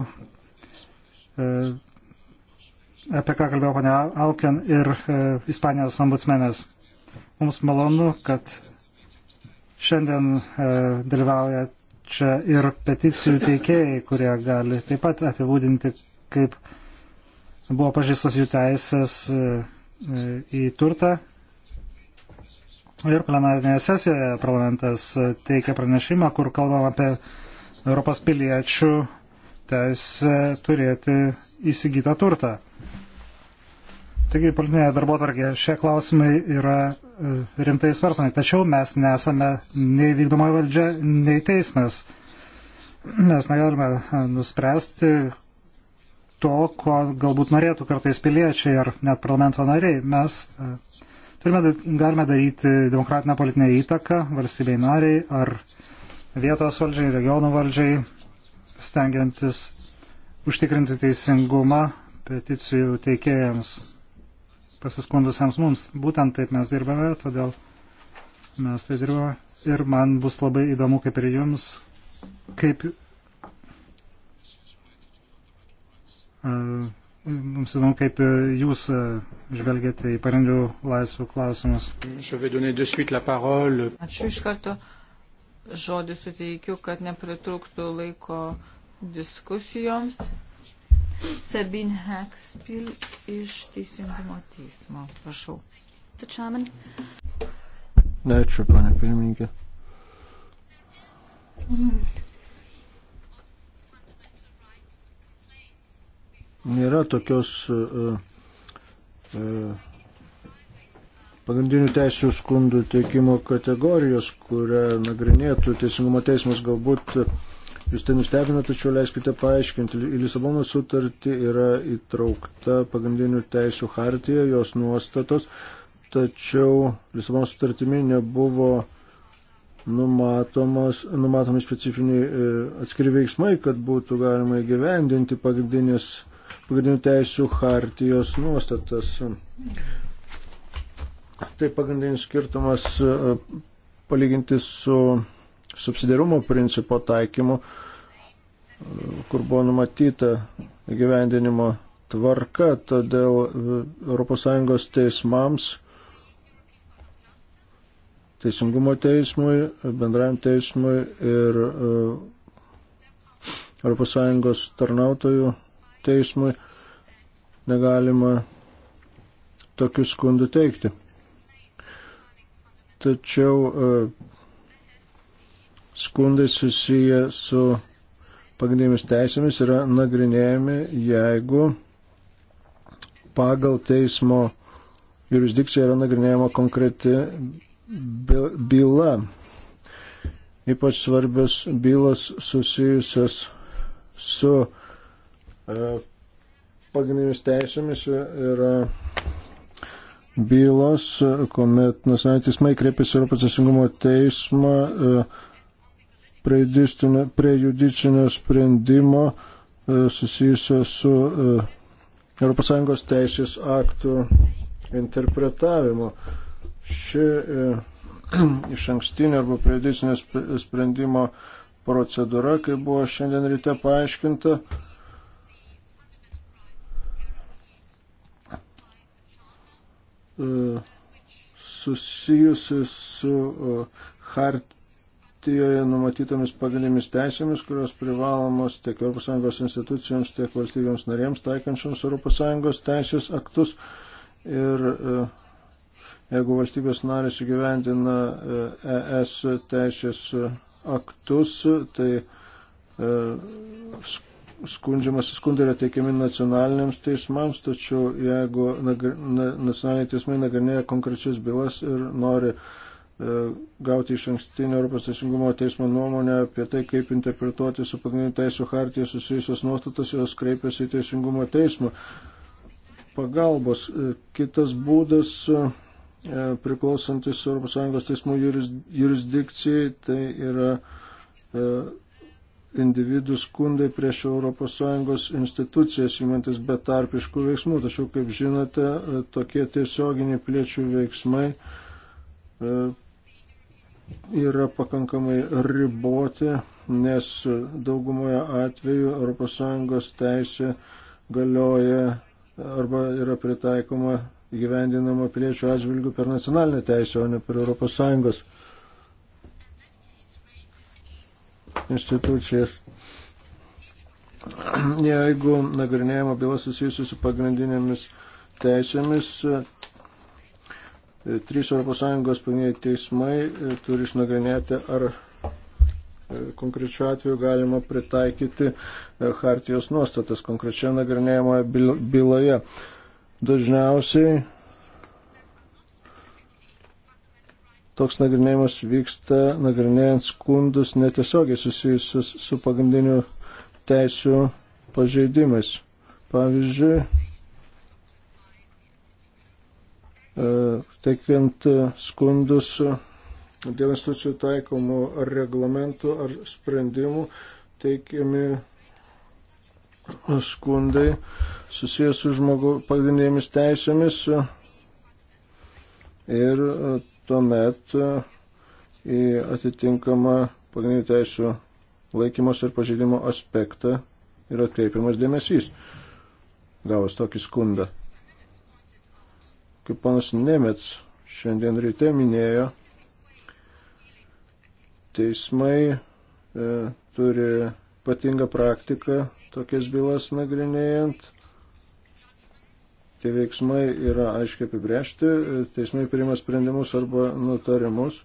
E, apie ką kalbėjo ponia Alken ir e, Ispanijos ombudsmenės. Mums malonu, kad šiandien e, dalyvauja čia ir peticijų teikėjai, kurie gali taip pat apibūdinti, kaip buvo pažįstas jų teisės į turtą. Ir plenarinėje sesijoje parlamentas teikia pranešimą, kur kalbam apie Europos piliečių teisę turėti įsigytą turtą. Taigi politinėje darbo tarkė šie klausimai yra e, rimtai svarstami, tačiau mes nesame nei vykdomoji valdžia, nei teismas. Mes negalime e, nuspręsti to, ko galbūt norėtų kartais piliečiai ar net parlamento nariai. Mes e, turime, galime daryti demokratinę politinę įtaką valstybei nariai ar vietos valdžiai, regionų valdžiai, stengiantis užtikrinti teisingumą peticijų teikėjams, pasiskundusiems mums. Būtent taip mes dirbame, todėl mes tai dirbame. Ir man bus labai įdomu, kaip ir jums, kaip e, mums įdomu, kaip jūs e, žvelgiate į pagrindų laisvių klausimus. Ačiū iš karto žodį suteikiu, kad nepritrūktų laiko diskusijoms. Sabin Hekspil iš Teisingumo teismo. Prašau. Ačiū, panė pirmininkė. Nėra tokios uh, uh, pagrindinių teisų skundų teikimo kategorijos, kurią nagrinėtų Teisingumo teismas galbūt Jūs tai nustebina, tačiau leiskite paaiškinti. Į Lisabono sutartį yra įtraukta pagrindinių teisų hartija, jos nuostatos, tačiau Lisabono sutartimi nebuvo numatomi specifiniai e, atskiri veiksmai, kad būtų galima įgyvendinti pagrindinių teisų hartijos nuostatas. Tai pagrindinis skirtumas e, palyginti su subsidiarumo principo taikymu, e, kur buvo numatyta gyvendinimo tvarka, todėl e, ES teismams, teisingumo teismui, bendrajam teismui ir ES tarnautojų teismui negalima tokių skundų teikti tačiau e, skundai susiję su pagrindinėmis teisėmis yra nagrinėjami, jeigu pagal teismo jurisdikciją yra nagrinėjama konkreti byla. Ypač svarbios bylos susijusios su e, pagrindinėmis teisėmis yra bylos, kuomet nacionaliniai teismai kreipėsi Europos teisingumo teismą e, prie judicinio sprendimo e, susijusio su e, ES teisės aktų interpretavimu. Ši iš ankstinio arba prejudicinio sprendimo procedūra, kaip buvo šiandien ryte paaiškinta, E, susijusi su e, hartijoje numatytomis pagrindinėmis teisėmis, kurios privalomos tiek ES institucijoms, tiek valstybėms narėms taikančioms ES teisės aktus. Ir e, jeigu valstybės narės įgyvendina ES teisės aktus, tai skundžiamas skundai yra teikiami nacionaliniams teismams, tačiau jeigu nacionaliniai teismai nagrinėja konkrečias bylas ir nori e, gauti iš ankstinio Europos Teisingumo teismo nuomonę apie tai, kaip interpretuoti su pagrindiniu teisų hartija susijusios nuostatas, jos kreipiasi į Teisingumo teismą. Pagalbos. E, kitas būdas e, priklausantis Europos Sąjungos teismų jurisdikcijai, tai yra individų skundai prieš ES institucijas įmantis betarpiškų veiksmų. Tačiau, kaip žinote, e, tokie tiesioginiai piliečių veiksmai e, yra pakankamai riboti, nes daugumoje atveju ES teisė galioja arba yra pritaikoma gyvendinama piliečių atžvilgių per nacionalinę teisę, o ne per ES. institucijas. Jeigu nagrinėjama byla susijusi su pagrindinėmis teisėmis, trys ES pagrindiniai teismai turi išnagrinėti, ar konkrečiu atveju galima pritaikyti hartijos nuostatas konkrečioje nagrinėjamoje byloje. Dažniausiai toks nagrinėjimas vyksta nagrinėjant skundus netiesiogiai susijusius su pagrindiniu teisų pažeidimais. Pavyzdžiui, e, teikiant skundus dėl institucijų taikomų ar reglamentų ar sprendimų, teikiami skundai susijęs su žmogaus pagrindinėmis teisėmis ir tuomet e, į atitinkamą pagrindinių teisų laikymos ir pažeidimo aspektą yra atkreipiamas dėmesys, gavus tokį skundą. Kaip panas Nemets šiandien ryte minėjo, teismai e, turi patingą praktiką tokias bylas nagrinėjant Tie veiksmai yra aiškiai apibrėžti, teismai priima sprendimus arba nutarimus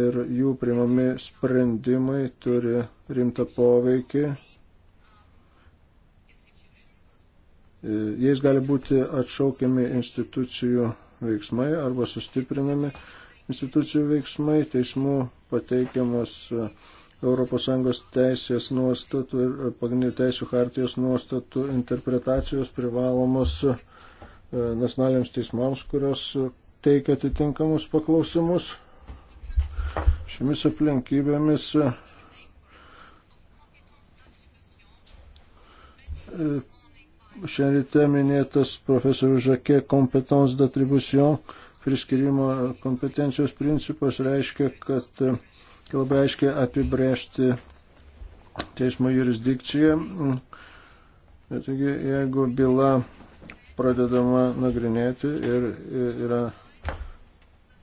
ir jų priimami sprendimai turi rimtą poveikį. Jais gali būti atšaukiami institucijų veiksmai arba sustiprinami institucijų veiksmai, teismų pateikiamas ES teisės nuostatų ir pagrindinių teisų hartijos nuostatų interpretacijos privalomos E, nacionaliniams teismams, kurios teikia atitinkamus paklausimus. Šiomis aplinkybėmis e, šiandien ryte minėtas profesorius Žakė kompetence d'attribution priskirimo kompetencijos principas reiškia, kad e, labai aiškiai apibrėžti teismo jurisdikciją. Taigi, jeigu byla pradedama nagrinėti ir yra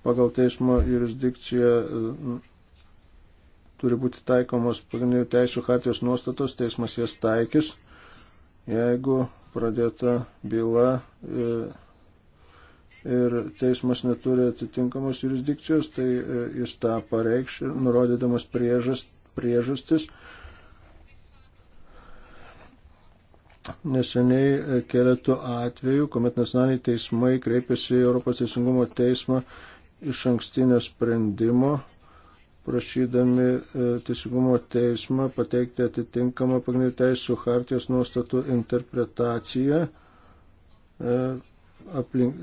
pagal teismo jurisdikciją e, turi būti taikomos pagrindinių teisų hartijos nuostatos, teismas jas taikys, jeigu pradėta byla e, ir teismas neturi atitinkamos jurisdikcijos, tai e, jis tą pareikš ir nurodydamas priežast, priežastis neseniai e, keletų atvejų, kuomet nacionaliniai teismai kreipėsi į Europos teisingumo teismą iš ankstinio sprendimo, prašydami e, teisingumo teismą pateikti atitinkamą pagrindinių teisų hartijos nuostatų interpretaciją e, aplink,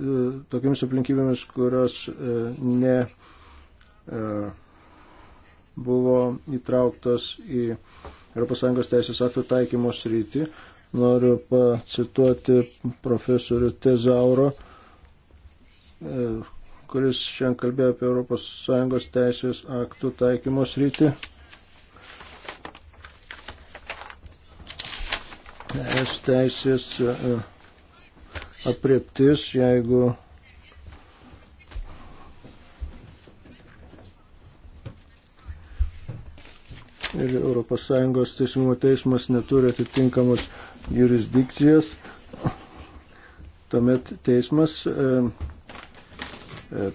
tokiamis aplinkybėmis, kurios ne buvo įtrauktos į ES teisės aktų taikymos rytį. Noriu pacituoti profesorių Tezauro, e, kuris šiandien kalbėjo apie ES teisės aktų taikymos rytį. Es teisės e, apreptis, jeigu ir ES teisingumo teismas neturi atitinkamos jurisdikcijos, tuomet teismas e, e,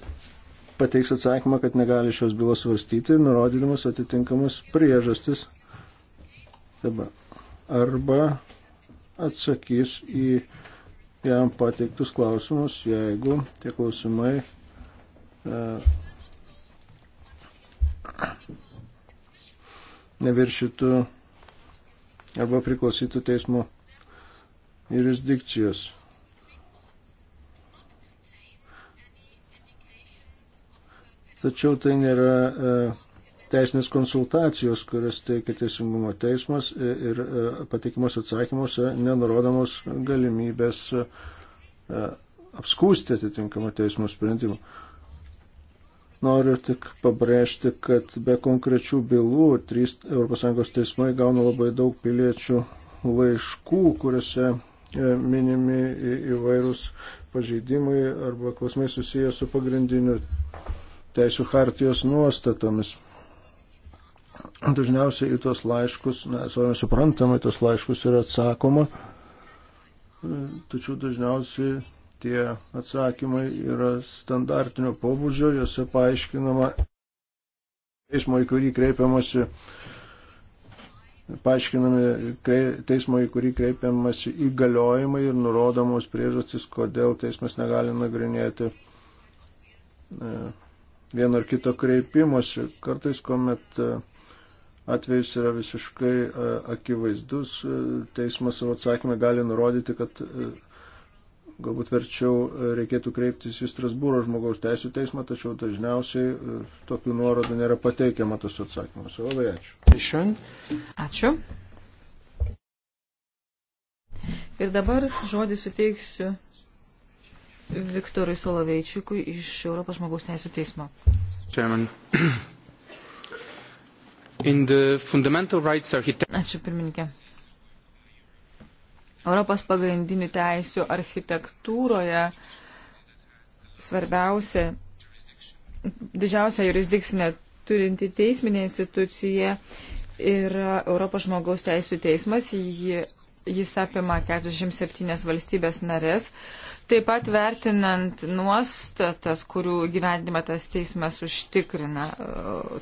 pateiks atsakymą, kad negali šios bylos svarstyti, nurodydamas atitinkamas priežastis. Dabar. Arba atsakys į jam pateiktus klausimus, jeigu tie klausimai e, neviršytų arba priklausytų teismo jurisdikcijos. Tačiau tai nėra e, teisinės konsultacijos, kurias teikia Teisingumo teismas e, ir e, patikimos atsakymuose nenurodomos galimybės e, apskūsti atitinkamą teismo sprendimą. Noriu tik pabrėžti, kad be konkrečių bylų ES teismai gauna labai daug piliečių laiškų, kuriuose E, minimi įvairūs pažeidimai arba klausimai susiję su pagrindiniu teisų hartijos nuostatomis. Dažniausiai į tos laiškus, na, savame suprantamai, tos laiškus yra atsakoma, e, tačiau dažniausiai tie atsakymai yra standartinio pobūdžio, juose paaiškinama eismo į kurį kreipiamasi paaiškinami teismo, į kurį kreipiamasi įgaliojimai ir nurodomos priežastys, kodėl teismas negali nagrinėti e, vieno ar kito kreipimosi. Kartais, kuomet e, atvejs yra visiškai e, akivaizdus, teismas savo atsakymą gali nurodyti, kad Galbūt verčiau e, reikėtų kreiptis į Strasbūro žmogaus teisų teismą, tačiau dažniausiai e, tokių nuorodų nėra pateikiama tas atsakymas. Labai ačiū. Ačiū. Ir dabar žodį suteiksiu Viktorui Soloveičiukui iš Europos žmogaus teisų teismo. Chairman. Ačiū pirmininkė. Europos pagrindinių teisių architektūroje svarbiausia, didžiausia jurisdikcinė turinti teisminė institucija yra Europos žmogaus teisų teismas. Ji, jis apima 47 valstybės narės. Taip pat vertinant nuostatas, kurių gyvendimą tas teismas užtikrina,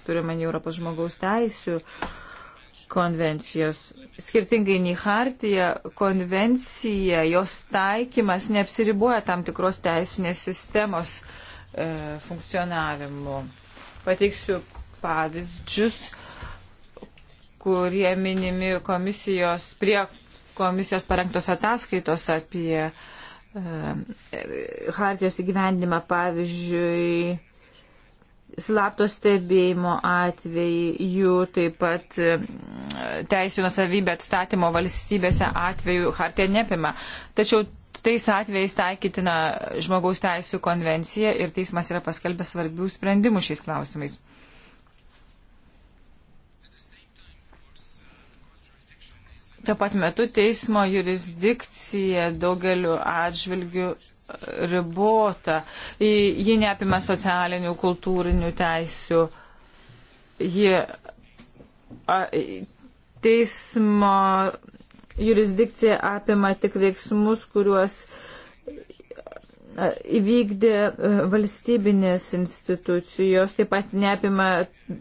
turime Europos žmogaus teisų. Uh, konvencijos. Skirtingai nei Hartija, konvencija, jos taikymas neapsiriboja tam tikros teisinės sistemos e, funkcionavimu. Pateiksiu pavyzdžius, kurie minimi komisijos, prie komisijos parengtos ataskaitos apie e, Hartijos įgyvendimą, pavyzdžiui, slapto stebėjimo atvejai, jų taip pat e, teisų nusavybė atstatymo valstybėse atveju hartė nepima. Tačiau tais atvejais taikytina žmogaus teisų konvencija ir teismas yra paskelbęs svarbių sprendimų šiais klausimais. Tuo pat metu teismo jurisdikcija daugeliu atžvilgių ribota, ji neapima socialinių, kultūrinių teisių, ji a, teismo jurisdikcija apima tik veiksmus, kuriuos įvykdė e, valstybinės institucijos, taip pat neapima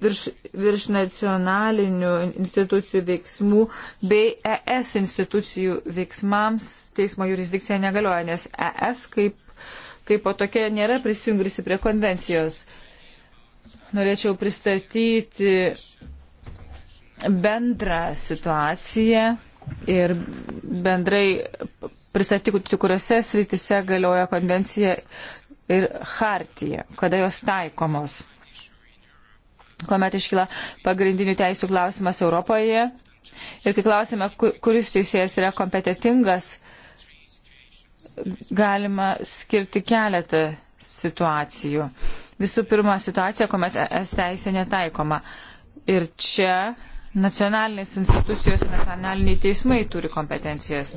virš, virš nacionalinių institucijų veiksmų bei ES institucijų veiksmams teismo jurisdikcija negalioja, nes ES kaip, kaip po tokia nėra prisijungusi prie konvencijos. Norėčiau pristatyti bendrą situaciją ir bendrai pristatyti, kuriuose srityse galioja konvencija ir hartija, kada jos taikomos. Kuomet iškyla pagrindinių teisų klausimas Europoje ir kai klausime, kuris teisėjas yra kompetitingas, galima skirti keletą situacijų. Visų pirma, situacija, kuomet es teisė netaikoma. Ir čia Nacionalinės institucijos ir nacionaliniai teismai turi kompetencijas.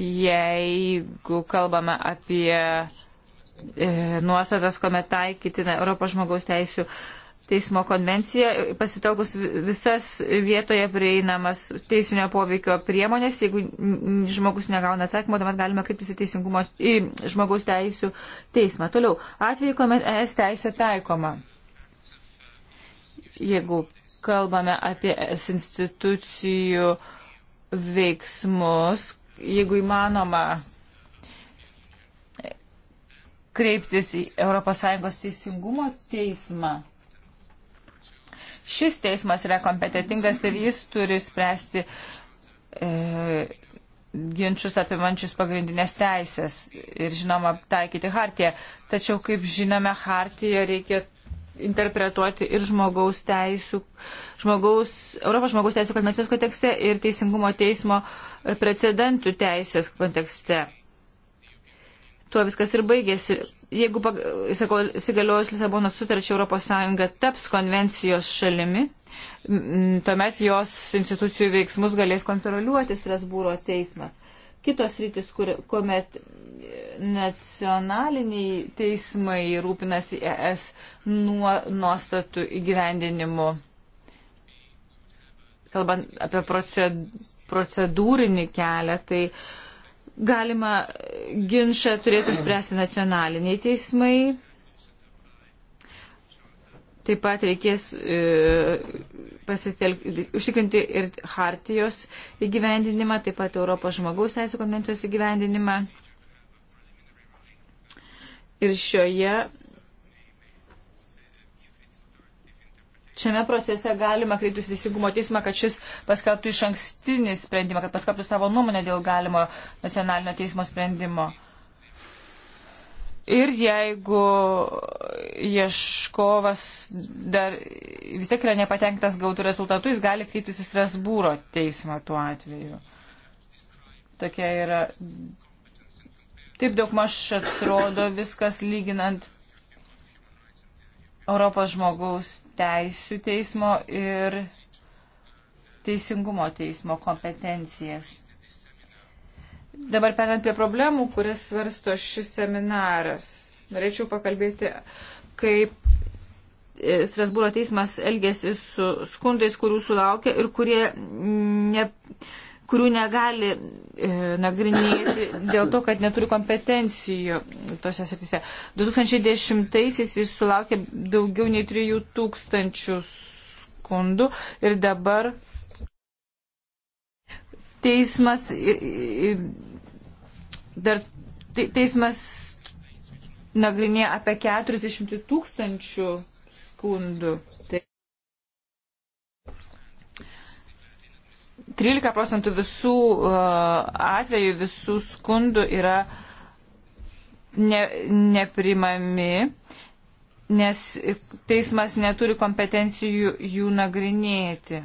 Jeigu kalbame apie e, nuostatas, kuomet taikytina Europos žmogaus teisų teismo konvencija, pasitelkus visas vietoje prieinamas teisinio poveikio priemonės, jeigu žmogus negauna atsakymo, tuomet galime kreiptis į teisingumo, į žmogaus teisų teismą. Toliau, atveju, kuomet ES teisė taikoma jeigu kalbame apie es institucijų veiksmus, jeigu įmanoma kreiptis į ES teisingumo teismą. Šis teismas yra kompetitingas ir jis turi spręsti e, ginčius apimančius pagrindinės teisės ir, žinoma, taikyti hartiją. Tačiau, kaip žinome, hartiją reikia interpretuoti ir žmogaus teisų, žmogaus, Europos žmogaus teisų konvencijos kontekste ir teisingumo teismo precedentų teisės kontekste. Tuo viskas ir baigėsi. Jeigu, sakau, įsigaliojus Lisabonos sutarčiai ES taps konvencijos šalimi, tuomet jos institucijų veiksmus galės kontroliuoti Strasbūro teismas kitos rytis, kur, kuomet nacionaliniai teismai rūpinasi ES nuo nuostatų įgyvendinimu. Kalbant apie procedūrinį kelią, tai galima ginčą turėtų spręsti nacionaliniai teismai, Taip pat reikės e, pasitelkti, užtikrinti ir hartijos įgyvendinimą, taip pat Europos žmogaus teisų konvencijos įgyvendinimą. Ir šioje, šiame procese galima kreiptis teisingumo teismą, kad šis paskelbtų iš ankstinį sprendimą, kad paskelbtų savo nuomonę dėl galimo nacionalinio teismo sprendimo. E, Ir jeigu ieškovas dar vis tiek yra nepatenktas gautų rezultatų, jis gali kreiptis į Strasbūro teismą tuo atveju. Tokia yra. Taip daug maž atrodo viskas lyginant Europos žmogaus teisų teismo ir teisingumo teismo kompetencijas. Dabar perant prie problemų, kurias svarsto šis seminaras. Norėčiau pakalbėti, kaip e, Strasbūro teismas elgėsi su skundais, kurių sulaukia ir kurie ne, kurių negali e, nagrinėti dėl to, kad neturi kompetencijų tose srityse. 2010-aisiais jis sulaukė daugiau nei 3000 skundų ir dabar teismas, dar, teismas nagrinėja apie 40 tūkstančių skundų. Tai 13 procentų visų e, atvejų, visų skundų yra ne, neprimami, nes teismas neturi kompetencijų jų nagrinėti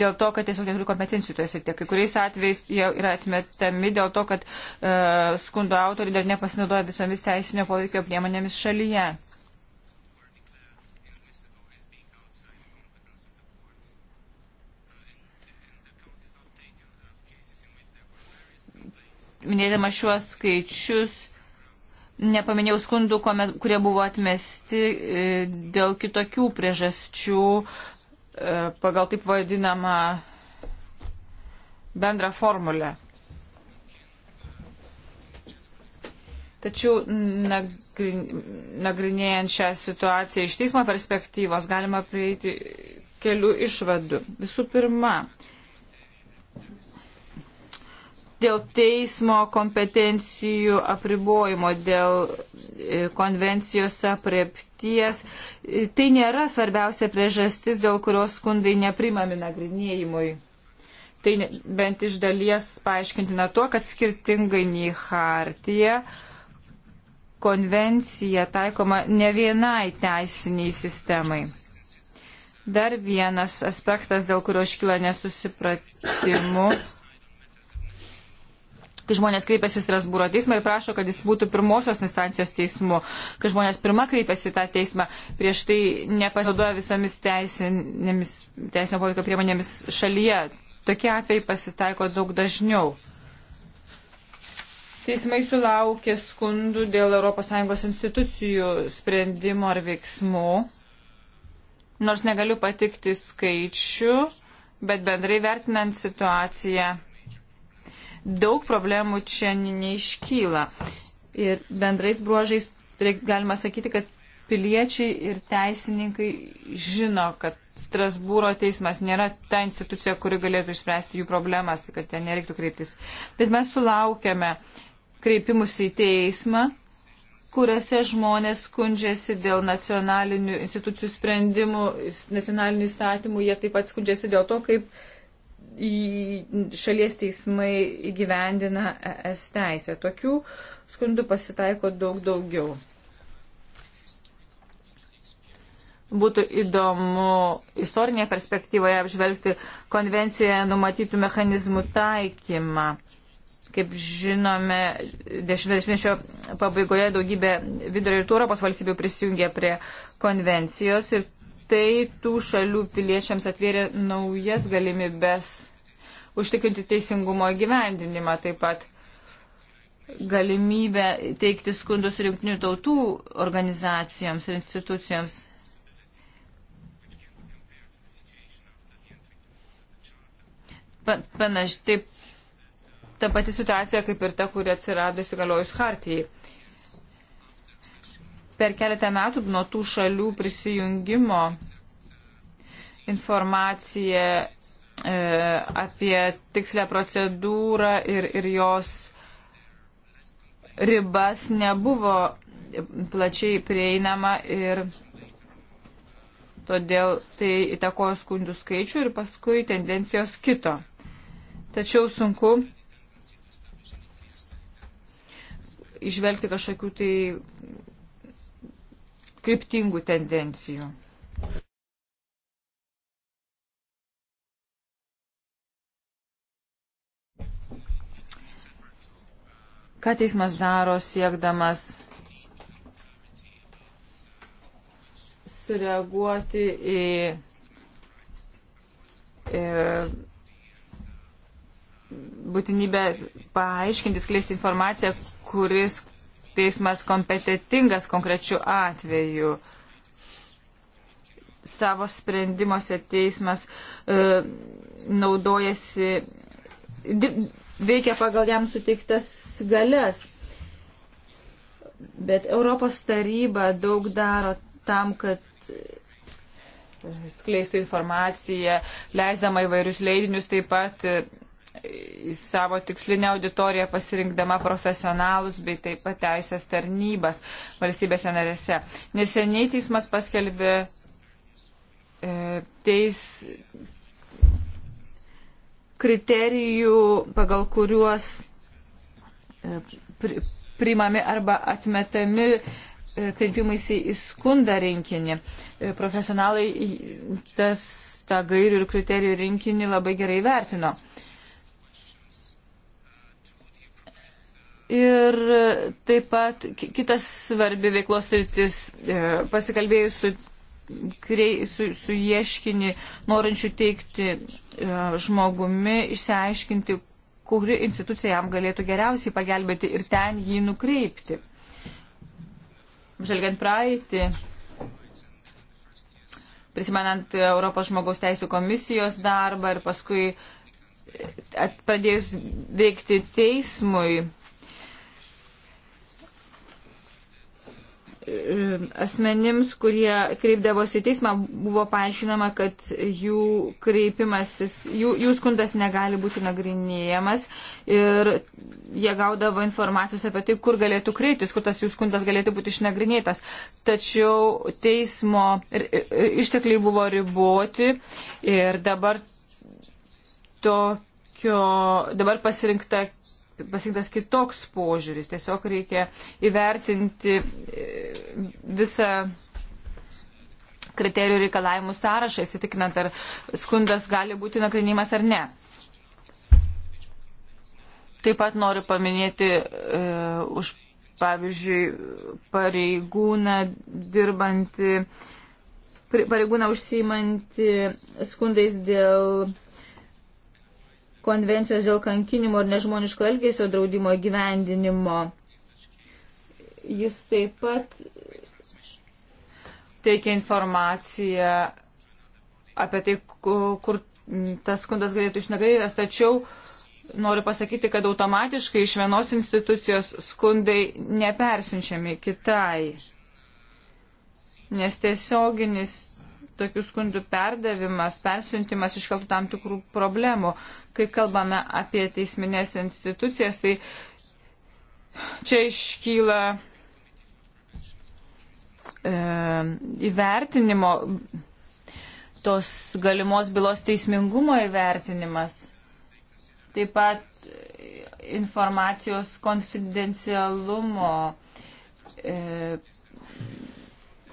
dėl to, kad tiesiog neturi kompetencijų toje srityje. Kai kuriais atvejais jie yra atmetami dėl to, kad e, skundo autoriai dar nepasinaudoja visomis teisinio poveikio priemonėmis šalyje. Minėdama šiuos skaičius, nepaminėjau skundų, kurie buvo atmesti e, dėl kitokių priežasčių, E, pagal taip vadinamą bendrą formulę. Tačiau nagrinėjant šią situaciją iš teismo perspektyvos galima prieiti kelių išvadų. Visų pirma, dėl teismo kompetencijų apribojimo, dėl e, konvencijos aprepties. E, tai nėra svarbiausia priežastis, dėl kurios skundai neprimami nagrinėjimui. Tai bent iš dalies paaiškintina tuo, kad skirtingai nei Hartija, konvencija taikoma ne vienai teisiniai sistemai. Dar vienas aspektas, dėl kurio iškyla nesusipratimu, kai žmonės kreipiasi į Strasbūro teismą ir prašo, kad jis būtų pirmosios instancijos teismu. Kai žmonės pirmą kreipiasi į tą teismą, prieš tai nepasinaudoja visomis teisinėmis, teisinio poveikio priemonėmis šalyje. Tokie atvejai pasitaiko daug dažniau. Teismai sulaukė skundų dėl ES institucijų sprendimo ar veiksmų. Nors negaliu patikti skaičių, bet bendrai vertinant situaciją daug problemų čia neiškyla. Ir bendrais bruožais galima sakyti, kad piliečiai ir teisininkai žino, kad Strasbūro teismas nėra ta institucija, kuri galėtų išspręsti jų problemas, tai kad ten nereiktų kreiptis. Bet mes sulaukėme kreipimus į teismą, kuriuose žmonės skundžiasi dėl nacionalinių institucijų sprendimų, nacionalinių įstatymų, jie taip pat skundžiasi dėl to, kaip šalies teismai įgyvendina ES teisę. Tokių skundų pasitaiko daug daugiau. Būtų įdomu istorinėje perspektyvoje apžvelgti konvencijoje numatytų mechanizmų taikymą. Kaip žinome, dešimtmečio pabaigoje daugybė vidurio ir Europos valstybių prisijungė prie konvencijos ir tai tų šalių piliečiams atvėrė naujas galimybės užtikrinti teisingumo gyvendinimą taip pat galimybę teikti skundus rinktinių tautų organizacijoms ir institucijoms. Panaš, taip, ta pati situacija kaip ir ta, kuri atsirado įsigaliojus Hartijai. Per keletą metų nuo tų šalių prisijungimo informacija E, apie tikslę procedūrą ir, ir jos ribas nebuvo plačiai prieinama ir todėl tai įtakojo skundų skaičių ir paskui tendencijos kito. Tačiau sunku išvelgti kažkokių tai kryptingų tendencijų. Ką teismas daro siekdamas sureaguoti į, į būtinybę paaiškinti, skleisti informaciją, kuris teismas kompetitingas konkrečiu atveju. Savo sprendimuose teismas e, naudojasi, di, veikia pagal jam suteiktas galės. Bet Europos taryba daug daro tam, kad skleistų informaciją, leisdama įvairius leidinius, taip pat e, į savo tikslinę auditoriją pasirinkdama profesionalus bei taip pat teisės tarnybas valstybėse narėse. Neseniai teismas paskelbė e, teis kriterijų, pagal kuriuos E, pri, priimami arba atmetami e, kreipimaisi į skundą rinkinį. E, profesionalai tas, tą gairių ir kriterijų rinkinį labai gerai vertino. Ir taip pat kitas svarbi veiklos rytis, pasikalbėjus su, su, su ieškinį, norinčių teikti žmogumi, išsiaiškinti, kuri institucija jam galėtų geriausiai pagelbėti ir ten jį nukreipti. Žvelgiant praeitį, prisimenant Europos žmogaus teisų komisijos darbą ir paskui e, pradėjus veikti teismui, E, asmenims, kurie kreipdavosi į teismą, buvo paaiškinama, kad jų kreipimasis, jų, jų skundas negali būti nagrinėjamas ir jie gaudavo informacijos apie tai, kur galėtų kreiptis, kur tas jų skundas galėtų būti išnagrinėtas. Tačiau teismo ištekliai buvo riboti ir dabar tokio, dabar pasirinkta pasirinktas kitoks požiūris. Tiesiog reikia įvertinti e, visą kriterijų reikalavimų sąrašą, įsitikinant, ar skundas gali būti nagrinimas ar ne. Taip pat noriu paminėti e, už, pavyzdžiui, pareigūną dirbantį, pareigūną užsimanti skundais dėl konvencijos dėl kankinimo ir nežmoniško elgesio draudimo gyvendinimo. Jis taip pat teikia informaciją apie tai, kur tas skundas galėtų išnagrinėtas, tačiau noriu pasakyti, kad automatiškai iš vienos institucijos skundai nepersiunčiami kitai, nes tiesioginis tokių skundų perdavimas, persiuntimas iškeltų tam tikrų problemų. Kai kalbame apie teisminės institucijas, tai čia iškyla e, įvertinimo, tos galimos bylos teismingumo įvertinimas, taip pat informacijos konfidencialumo e,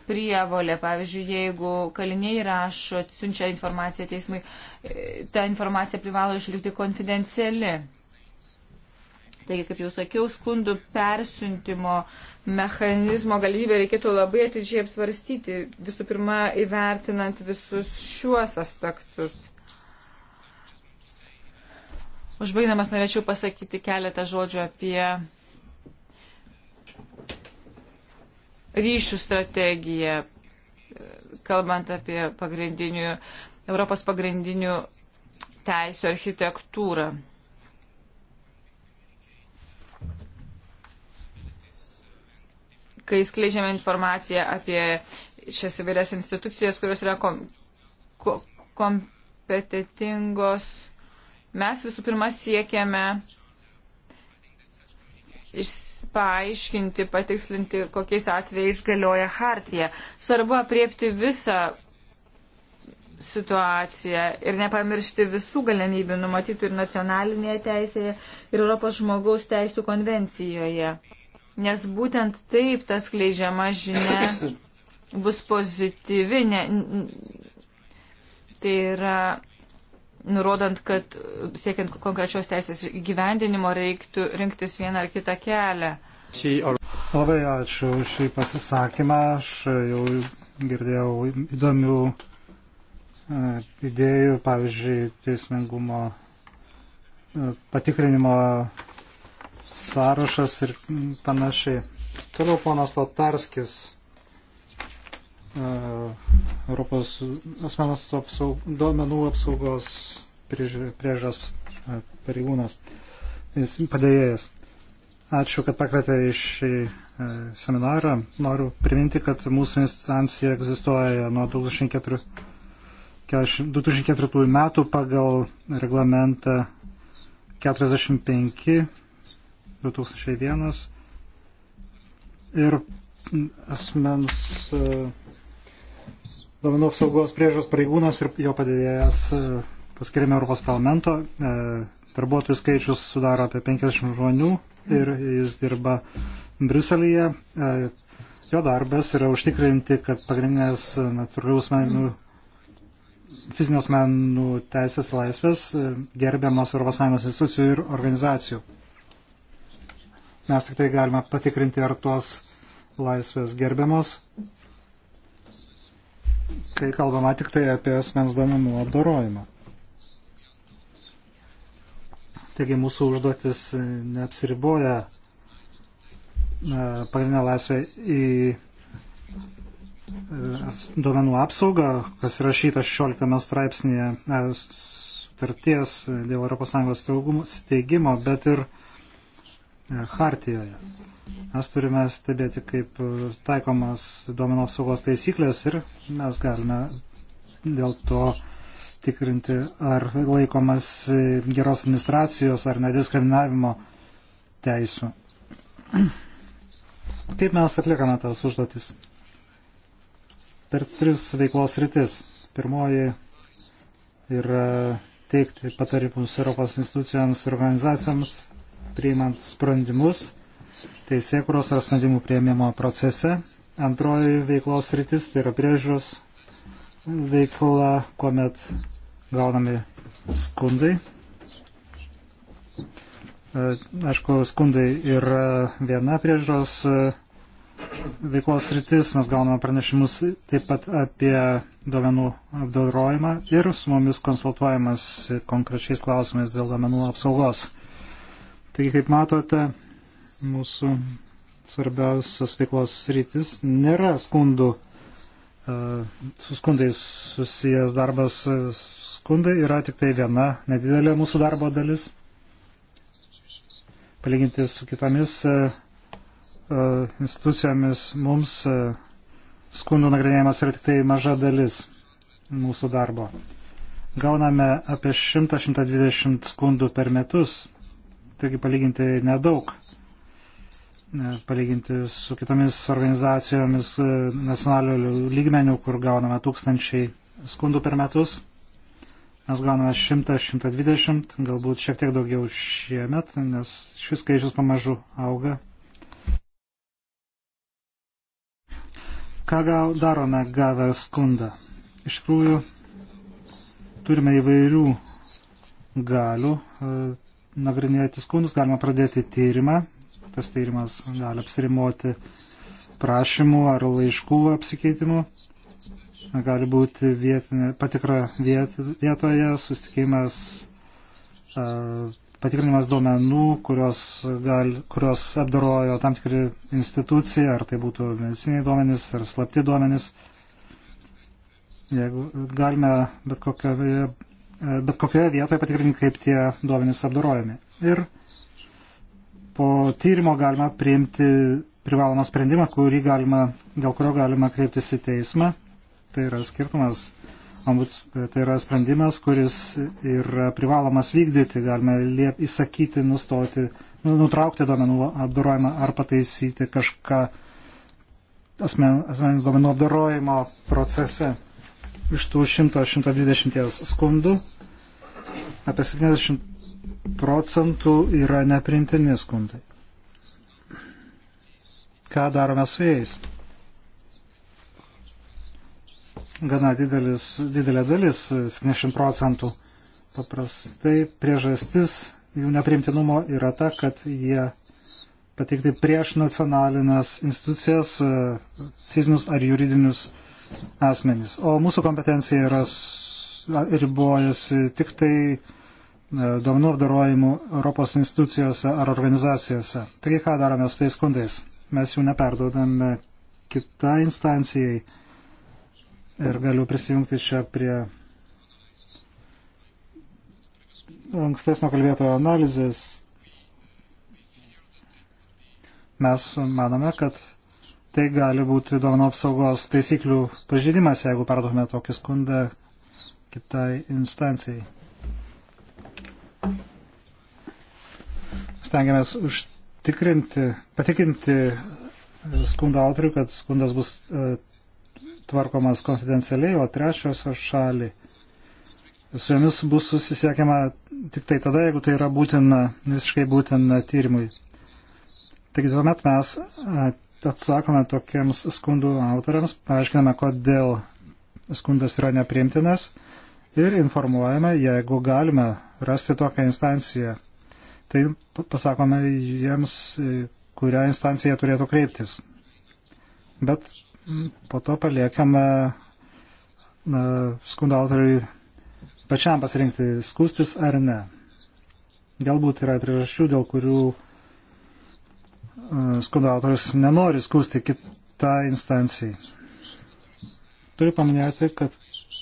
prievolė. Pavyzdžiui, jeigu kaliniai rašo, siunčia informaciją teismui, e, ta informacija privalo išlikti konfidenciali. Taigi, kaip jau sakiau, skundų persiuntimo mechanizmo galimybę reikėtų labai atidžiai apsvarstyti, visų pirma, įvertinant visus šiuos aspektus. Užbaigdamas norėčiau pasakyti keletą žodžių apie ryšių strategiją, kalbant apie pagrindinių, Europos pagrindinių teisų architektūrą. Kai skleidžiame informaciją apie šias įvairias institucijas, kurios yra kom, ko, kompetitingos, mes visų pirma siekiame išsiaiškinti, paaiškinti, patikslinti, kokiais atvejais galioja hartija. Svarbu apriepti visą situaciją ir nepamiršti visų galimybių numatytų ir nacionalinėje teisėje, ir Europos žmogaus teisų konvencijoje. Nes būtent taip tas kleidžiama žinia bus pozityvi, ne, tai yra nurodant, kad siekiant konkrečios teisės gyvendinimo reiktų rinktis vieną ar kitą kelią. Labai ačiū už šį pasisakymą. Aš jau girdėjau įdomių e, idėjų, pavyzdžiui, teismingumo e, patikrinimo sąrašas ir panašiai. Toliau ponas Latarskis. E, Europos asmenas apsaug, duomenų apsaugos priežiūros pareigūnas, jis padėjėjas. Ačiū, kad pakvietė iš e, seminarą. Noriu priminti, kad mūsų instancija egzistuoja nuo 2004, 2004 metų pagal reglamentą 45 2001 ir asmens e, duomenų apsaugos priežos pareigūnas ir jo padėjėjas e, paskiriami Europos parlamento. Darbuotojų skaičius sudaro apie 50 žmonių ir jis dirba Briuselėje. E, jo darbas yra užtikrinti, kad pagrindinės natūraliaus menų, fizinio menų teisės laisvės e, gerbiamos ES institucijų ir organizacijų. Mes tik tai galime patikrinti, ar tuos laisvės gerbiamos, kai kalbama tik tai apie asmens duomenų apdorojimą. Taigi mūsų užduotis neapsiriboja pagrindinę laisvę į e, duomenų apsaugą, kas rašyta 16 straipsnėje e, sutarties dėl ES steigimo, bet ir e, hartijoje. Mes turime stebėti, kaip taikomas duomenų apsaugos taisyklės ir mes galime dėl to tikrinti, ar laikomas e, geros administracijos ar nediskriminavimo teisų. Kaip mes atliekame tas užduotis? Per tris veiklos rytis. Pirmoji yra teikti patarimus Europos institucijoms ir organizacijoms, priimant sprendimus teisėkuros ar sprendimų prieimimo procese. Antroji veiklos rytis tai yra priežiūros veikla, kuomet gaunami skundai. E, aišku, skundai yra viena priežiūros e, veiklos rytis, mes gauname pranešimus taip pat apie duomenų apdorojimą ir su mumis konsultuojamas konkrečiais klausimais dėl duomenų apsaugos. Taigi, kaip matote, mūsų svarbiausios veiklos rytis nėra skundų E, su skundais susijęs darbas. E, skundai yra tik tai viena nedidelė mūsų darbo dalis. Palyginti su kitomis e, institucijomis mums skundų nagrinėjimas yra tik tai maža dalis mūsų darbo. Gauname apie 100-120 skundų per metus, taigi palyginti nedaug. E, palyginti su kitomis organizacijomis e, nacionalinių lygmenių, kur gauname tūkstančiai skundų per metus. Mes gauname 100-120, galbūt šiek tiek daugiau šiemet, nes šis skaičius pamažu auga. Ką darome gavę skundą? Iš tikrųjų, turime įvairių galių e, nagrinėti skundus, galima pradėti tyrimą, tas tyrimas gali apsirimoti prašymų ar laiškų apsikeitimų. Gali būti vietinė, patikra viet, vietoje, sustikimas, patikrinimas duomenų, kurios, gal, kurios apdarojo tam tikri institucija, ar tai būtų mediciniai duomenys, ar slapti duomenys. Jeigu galime bet kokioje, bet kokioje vietoje patikrinti, kaip tie duomenys apdarojami. Ir po tyrimo galima priimti privalomą sprendimą, galima, dėl kurio galima kreiptis į teismą. Tai yra skirtumas. Tai yra sprendimas, kuris yra privalomas vykdyti, galime liep, įsakyti, nustoti, nu, nutraukti duomenų apdorojimą ar pataisyti kažką asmen, asmeninių duomenų apdorojimo procese. Iš tų 100-120 skundų apie 70 procentų yra neprimtini skundai. Ką darome su jais? Gana didelis, didelė dalis, 70 procentų. Paprastai priežastis jų neprimtinumo yra ta, kad jie pateikti prieš nacionalinės institucijas, fizinius ar juridinius asmenys. O mūsų kompetencija yra ribojasi tik tai uh, E, duomenų apdarojimu Europos institucijose ar organizacijose. Taigi ką darome su tais skundais? Mes jų neperduodame kitai instancijai ir galiu prisijungti čia prie ankstesnio kalbėtojo analizės. Mes manome, kad tai gali būti duomenų apsaugos taisyklių pažydimas, jeigu perduodame tokį skundą kitai instancijai. Stengiamės užtikrinti, patikinti skundo autorių, kad skundas bus e, tvarkomas konfidencialiai, o trečiosios šalį su jomis bus susisiekiama tik tai tada, jeigu tai yra būtina, visiškai būtina tyrimui. Taigi tuomet mes atsakome tokiems skundų autoriams, paaiškiname, kodėl skundas yra nepriimtinas ir informuojame, jeigu galime rasti tokią instanciją. Tai pasakome jiems, kurią instanciją turėtų kreiptis. Bet po to paliekame skundo autoriui pačiam pasirinkti, skūstis ar ne. Galbūt yra priežasčių, dėl kurių e, skundo autorius nenori skūsti kitą instanciją. Turiu paminėti, kad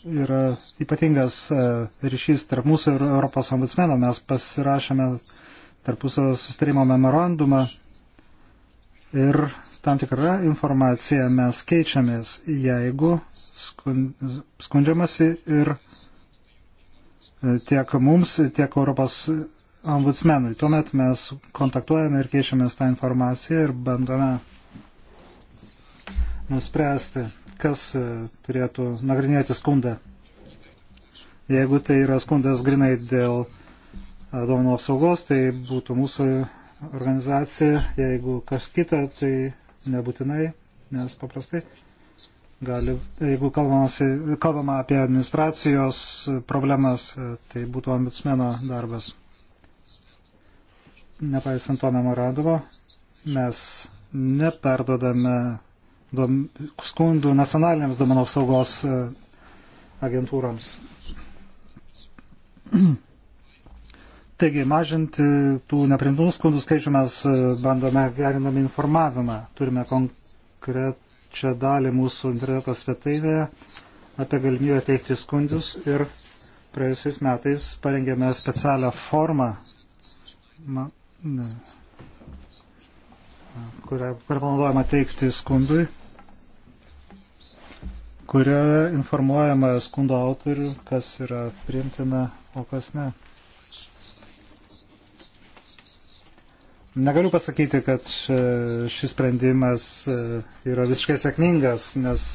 yra ypatingas e, ryšys tarp mūsų ir Europos ombudsmeno. Mes pasirašėme tarpusavio sustarimo memorandumą ir tam tikrą informaciją mes keičiamės, jeigu skundžiamasi ir e, tiek mums, tiek Europos ombudsmenui. Tuomet mes kontaktuojame ir keičiamės tą informaciją ir bandome nuspręsti kas e, turėtų nagrinėti skundą. Jeigu tai yra skundas grinai dėl e, duomenų apsaugos, tai būtų mūsų organizacija, jeigu kas kita, tai nebūtinai, nes paprastai gali, jeigu kalbama apie administracijos problemas, e, tai būtų ombudsmeno darbas. Nepaisant to memorandumo, mes neperdodame skundų nacionalinėms duomenų apsaugos e, agentūroms. Taigi, mažinti tų neprimtų skundų skaičių mes e, bandome gerindami informavimą. Turime konkrečią dalį mūsų interneto svetainėje apie galimybę teikti skundus ir praėjusiais metais parengėme specialią formą. Ma, ne, kurią, kurią panaudojama teikti skundui, kurioje informuojama skundo autorių, kas yra priimtina, o kas ne. Negaliu pasakyti, kad šis sprendimas e, yra visiškai sėkmingas, nes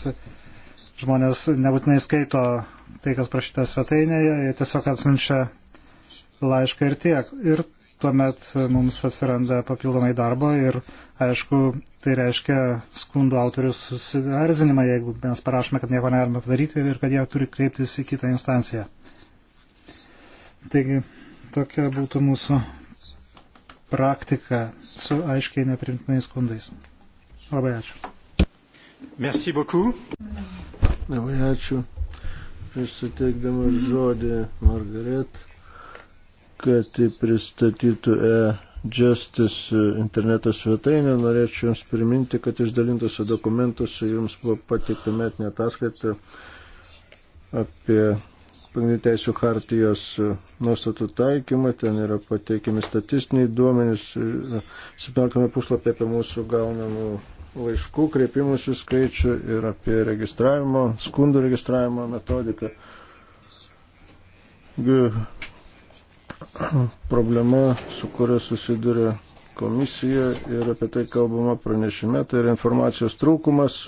žmonės nebūtinai skaito tai, kas prašyta svetainėje, jie tiesiog atsinčia laišką ir tiek. Ir tuomet mums atsiranda papildomai darbo ir, aišku, tai reiškia skundų autorių susidarzinimą, jeigu mes parašome, kad nieko negalime padaryti ir kad jie turi kreiptis į kitą instanciją. Taigi, tokia būtų mūsų praktika su aiškiai neprimtinais skundais. Labai ačiū. Merci beaucoup. Labai ačiū. Prieš suteikdama žodį Margaret kad tai pristatytų e-justice interneto svetainę. Norėčiau Jums priminti, kad išdalintose dokumentuose Jums buvo pateikta metinė ataskaita apie pagrindinių teisų hartijos nuostatų taikymą, ten yra pateikiami statistiniai duomenys, 17 puslapį apie mūsų gaunamų laiškų kreipimusių skaičių ir apie registravimo, skundų registravimo metodiką problema, su kuria susiduria komisija ir apie tai kalbama pranešime, tai yra informacijos trūkumas.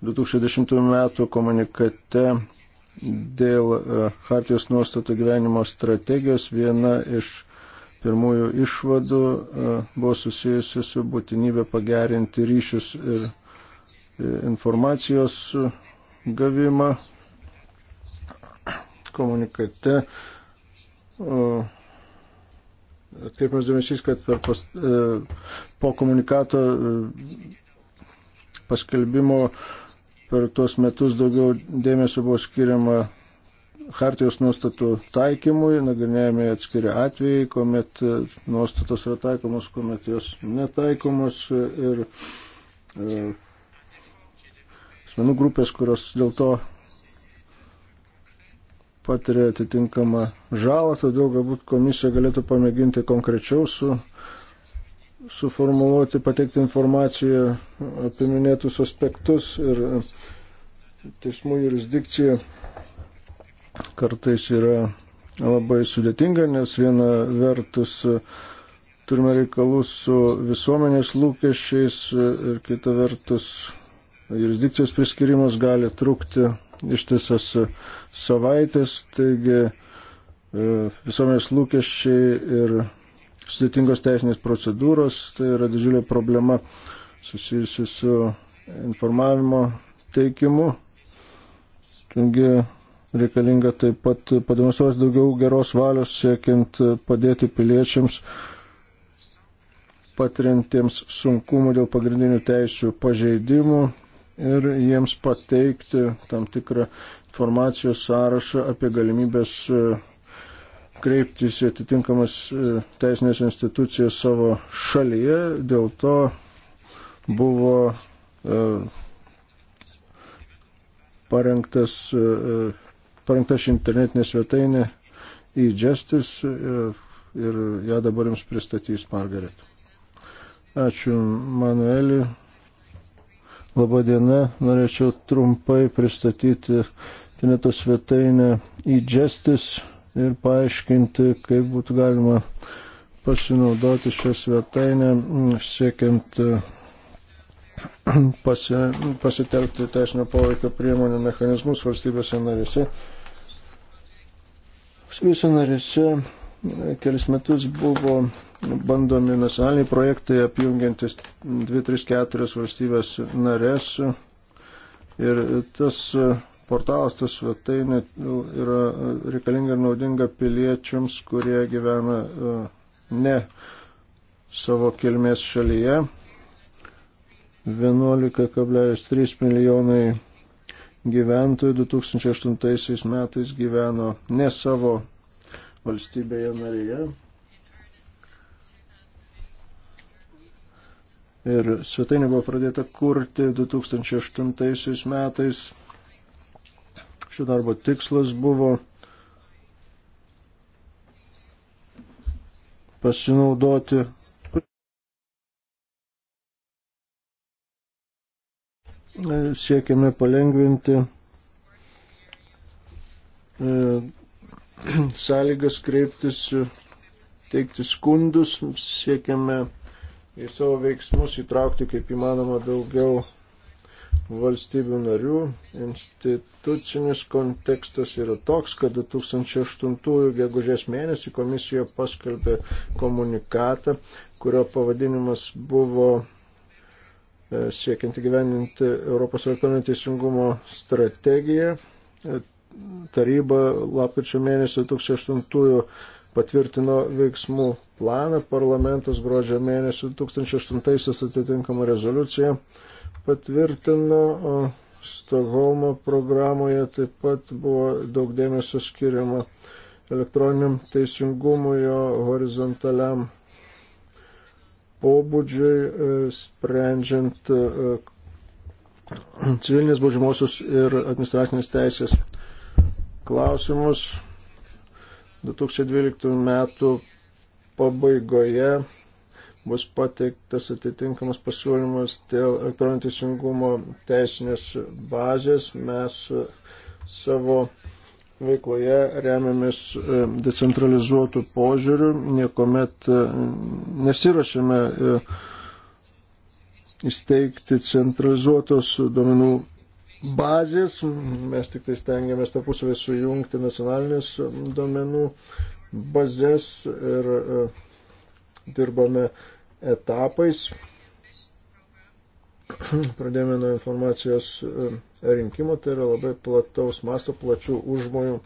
2010 metų komunikate dėl e, Hartijos nuostatų gyvenimo strategijos viena iš pirmųjų išvadų e, buvo susijusi su būtinybė pagerinti ryšius ir e, informacijos gavimą komunikate Atkreipimas dėmesys, kad per pas, e, po komunikato e, paskelbimo per tuos metus daugiau dėmesio buvo skiriama Hartijos nuostatų taikymui, nagrinėjami atskiri atvejai, kuomet e, nuostatos yra taikomos, kuomet jos netaikomos ir asmenų grupės, kurios dėl to patiria atitinkamą žalą, todėl galbūt komisija galėtų pamėginti konkrečiau su, suformuluoti, pateikti informaciją apie minėtus aspektus ir teismų jurisdikcija kartais yra labai sudėtinga, nes viena vertus turime reikalų su visuomenės lūkesčiais ir kita vertus jurisdikcijos priskirimas gali trukti ištisas savaitės, taigi e, visuomenės lūkesčiai ir sudėtingos teisinės procedūros, tai yra didžiulė problema susijusi su informavimo teikimu. Taigi reikalinga taip pat pademonstruoti daugiau geros valios, siekiant padėti piliečiams patirintiems sunkumų dėl pagrindinių teisų pažeidimų, ir jiems pateikti tam tikrą informacijos sąrašą apie galimybės e, kreiptis į atitinkamas e, teisinės institucijas savo šalyje. Dėl to buvo e, parengtas, parengtas ši internetinė svetainė į Justice ir ją dabar jums pristatys Margaret. Ačiū Manueliui. Labadiena, norėčiau trumpai pristatyti interneto svetainę įdžestis e ir paaiškinti, kaip būtų galima pasinaudoti šią svetainę siekiant eh, pasi, pasitelkti teisinio poveikio priemonių mechanizmus valstybėse narėse. Valstybėse narėse kelis metus buvo bandomi nacionaliniai projektai apjungiantis 2-3-4 valstybės narės. Ir tas portalas, tas svetainė yra reikalinga ir naudinga piliečiams, kurie gyvena e, ne savo kilmės šalyje. 11,3 milijonai gyventojų 2008 metais gyveno ne savo valstybėje narėje. Ir svetainė buvo pradėta kurti 2008 metais. Šio darbo tikslas buvo pasinaudoti siekiame palengvinti e, sąlygas kreiptis, teikti skundus, siekiame į savo veiksmus įtraukti kaip įmanoma daugiau valstybių narių. Institucinis kontekstas yra toks, kad 2008 gegužės mėnesį komisija paskelbė komunikatą, kurio pavadinimas buvo e, siekiant įgyveninti Europos elektroninio teisingumo strategiją taryba lapkričio mėnesį 2008 patvirtino veiksmų planą, parlamentas gruodžio mėnesį 2008 atitinkamą rezoliuciją patvirtino, o Stokholmo programoje taip pat buvo daug dėmesio skiriama elektroniniam teisingumui, jo horizontaliam pobūdžiui, e, sprendžiant e, civilinės baudžiamosios ir administracinės teisės klausimus. 2012 metų pabaigoje bus pateiktas atitinkamas pasiūlymas dėl elektroninio teisingumo teisinės bazės. Mes savo veikloje remiamės e, decentralizuotų požiūrių, niekuomet e, nesirašėme e, įsteigti centralizuotos duomenų bazės. Mes tik tai stengiamės tarpusavį sujungti nacionalinės duomenų bazės ir e, dirbame etapais. Pradėjome nuo informacijos e, rinkimo, tai yra labai plataus masto, plačių užmojų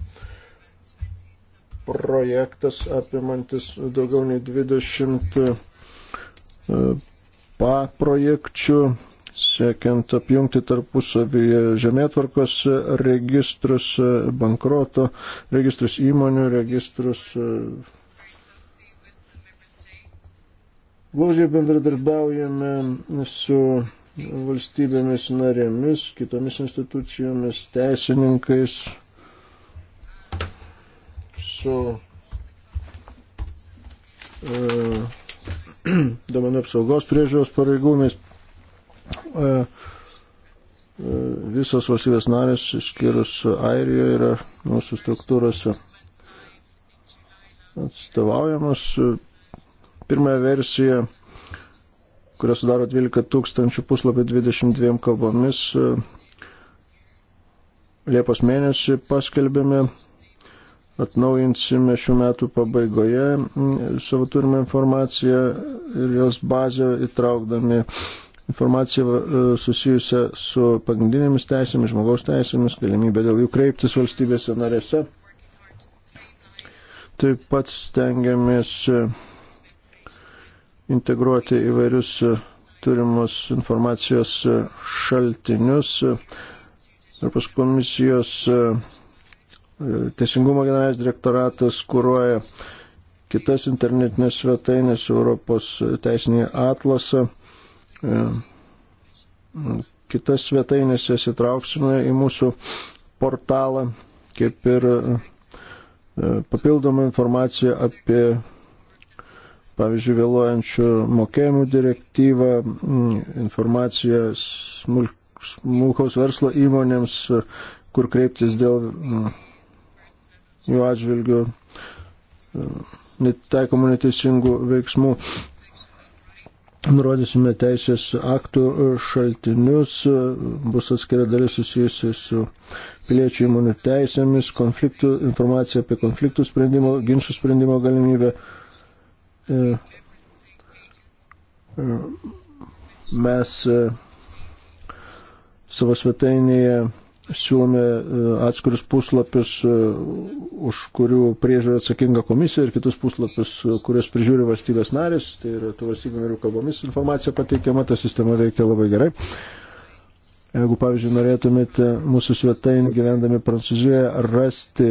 projektas apimantis daugiau nei 20 e, paprojekčių siekiant apjungti tarpusavyje žemėtvarkos registrus, bankroto registrus įmonių registrus. Glaužiai bendradarbiaujame su valstybėmis narėmis, kitomis institucijomis, teisininkais, su e, domenų apsaugos priežiūros pareigūnais. E, e, visos valstybės narės, išskyrus Airiją, yra mūsų struktūrose atstovaujamas. Pirmąją versiją, kurią sudaro 12 tūkstančių puslapį 22 kalbomis, e, Liepos mėnesį paskelbėme, atnaujinsime šių metų pabaigoje savo turimą informaciją ir jos bazę įtraukdami informaciją e, susijusią su pagrindinėmis teisėmis, žmogaus teisėmis, galimybę dėl jų kreiptis valstybėse narėse. Taip pat stengiamės e, integruoti įvairius e, turimus informacijos šaltinius. Europos komisijos Teisingumo generalinis direktoratas kūruoja kitas internetinės svetainės Europos teisinį atlasą E, kitas svetainės jas įtrauksime į mūsų portalą, kaip ir e, papildomą informaciją apie, pavyzdžiui, vėluojančių mokėjimų direktyvą, informaciją smulkaus verslo įmonėms, kur kreiptis dėl jų atžvilgių netaikomų neteisingų veiksmų nurodysime teisės aktų šaltinius, bus atskira dalis susijusi su piliečių įmonių teisėmis, konfliktų, informacija apie konfliktų sprendimo, ginčių sprendimo galimybę. E, e, mes e, savo svetainėje siūlome e, atskirius puslapius, e, už kurių priežiūrė atsakinga komisija ir kitus puslapius, e, kuriuos prižiūri valstybės narės, tai yra tų valstybių narių kalbomis informacija pateikiama, ta sistema veikia labai gerai. Jeigu, pavyzdžiui, norėtumėte mūsų svetainį gyvendami Prancūzijoje rasti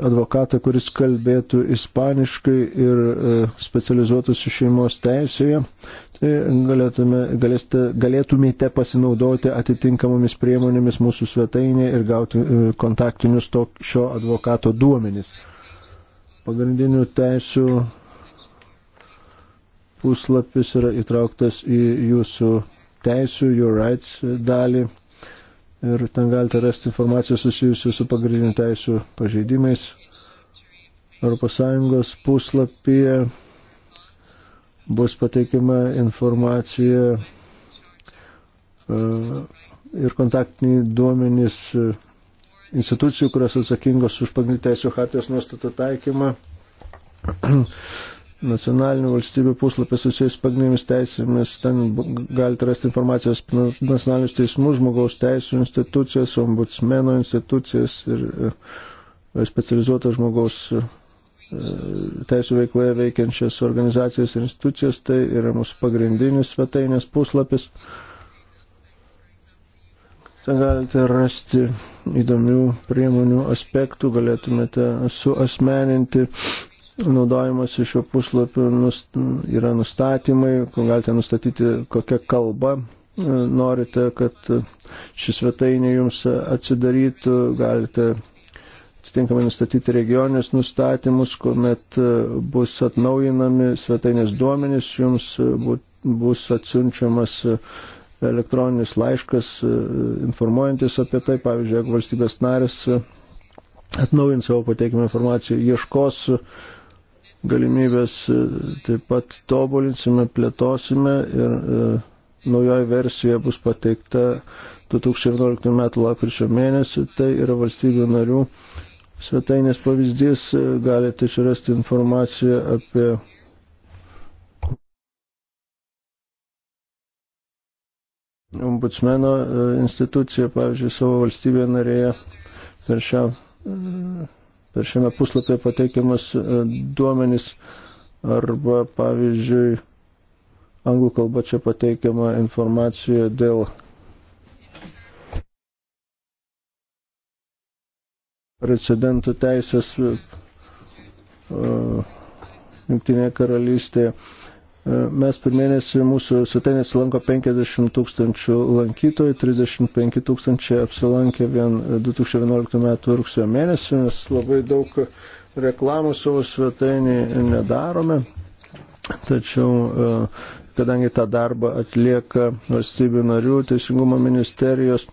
advokatą, kuris kalbėtų ispaniškai ir e, specializuotųsi šeimos teisėje, tai galėtume, galėsite, galėtumėte pasinaudoti atitinkamomis priemonėmis mūsų svetainėje ir gauti e, kontaktinius to, šio advokato duomenys. Pagrindinių teisų puslapis yra įtrauktas į jūsų teisų, your rights dalį ir ten galite rasti informaciją susijusiu su pagrindinių teisų pažeidimais. ES puslapyje bus pateikiama informacija e, ir kontaktiniai duomenys e, institucijų, kurios atsakingos už pagrindinių teisų hartijos nuostatų taikymą. nacionalinių valstybių puslapį susijęs pagrindinėmis teisėmis. Ten galite rasti informacijos nacionalinius teismus, žmogaus teisų institucijas, ombudsmeno institucijas ir e, specializuotas žmogaus e, teisų veikloje veikiančias organizacijas ir institucijas. Tai yra mūsų pagrindinis svetainės puslapis. Ten galite rasti įdomių priemonių aspektų, galėtumėte suasmeninti naudojimas iš šio puslapio nust, yra nustatymai, kur galite nustatyti, kokią kalbą e, norite, kad e, ši svetainė jums atsidarytų, galite atitinkamai nustatyti regionės nustatymus, kuomet e, bus atnaujinami svetainės duomenys, jums bus atsiunčiamas elektroninis laiškas informuojantis apie tai, pavyzdžiui, jeigu valstybės narės atnaujins savo pateikimą informaciją, ieškos uh, galimybės e, taip pat tobulinsime, plėtosime ir e, naujoji versija bus pateikta 2011 m. lapkričio mėnesį. Tai yra valstybių narių svetainės pavyzdys. E, galite surasti informaciją apie ombudsmeno instituciją, pavyzdžiui, savo valstybėje narėje per šią per šiame puslapyje pateikiamas e, duomenys arba, pavyzdžiui, anglų kalba čia pateikiama informacija dėl precedentų teisės e, Junktinėje karalystėje. Uh, E, mes per mėnesį mūsų svetainėse lanko 50 tūkstančių lankytojų, 35 tūkstančiai apsilankė vien 2011 m. rugsėjo mėnesį, nes labai daug reklamų savo svetainį nedarome, tačiau e, kadangi tą darbą atlieka valstybių narių teisingumo ministerijos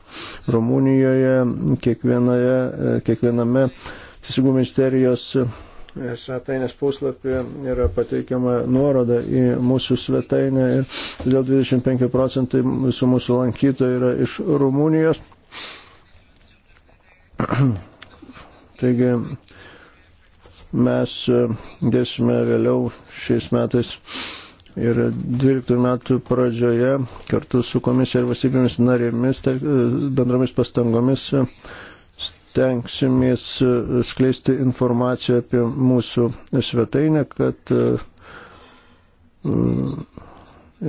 Rumunijoje, kiekvienoje, e, kiekviename teisingumo ministerijos svetainės puslapį yra pateikiama nuoroda į mūsų svetainę ir todėl 25 procentai visų mūsų lankytojų yra iš Rumunijos. Taigi mes e, dėsime vėliau šiais metais Ir 12 metų pradžioje kartu su komisija ir valstybėmis narėmis tai, e, bendromis pastangomis tenksimės e, skleisti informaciją apie mūsų svetainę, kad e, e,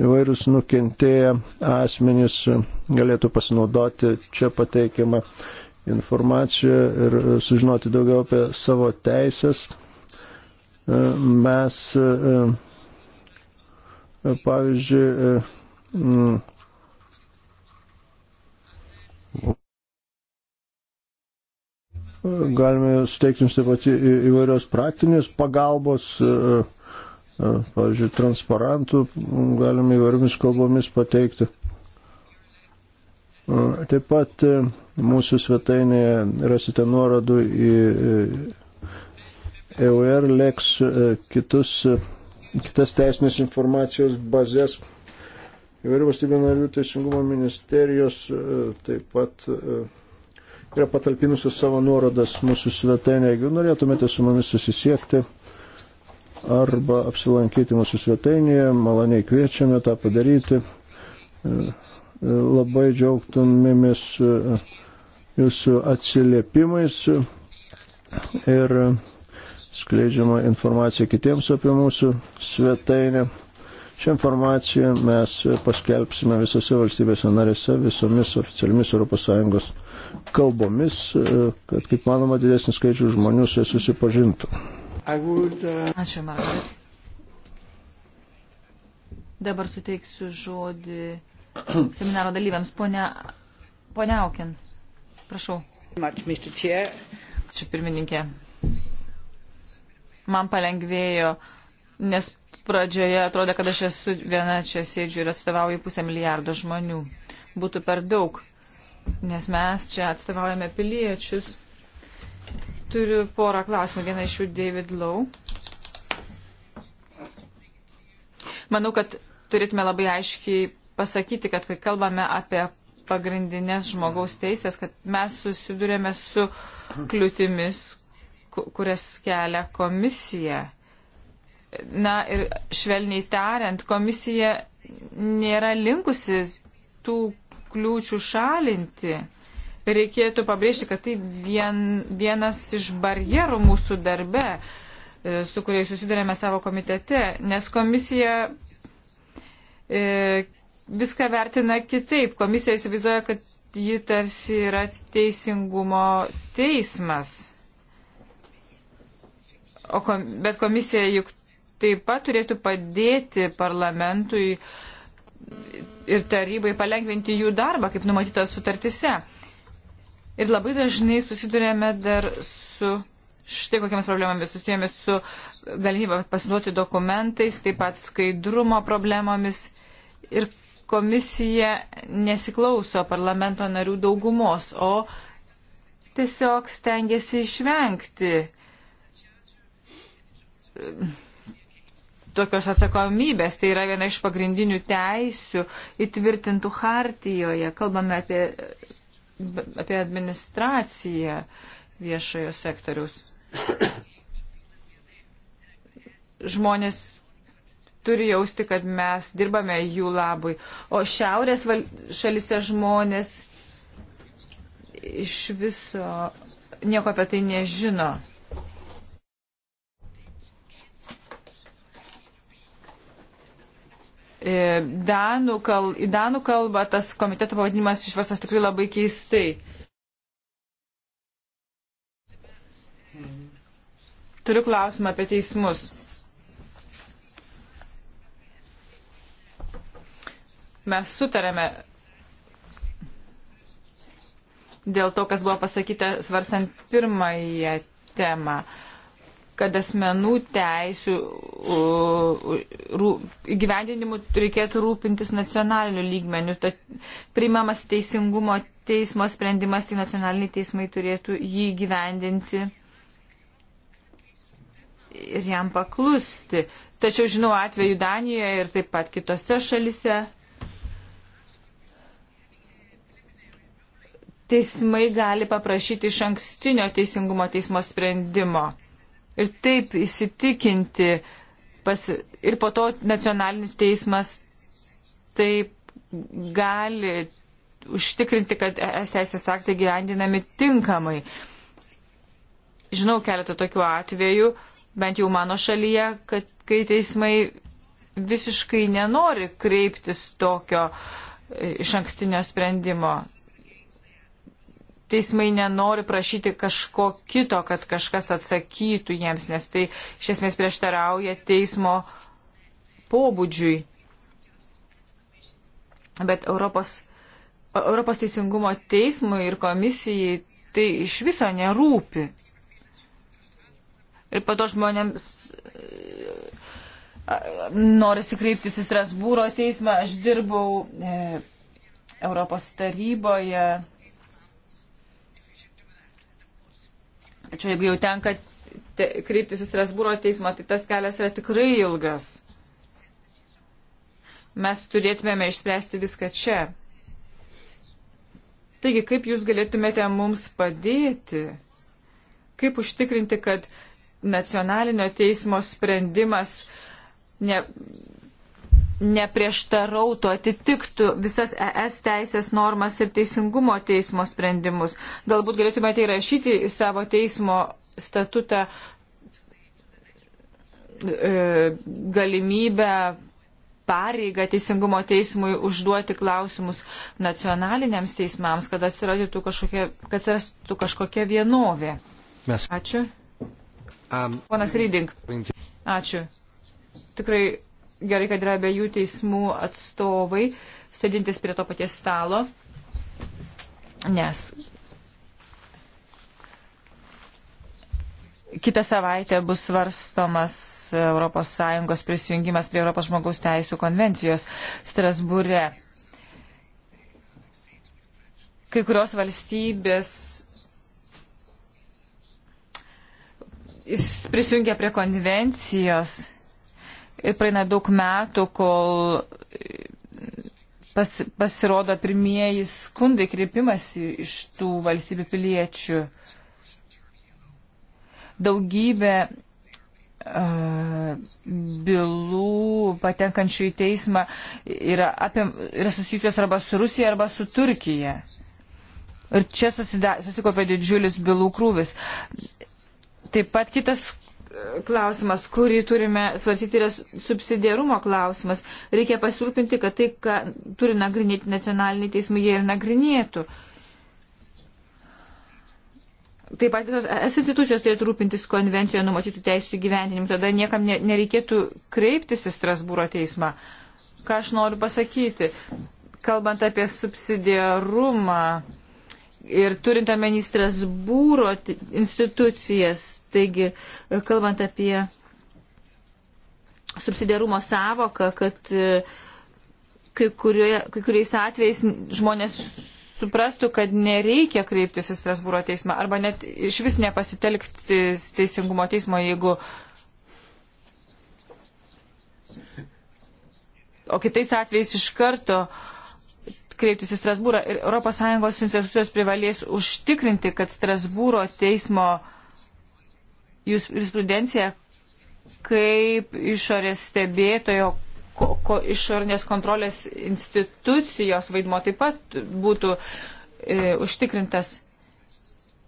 įvairius nukentėję asmenys galėtų pasinaudoti čia pateikiamą informaciją ir sužinoti daugiau apie savo teisės. Mes, pavyzdžiui, Galime suteikti jums taip pat įvairios praktinės pagalbos, e, e, pavyzdžiui, transparantų galime įvairiomis kalbomis pateikti. E, taip pat mūsų svetainėje rasite nuorodų į EUR, LEX, kitus, kitas teisinės informacijos bazės. Įvairių valstybių narių teisingumo ministerijos taip pat yra patalpinusi savo nuorodas mūsų svetainė. Jeigu norėtumėte su mumis susisiekti arba apsilankyti mūsų svetainėje, maloniai kviečiame tą padaryti. E, e, labai džiaugtumėmės e, jūsų atsiliepimais ir skleidžiama informacija kitiems apie mūsų svetainę. Šią informaciją mes paskelbsime visose valstybėse narėse visomis oficialiomis ES kalbomis, e, kad kaip manoma didesnis skaičius žmonių su jais susipažintų. Would, uh... Ačiū, Margaret. Dabar suteiksiu žodį seminaro dalyviams. Pone, pone Aukin, prašau. Ačiū pirmininkė. Man palengvėjo, nes pradžioje atrodė, kad aš esu viena čia sėdžiu ir atstovauju pusę milijardo žmonių. Būtų per daug nes mes čia atstovaujame piliečius. Turiu porą klausimų, vieną iš jų David Lau. Manau, kad turėtume labai aiškiai pasakyti, kad kai kalbame apie pagrindinės žmogaus teisės, kad mes susidurėme su kliūtimis, kurias kelia komisija. Na ir švelniai tariant, komisija nėra linkusi tų kliūčių šalinti. Reikėtų pabrėžti, kad tai vien, vienas iš barjerų mūsų darbe, e, su kuriais susidurėme savo komitete, nes komisija e, viską vertina kitaip. Komisija įsivaizduoja, kad ji tarsi yra teisingumo teismas. O kom, bet komisija juk taip pat turėtų padėti parlamentui uh, ir tarybai palengvinti jų darbą, kaip numatyta sutartise. Ir labai dažnai susidurėme dar su štai kokiamis problemomis susijęme su galimybė pasiduoti dokumentais, taip pat skaidrumo problemomis ir komisija nesiklauso parlamento narių daugumos, o tiesiog stengiasi išvengti tokios atsakomybės. Tai yra viena iš pagrindinių teisių įtvirtintų hartijoje. Kalbame apie, apie administraciją viešojo sektoriaus. Žmonės turi jausti, kad mes dirbame jų labui. O šiaurės šalise žmonės iš viso nieko apie tai nežino. E, Danų kal, į Danų kalbą tas komiteto pavadinimas išvestas tikrai labai keistai. Turiu klausimą apie teismus. Mes sutarėme dėl to, kas buvo pasakyta svarstant pirmąją temą. Uh, kad asmenų teisų įgyvendinimu reikėtų rūpintis nacionaliniu lygmeniu. Tad priimamas teisingumo teismo sprendimas, tai nacionaliniai teismai turėtų jį gyvendinti ir jam paklusti. Tačiau žinau atveju Danijoje ir taip pat kitose šalise. Teismai gali paprašyti iš ankstinio teisingumo teismo sprendimo ir taip įsitikinti pasi... ir po to nacionalinis teismas taip gali užtikrinti, kad es teisės aktai gyvendinami tinkamai. Žinau keletą tokių atvejų, bent jau mano šalyje, kad kai teismai visiškai nenori kreiptis tokio e, iš ankstinio sprendimo teismai nenori prašyti kažko kito, kad kažkas atsakytų jiems, nes tai iš esmės prieštarauja teismo pobūdžiui. Bet Europos, Europos teisingumo teismui ir komisijai tai iš viso nerūpi. Ir pato žmonėms norisi kreiptis į Strasbūro teismą. Aš dirbau e, Europos taryboje Tačiau jeigu jau tenka te, kreiptis į Strasbūro teismą, tai tas kelias yra tikrai ilgas. Mes turėtumėme išspręsti viską čia. Taigi, kaip jūs galėtumėte mums padėti? Kaip užtikrinti, kad nacionalinio teismo sprendimas ne, neprieštarautų, atitiktų visas ES teisės normas ir teisingumo teismo sprendimus. Galbūt galėtumėte įrašyti į savo teismo statutą e, galimybę pareigą teisingumo teismui užduoti klausimus nacionaliniams teismams, kad atsirastų kažkokia, kad atsirastų kažkokia vienovė. Mes. Ačiū. Um, Ponas Ryding. Ačiū. Tikrai gerai, kad yra abiejų teismų atstovai, sėdintis prie to paties stalo, nes kitą savaitę bus svarstomas ES prisijungimas prie ES žmogaus teisų konvencijos Strasbūre. Kai kurios valstybės prisijungia prie konvencijos ir praeina daug metų, kol pas, pasirodo pirmieji skundai kreipimas iš tų valstybių piliečių. Daugybė bylų patenkančių į teismą yra, apie, yra susijusios arba su Rusija, arba su Turkija. Ir čia susikopė didžiulis bylų krūvis. Taip pat kitas klausimas, kurį turime svarsyti, yra subsidiarumo klausimas. Reikia pasirūpinti, kad tai, ką turi nagrinėti nacionaliniai teismai, jie ir nagrinėtų. Taip pat visos es institucijos turėtų rūpintis konvencijoje numatytų teisų gyventinimu, tada niekam ne, nereikėtų kreiptis į Strasbūro teismą. Ką aš noriu pasakyti? Kalbant apie subsidiarumą, ir turint omeny Strasbūro institucijas, taigi e, kalbant apie subsidiarumo savoką, kad e, kai, kurioje, kai kuriais atvejais žmonės suprastų, kad nereikia kreiptis į Strasbūro teismą arba net iš vis nepasitelkti teisingumo teismo, jeigu. O kitais atvejais iš karto uh, kreiptis į Strasbūrą ir ES institucijos privalės užtikrinti, kad Strasbūro teismo jurisprudencija kaip išorės stebėtojo, ko, ko, išorinės kontrolės institucijos vaidmo taip pat būtų e, užtikrintas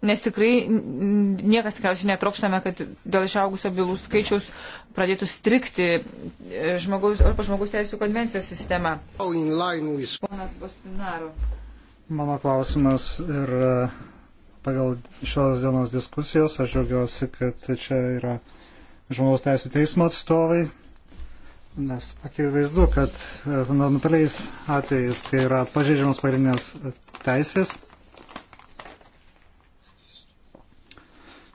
nes tikrai niekas tikriausiai netrokštame, kad dėl išaugusio bylų skaičiaus pradėtų strikti e, žmogaus, Europos žmogaus teisų konvencijos sistema. Oh, Ponas Bostinaro. Mano klausimas ir pagal šios dienos diskusijos aš džiaugiuosi, kad čia yra žmogaus teisų teismo atstovai. Nes akivaizdu, kad e, fundamentaliais atvejais, kai yra pažeidžiamas pagrindinės teisės,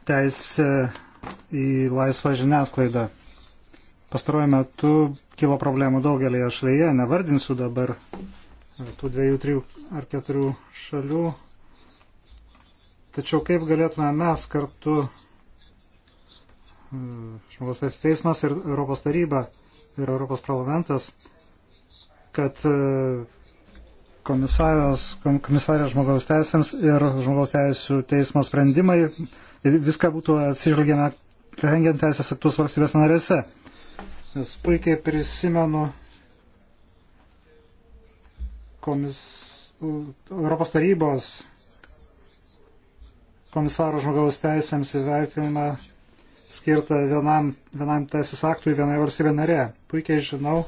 teisė į laisvą žiniasklaidą. Pastaruoju metu kilo problemų daugelį šalyje, nevardinsiu dabar tų dviejų, trijų ar keturių šalių. Tačiau kaip galėtume mes kartu, e, žmogaus teisų teismas ir Europos taryba ir Europos parlamentas, kad e, komisarės žmogaus teisėms ir žmogaus teisų teismo sprendimai ir viską būtų atsižvelgiama rengiant teisės aktus valstybės narėse. Nes puikiai prisimenu komis, Europos tarybos komisaro žmogaus teisėms įvertinimą skirtą vienam, vienam teisės aktui vienoje valstybė narė. Puikiai žinau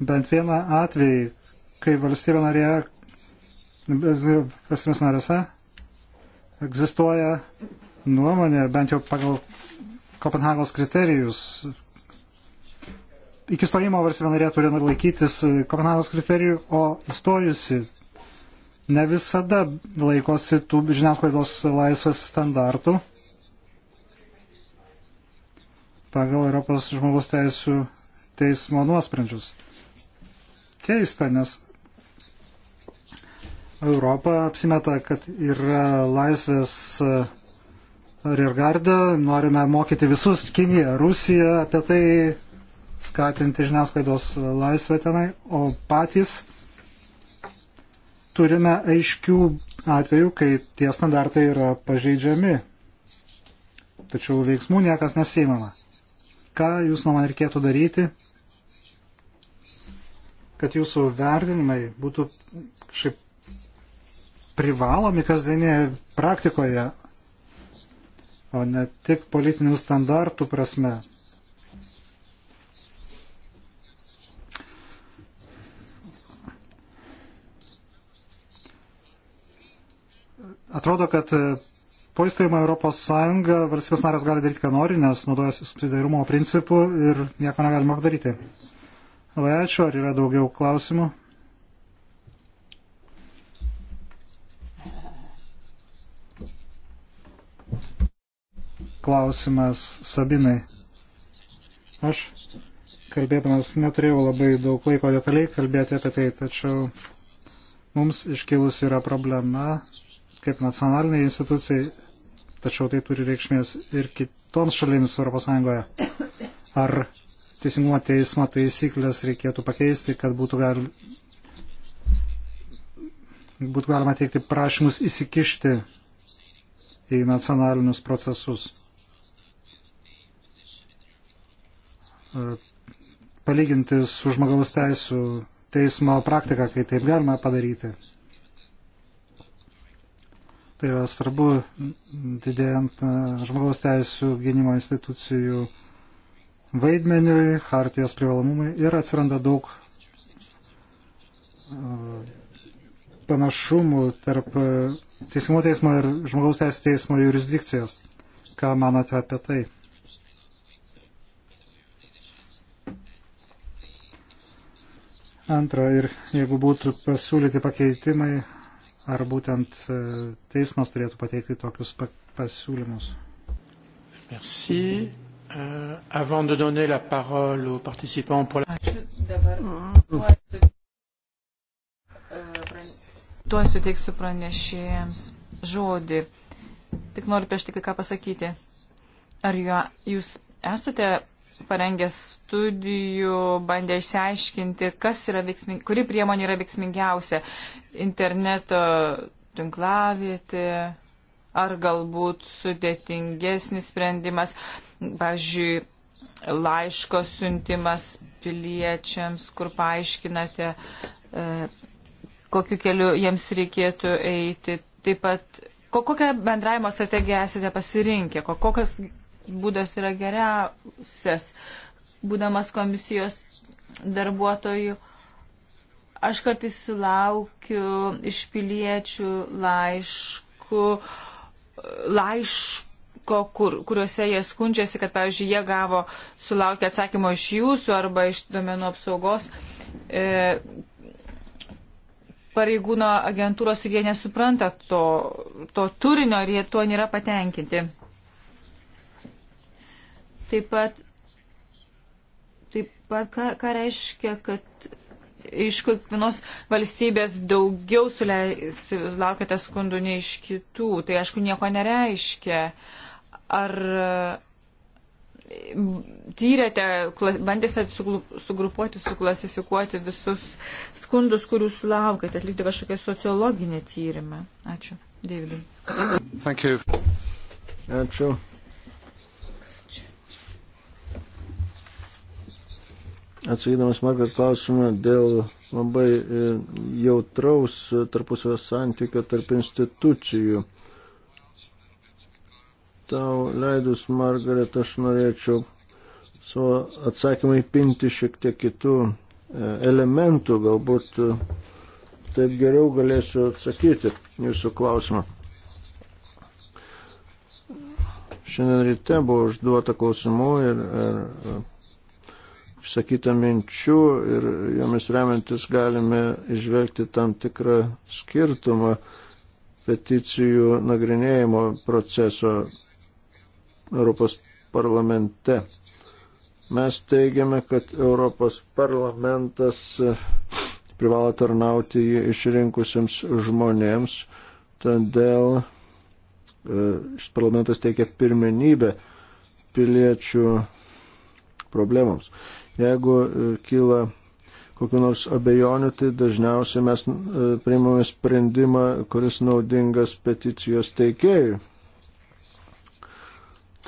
bent vieną atvejį, kai valstybė narė, valstybės narėse egzistuoja nuomonė, bent jau pagal Kopenhagos kriterijus. Iki stojimo valstybė narė turi laikytis Kopenhagos kriterijų, o įstojusi ne visada laikosi tų žiniasklaidos laisvės standartų pagal Europos žmogaus teisų teismo nuosprendžius keista, nes Europa apsimeta, kad yra laisvės e, reargardą, norime mokyti visus Kiniją, Rusiją apie tai, skatinti žiniasklaidos laisvę tenai, o patys turime aiškių atvejų, kai tie standartai yra pažeidžiami, tačiau veiksmų niekas nesimama. Ką jūs nuomonė reikėtų daryti? kad jūsų vertinimai būtų kažkaip privalomi kasdienėje praktikoje, o ne tik politinių standartų prasme. Atrodo, kad po įstojimo Europos Sąjungą valstybės narės gali daryti, ką nori, nes naudojasi subsidiarumo principu ir nieko negalima padaryti. Labai ačiū, ar yra daugiau klausimų? Klausimas Sabinai. Aš kalbėdamas neturėjau labai daug laiko detaliai kalbėti apie tai, tačiau mums iškilus yra problema kaip nacionaliniai institucijai, tačiau tai turi reikšmės ir kitoms šalims ES. Ar teisingumo teismo taisyklės reikėtų pakeisti, kad būtų, gal, būtų galima teikti prašymus įsikišti į nacionalinius procesus. E, palyginti su žmogaus teisų teismo praktika, kai taip galima padaryti. Tai yra svarbu didėjant e, žmogaus teisų gynimo institucijų uh, vaidmeniui, hartijos privalomumui ir atsiranda daug e, panašumų tarp e, Teisingumo teismo ir Žmogaus teisų teismo jurisdikcijos. Ką manote apie tai? Antra, ir jeigu būtų pasiūlyti pakeitimai, ar būtent e, teismas turėtų pateikti tokius pasiūlymus? Merci. Euh, avant de donner la parole aux participants pour la... Ačiū dabar. Tuo e, suteiksiu pranešėjams žodį. Tik noriu prieš tik ką pasakyti. Ar jo, jūs esate parengę studijų, bandę išsiaiškinti, kas yra veiksming, kuri priemonė yra veiksmingiausia - interneto tinklavietė ar galbūt sudėtingesnis sprendimas? Uh, pavyzdžiui, laiško siuntimas piliečiams, kur paaiškinate, e, kokiu keliu jiems reikėtų eiti. Taip pat, kokią bendravimo strategiją esate pasirinkę, kokias būdas yra geriausias, būdamas komisijos darbuotojų. Aš kartais sulaukiu iš piliečių laiškų, laiškų laiško, kur, kuriuose jie skundžiasi, kad, pavyzdžiui, jie gavo, sulaukė atsakymo iš jūsų arba iš domenų apsaugos e, pareigūno agentūros ir jie nesupranta to, to turinio ir jie tuo nėra patenkinti. Taip pat, taip pat ką, ką reiškia, kad iš kiekvienos valstybės daugiau sulaukiate skundų nei iš kitų. Tai aišku, nieko nereiškia. Ar tyrėte, bandėte sugrupuoti, suklasifikuoti visus skundus, kurių sulaukėte, atlikti kažkokią sociologinę tyrimą? Ačiū, Davidai. Ačiū. Atsakydamas Margaret klausimą dėl labai e, jautraus tarpusavio santykio tarp institucijų tau leidus, Margaret, aš norėčiau savo atsakymą įpinti šiek tiek kitų e, elementų, galbūt e, taip geriau galėsiu atsakyti jūsų klausimą. Šiandien ryte buvo užduota klausimų ir, ir e, išsakyta minčių ir jomis remiantis galime išvelgti tam tikrą skirtumą peticijų nagrinėjimo proceso Europos parlamente. Mes teigiame, kad Europos parlamentas e, privalo tarnauti jį išrinkusiems žmonėms, todėl e, šis parlamentas teikia pirmenybę piliečių problemams. Jeigu e, kyla kokiu nors abejonių, tai dažniausiai mes priimame sprendimą, kuris naudingas peticijos teikėjui.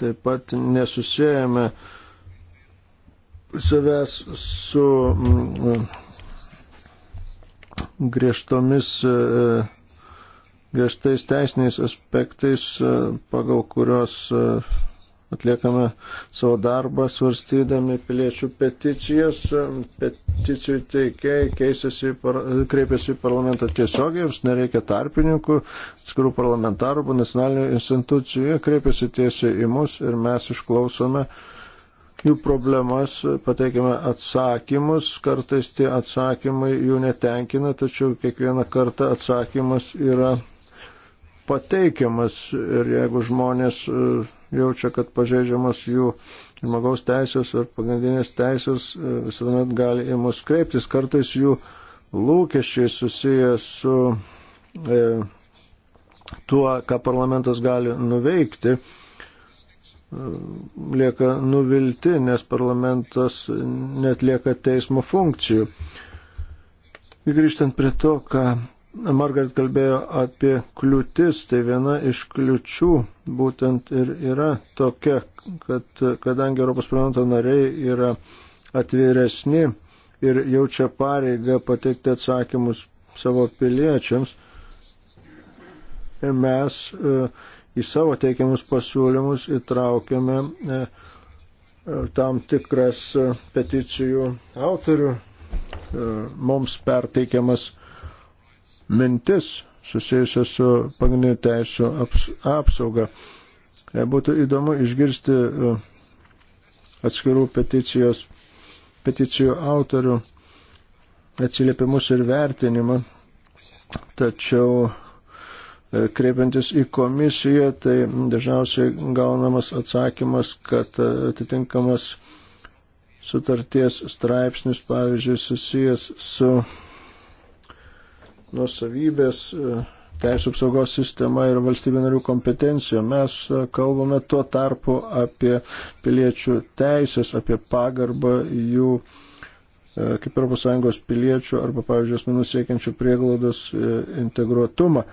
Taip pat nesusėjame savęs su mm, griežtomis, e, griežtais teisiniais aspektais, e, pagal kurios e, atliekame savo darbą svarstydami piliečių peticijas. Peticijų teikėjai kreipiasi į parlamentą tiesiogiai, jiems nereikia tarpininkų, skrų parlamentarų, nacionalinių institucijų, jie kreipiasi tiesiai į mus ir mes išklausome jų problemas, pateikiame atsakymus, kartais tie atsakymai jų netenkina, tačiau kiekvieną kartą atsakymas yra pateikiamas ir jeigu žmonės jaučia, kad pažeidžiamas jų žmogaus teisės ar pagrindinės teisės, e, visuomet gali į mus kreiptis. Kartais jų lūkesčiai susiję su e, tuo, ką parlamentas gali nuveikti, e, lieka nuvilti, nes parlamentas netlieka teismo funkcijų. Grįžtant prie to, ką Margaret kalbėjo apie kliūtis, tai viena iš kliučių būtent ir yra tokia, kad kadangi Europos parlamento nariai yra atviresni ir jaučia pareigą pateikti atsakymus savo piliečiams, mes e, į savo teikiamus pasiūlymus įtraukiame e, tam tikras e, peticijų autorių mums perteikiamas mintis susijusios su pagrindinių teisų aps, apsauga. E, būtų įdomu išgirsti e, atskirų peticijos, peticijų autorių atsiliepimus ir vertinimą. Tačiau e, kreipiantis į komisiją, tai dažniausiai gaunamas atsakymas, kad atitinkamas sutarties straipsnis, pavyzdžiui, susijęs su nusavybės e, teisų apsaugos sistema ir valstybė narių kompetencijų. Mes e, kalbame tuo tarpu apie piliečių teisės, apie pagarbą jų e, kaip Europos Sąjungos piliečių arba, pavyzdžiui, asmenų siekiančių prieglaudos integruotumą.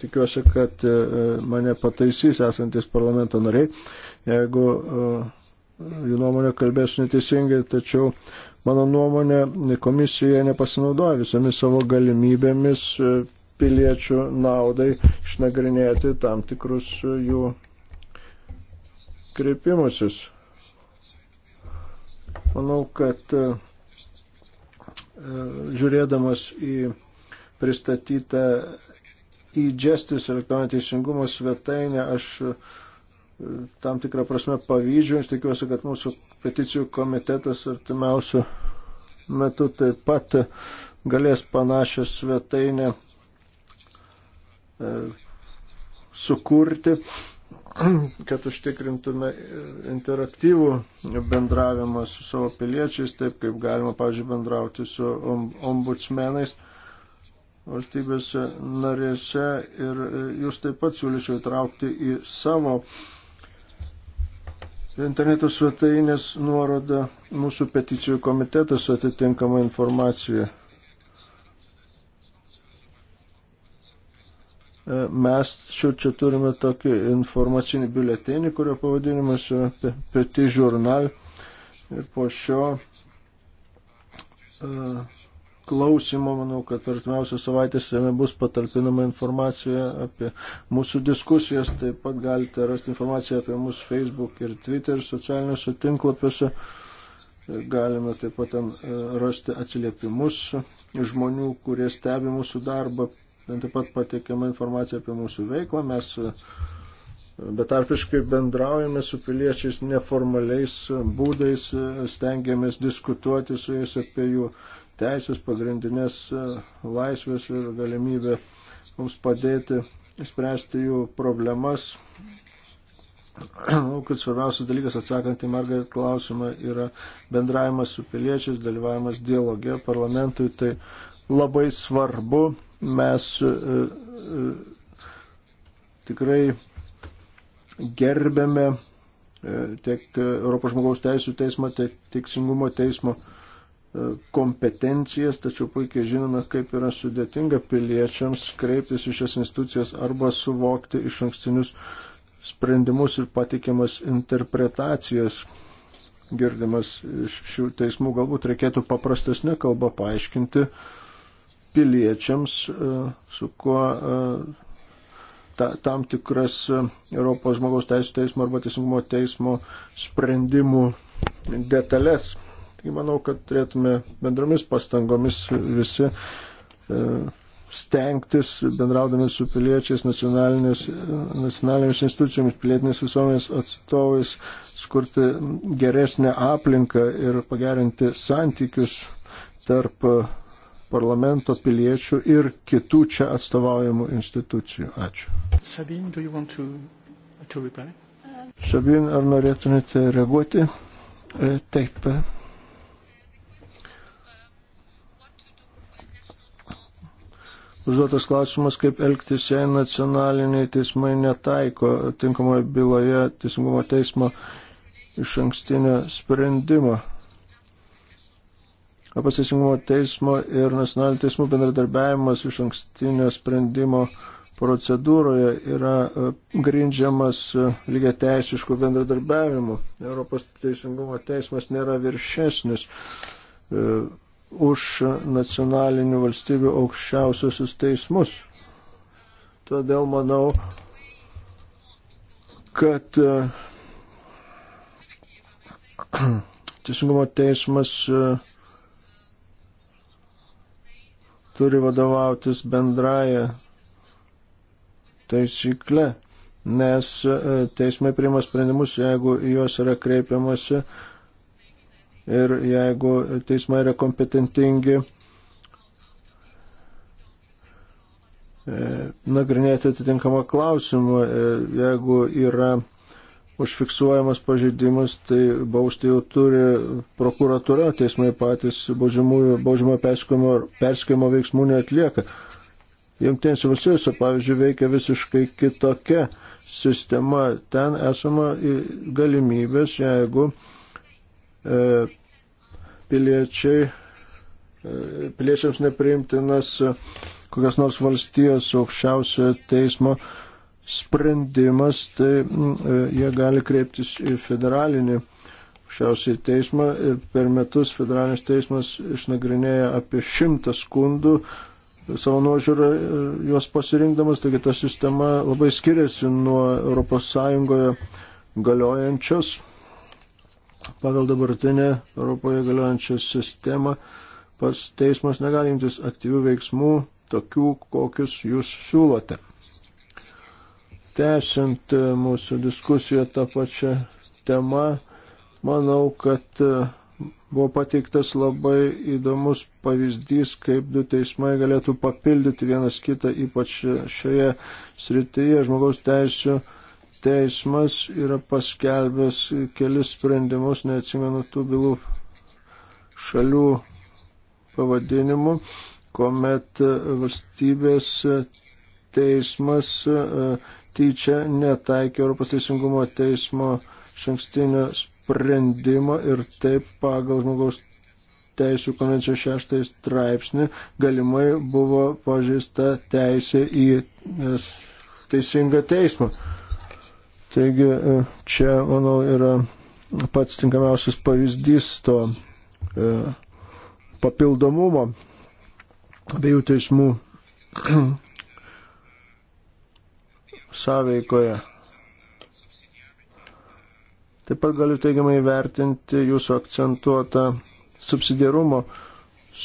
Tikiuosi, kad mane pataisys esantis parlamento nariai, jeigu jų nuomonė kalbės neteisingai, tačiau Mano nuomonė, komisija nepasinaudoja visomis savo galimybėmis e, piliečių naudai išnagrinėti tam tikrus e, jų kreipimusis. Manau, kad e, žiūrėdamas į pristatytą į Justice elektroninio teisingumo svetainę aš tam tikrą prasme pavyzdžių ir tikiuosi, kad mūsų peticijų komitetas artimiausių metų taip pat galės panašią svetainę e, sukurti, kad užtikrintume interaktyvų bendravimą su savo piliečiais, taip kaip galima, pavyzdžiui, bendrauti su ombudsmenais valstybėse narėse ir e, jūs taip pat siūlyčiau įtraukti į savo uh, interneto svetainės nuoroda mūsų peticijų komitetas atitinkama informacija. E, mes čia, čia turime tokį informacinį biuletenį, kurio pavadinimas yra Peti žurnal. Ir po šio uh, klausimo. Manau, kad per artimiausią savaitę jame bus patalpinama informacija apie mūsų diskusijas. Taip pat galite rasti informaciją apie mūsų Facebook ir Twitter socialiniuose tinklapiuose. Galime taip pat ten e, rasti atsiliepimus žmonių, kurie stebi mūsų darbą. Ten taip pat pateikiama informacija apie mūsų veiklą. Mes e, betarpiškai bendraujame su piliečiais neformaliais būdais, e, stengiamės diskutuoti su jais apie jų teisės, pagrindinės e, laisvės ir galimybę mums padėti spręsti jų problemas. Manau, kad svarbiausias dalykas atsakant į Margaret klausimą yra bendravimas su piliečiais, dalyvavimas dialoge parlamentui. Tai labai svarbu. Mes e, e, tikrai gerbėme e, tiek Europos žmogaus teisų teismo, tiek teisingumo teismo e, kompetencijas, tačiau puikiai žinome, kaip yra sudėtinga piliečiams kreiptis į šias institucijas arba suvokti iš ankstinius sprendimus ir patikiamas interpretacijas girdimas iš šių teismų. Galbūt reikėtų paprastesnė kalba paaiškinti piliečiams, e, su kuo e, ta, tam tikras e, Europos žmogaus teisų teismo arba teisingumo teismo sprendimų detalės Taigi manau, kad turėtume bendromis pastangomis visi e, stengtis bendraudami su piliečiais, nacionalinės, nacionalinėmis institucijomis, pilietinės visuomenės atstovais, skurti geresnę aplinką ir pagerinti santykius tarp parlamento piliečių ir kitų čia atstovaujamų institucijų. Ačiū. Sabin, to, to Sabin ar norėtumėte reaguoti? E, taip. užduotas klausimas, kaip elgtis, jei nacionaliniai teismai netaiko tinkamoje byloje teisingumo teismo iš ankstinio sprendimo. Apas teisingumo teismo ir nacionalinių teismų bendradarbiavimas iš ankstinio sprendimo procedūroje yra e, grindžiamas e, lygiai teisiškų bendradarbiavimų. Europos teisingumo teismas nėra viršesnis e, už nacionalinių valstybių aukščiausiosius teismus. Todėl manau, kad Teisingumo teismas e, turi vadovautis bendraja taisykle, nes e, teismai priima sprendimus, jeigu juos yra kreipiamasi ir jeigu teismai yra kompetentingi e, nagrinėti atitinkamą klausimą, e, jeigu yra užfiksuojamas pažeidimas, tai bausti jau turi prokuratūra, teismai patys baudžiamo perskimo veiksmų neatlieka. Jungtinėse valstijose, pavyzdžiui, veikia visiškai kitokia sistema. Ten esama galimybės, jeigu uh, E, piliečiai, e, piliečiams nepriimtinas e, kokios nors valstijos aukščiausiojo teismo sprendimas, tai jie gali kreiptis į federalinį aukščiausiai teismą ir per metus federalinis teismas išnagrinėja apie šimtą skundų savo nuožiūrą juos pasirinkdamas, taigi ta sistema labai skiriasi nuo ES galiojančios Pagal dabartinę Europoje galiojančią sistemą pats teismas negali imtis aktyvių veiksmų, tokių, kokius jūs siūlote. Tęsiant e, mūsų diskusiją tą pačią temą, manau, kad e, buvo pateiktas labai įdomus pavyzdys, kaip du teismai galėtų papildyti vienas kitą, ypač e, šioje srityje žmogaus teisų teismas yra paskelbęs kelis sprendimus, neatsimenu tų bylų šalių pavadinimų, kuomet valstybės teismas e, tyčia netaikė Europos teisingumo teismo šankstinio sprendimo ir taip pagal žmogaus teisų konvencijos šeštąjį straipsnį galimai buvo pažįsta teisė į e, teisingą teismą. Taigi e, čia, manau, yra pats tinkamiausias pavyzdys to e, papildomumo abiejų teismų sąveikoje. Taip pat galiu teigiamai vertinti jūsų akcentuotą subsidiarumo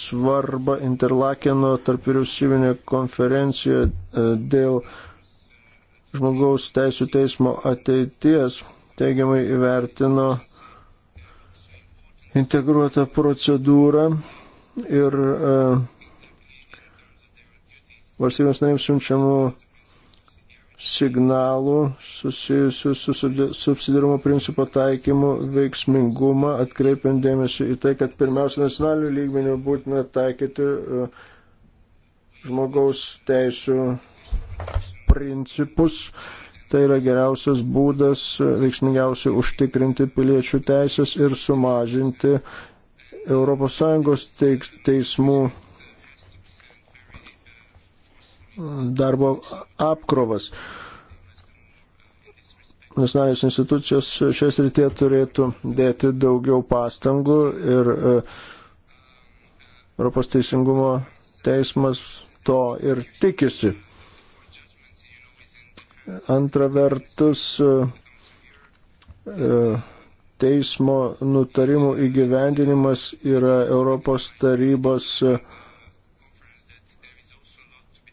svarbą Interlakeno tarp vyriausybinė konferencija e, dėl žmogaus teisų teismo ateities teigiamai įvertino integruotą procedūrą ir e, valstybės narėms siunčiamų signalų susijusių su subsidiarumo principo taikymu veiksmingumą, atkreipiant dėmesį į tai, kad pirmiausia nacionalinių lygmenių būtina taikyti e, žmogaus teisų principus. Tai yra geriausias būdas veiksmingiausiai užtikrinti piliečių teisės ir sumažinti ES teismų darbo apkrovas. Nacionalinės institucijos šias rytė turėtų dėti daugiau pastangų ir e, Europos teisingumo teismas to ir tikisi. Antra vertus, e, teismo nutarimų įgyvendinimas yra Europos tarybos e,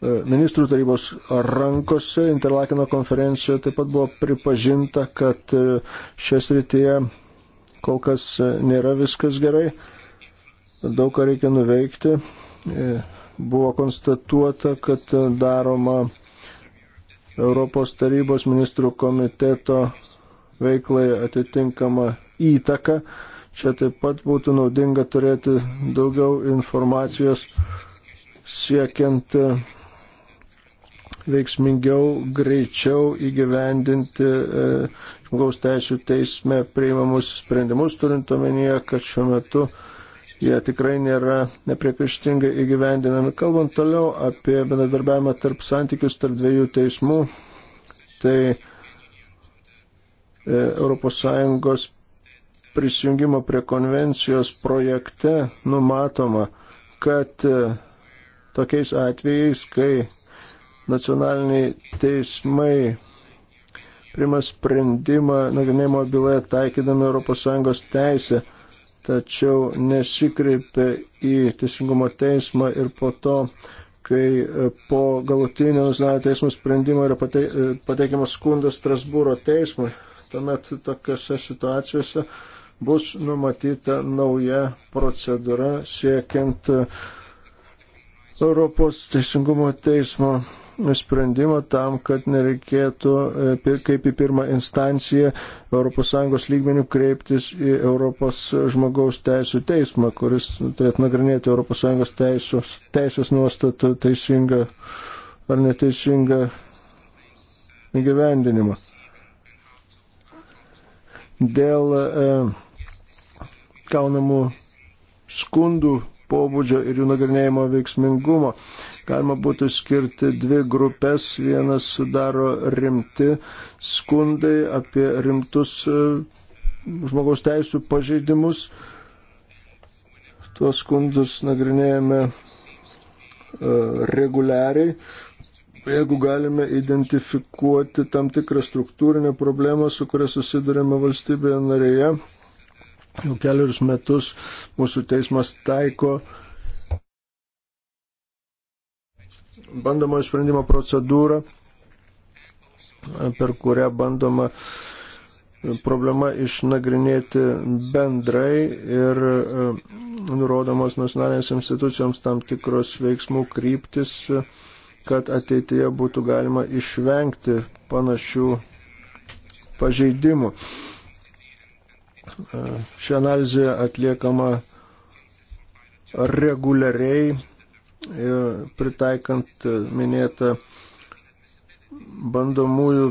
ministrų tarybos rankose. Interlakino konferencijoje taip pat buvo pripažinta, kad e, šias rytyje kol kas nėra viskas gerai, daug ką reikia nuveikti. Buvo konstatuota, kad daroma Europos tarybos ministrų komiteto veiklai atitinkamą įtaką. Čia taip pat būtų naudinga turėti daugiau informacijos siekiant e, veiksmingiau, greičiau įgyvendinti e, žmogaus teisų teisme priimamus sprendimus, turint omenyje, kad šiuo metu uh, jie tikrai nėra nepriekaištingai įgyvendinami. Kalbant toliau apie bendradarbiavimą tarp santykius tarp dviejų teismų, tai ES prisijungimo prie konvencijos projekte numatoma, kad e, tokiais atvejais, kai nacionaliniai teismai prima sprendimą nagrinėjimo byloje taikydami ES teisę, tačiau nesikreipė į teisingumo teismą ir po to, kai e, po galutinio nacionalinio teismo sprendimo yra e, pateikiamas skundas Strasbūro teismui. Tuomet tokiuose situacijose bus numatyta nauja procedūra siekiant e, Europos teisingumo teismo sprendimą tam, kad nereikėtų e, kaip į pirmą instanciją ES lygmenių kreiptis į Europos žmogaus teisų teismą, kuris turėtų nagrinėti ES teisės, teisės nuostatų teisingą ar neteisingą įgyvendinimą. Dėl e, gaunamų skundų pobūdžio ir jų nagrinėjimo veiksmingumo. E, galima būtų skirti dvi grupės. Vienas sudaro rimti skundai apie rimtus e, žmogaus teisų pažeidimus. Tuos skundus nagrinėjame e, reguliariai. Jeigu galime identifikuoti tam tikrą struktūrinę problemą, su kuria susidurėme valstybėje narėje, jau kelius metus mūsų teismas taiko uh, bandomojo sprendimo procedūrą, per kurią bandoma problema išnagrinėti bendrai ir e, nurodomos nacionalinės institucijoms tam tikros veiksmų kryptis, kad ateityje būtų galima išvengti panašių pažeidimų. E, ši analizė atliekama reguliariai pritaikant minėtą bandomųjų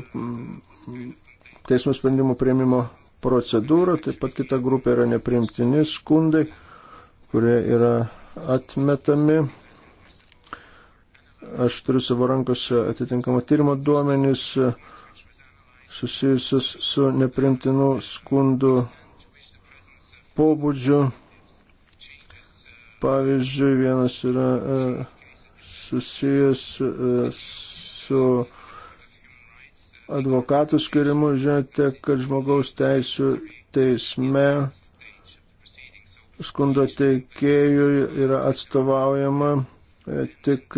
teismo sprendimų prieimimo procedūrą. Taip pat kita grupė yra nepriimtini skundai, kurie yra atmetami. Aš turiu savo rankose atitinkamą tyrimo duomenys susijusius su neprimtinų skundų pobūdžiu Pavyzdžiui, vienas yra e, susijęs e, su advokatų skirimu, žinote, kad žmogaus teisų teisme skundo teikėjui yra atstovaujama e, tik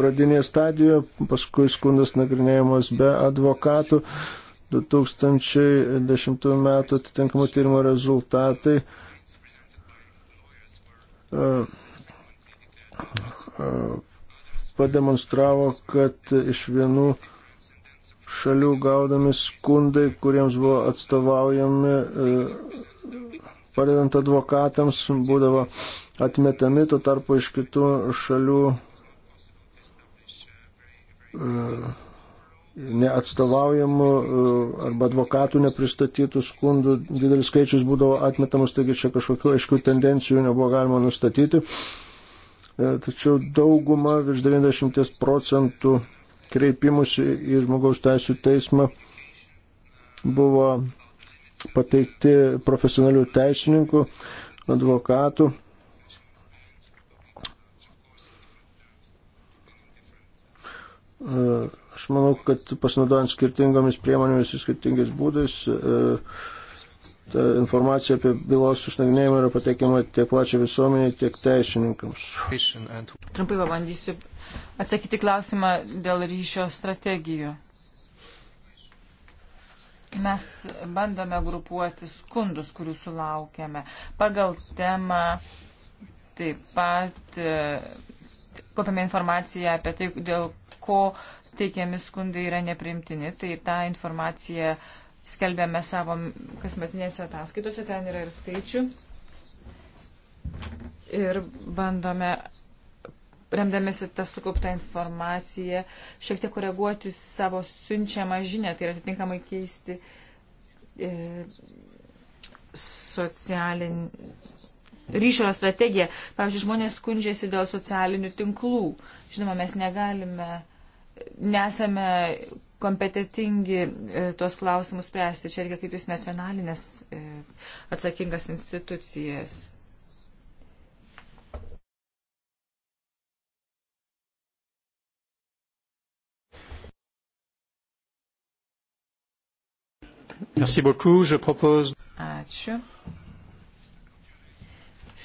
pradinėje stadijoje, paskui skundas nagrinėjamas be advokatų. 2010 metų atitinkamo tyrimo rezultatai pademonstravo, kad iš vienų šalių gaudami skundai, kuriems buvo atstovaujami, e, padedant advokatams, būdavo atmetami, tuo tarpu iš kitų šalių e, neatstovaujamų e, arba advokatų nepristatytų skundų didelis skaičius būdavo atmetamas, taigi čia kažkokių aiškių tendencijų nebuvo galima nustatyti. E, tačiau dauguma, virš 90 procentų kreipimusi į žmogaus teisų teismą buvo pateikti profesionalių teisininkų, advokatų. Uh, Aš manau, kad pasinaudojant skirtingomis priemonėmis ir skirtingais būdais, e, ta informacija apie bylos užnagnėjimą yra pateikiama tiek plačiai visuomeniai, tiek teisininkams. Trumpai pabandysiu atsakyti klausimą dėl ryšio strategijų. Mes bandome grupuoti skundus, kurių sulaukėme. Pagal temą taip pat e, kopiame informaciją apie tai, dėl ko teikiami skundai yra neprimtini. Tai tą informaciją skelbėme savo kasmetinėse ataskaitose, ten yra ir skaičių. Ir bandome, remdamėsi tą sukauptą informaciją, šiek tiek koreguoti savo siunčiamą žinę, tai yra atitinkamai keisti e, socialinį ryšio strategiją. Pavyzdžiui, žmonės skundžiasi dėl socialinių tinklų. Žinoma, mes negalime nesame kompetitingi e, tuos klausimus spręsti. Čia reikia kaip jis nacionalinės e, atsakingas institucijas. Merci beaucoup. Je propose. Ačiū.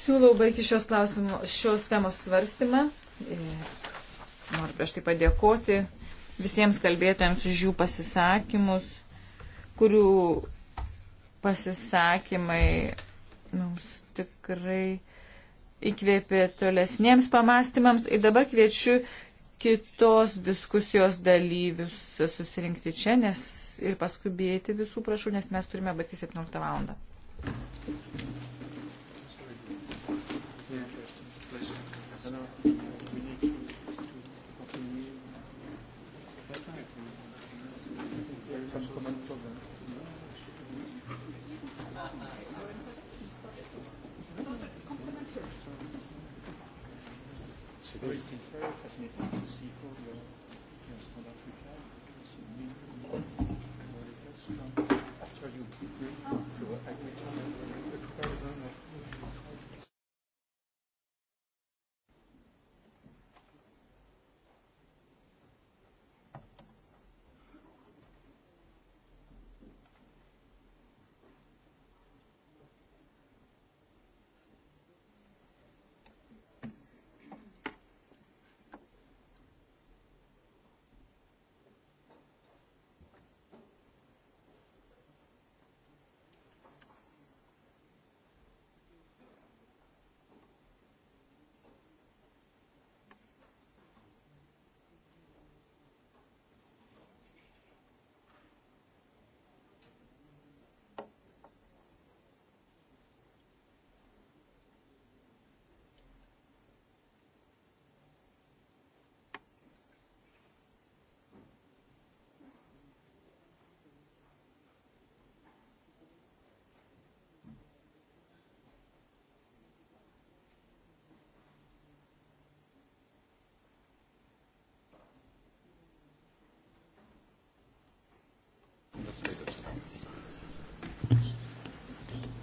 Siūlau baigti šios, klausimų, šios temos svarstymą. E, Noriu prieš tai padėkoti visiems kalbėtojams už jų pasisakymus, kurių pasisakymai mums tikrai įkvėpė tolesniems pamastymams. Ir dabar kviečiu kitos diskusijos dalyvius susirinkti čia, nes ir paskubėti visų prašau, nes mes turime baigti 17 valandą. It's, it's very fascinating to see all your, your standard reports.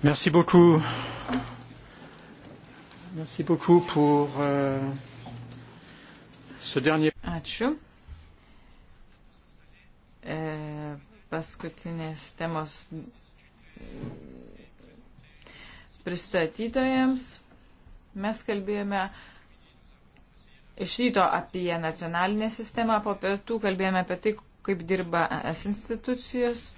Merci beaucoup. Merci beaucoup pour euh, ce dernier. Ačiū. E, paskutinės temos pristatytojams mes kalbėjome iš ryto apie nacionalinę sistemą, po pietų kalbėjome apie tai, kaip dirba es institucijos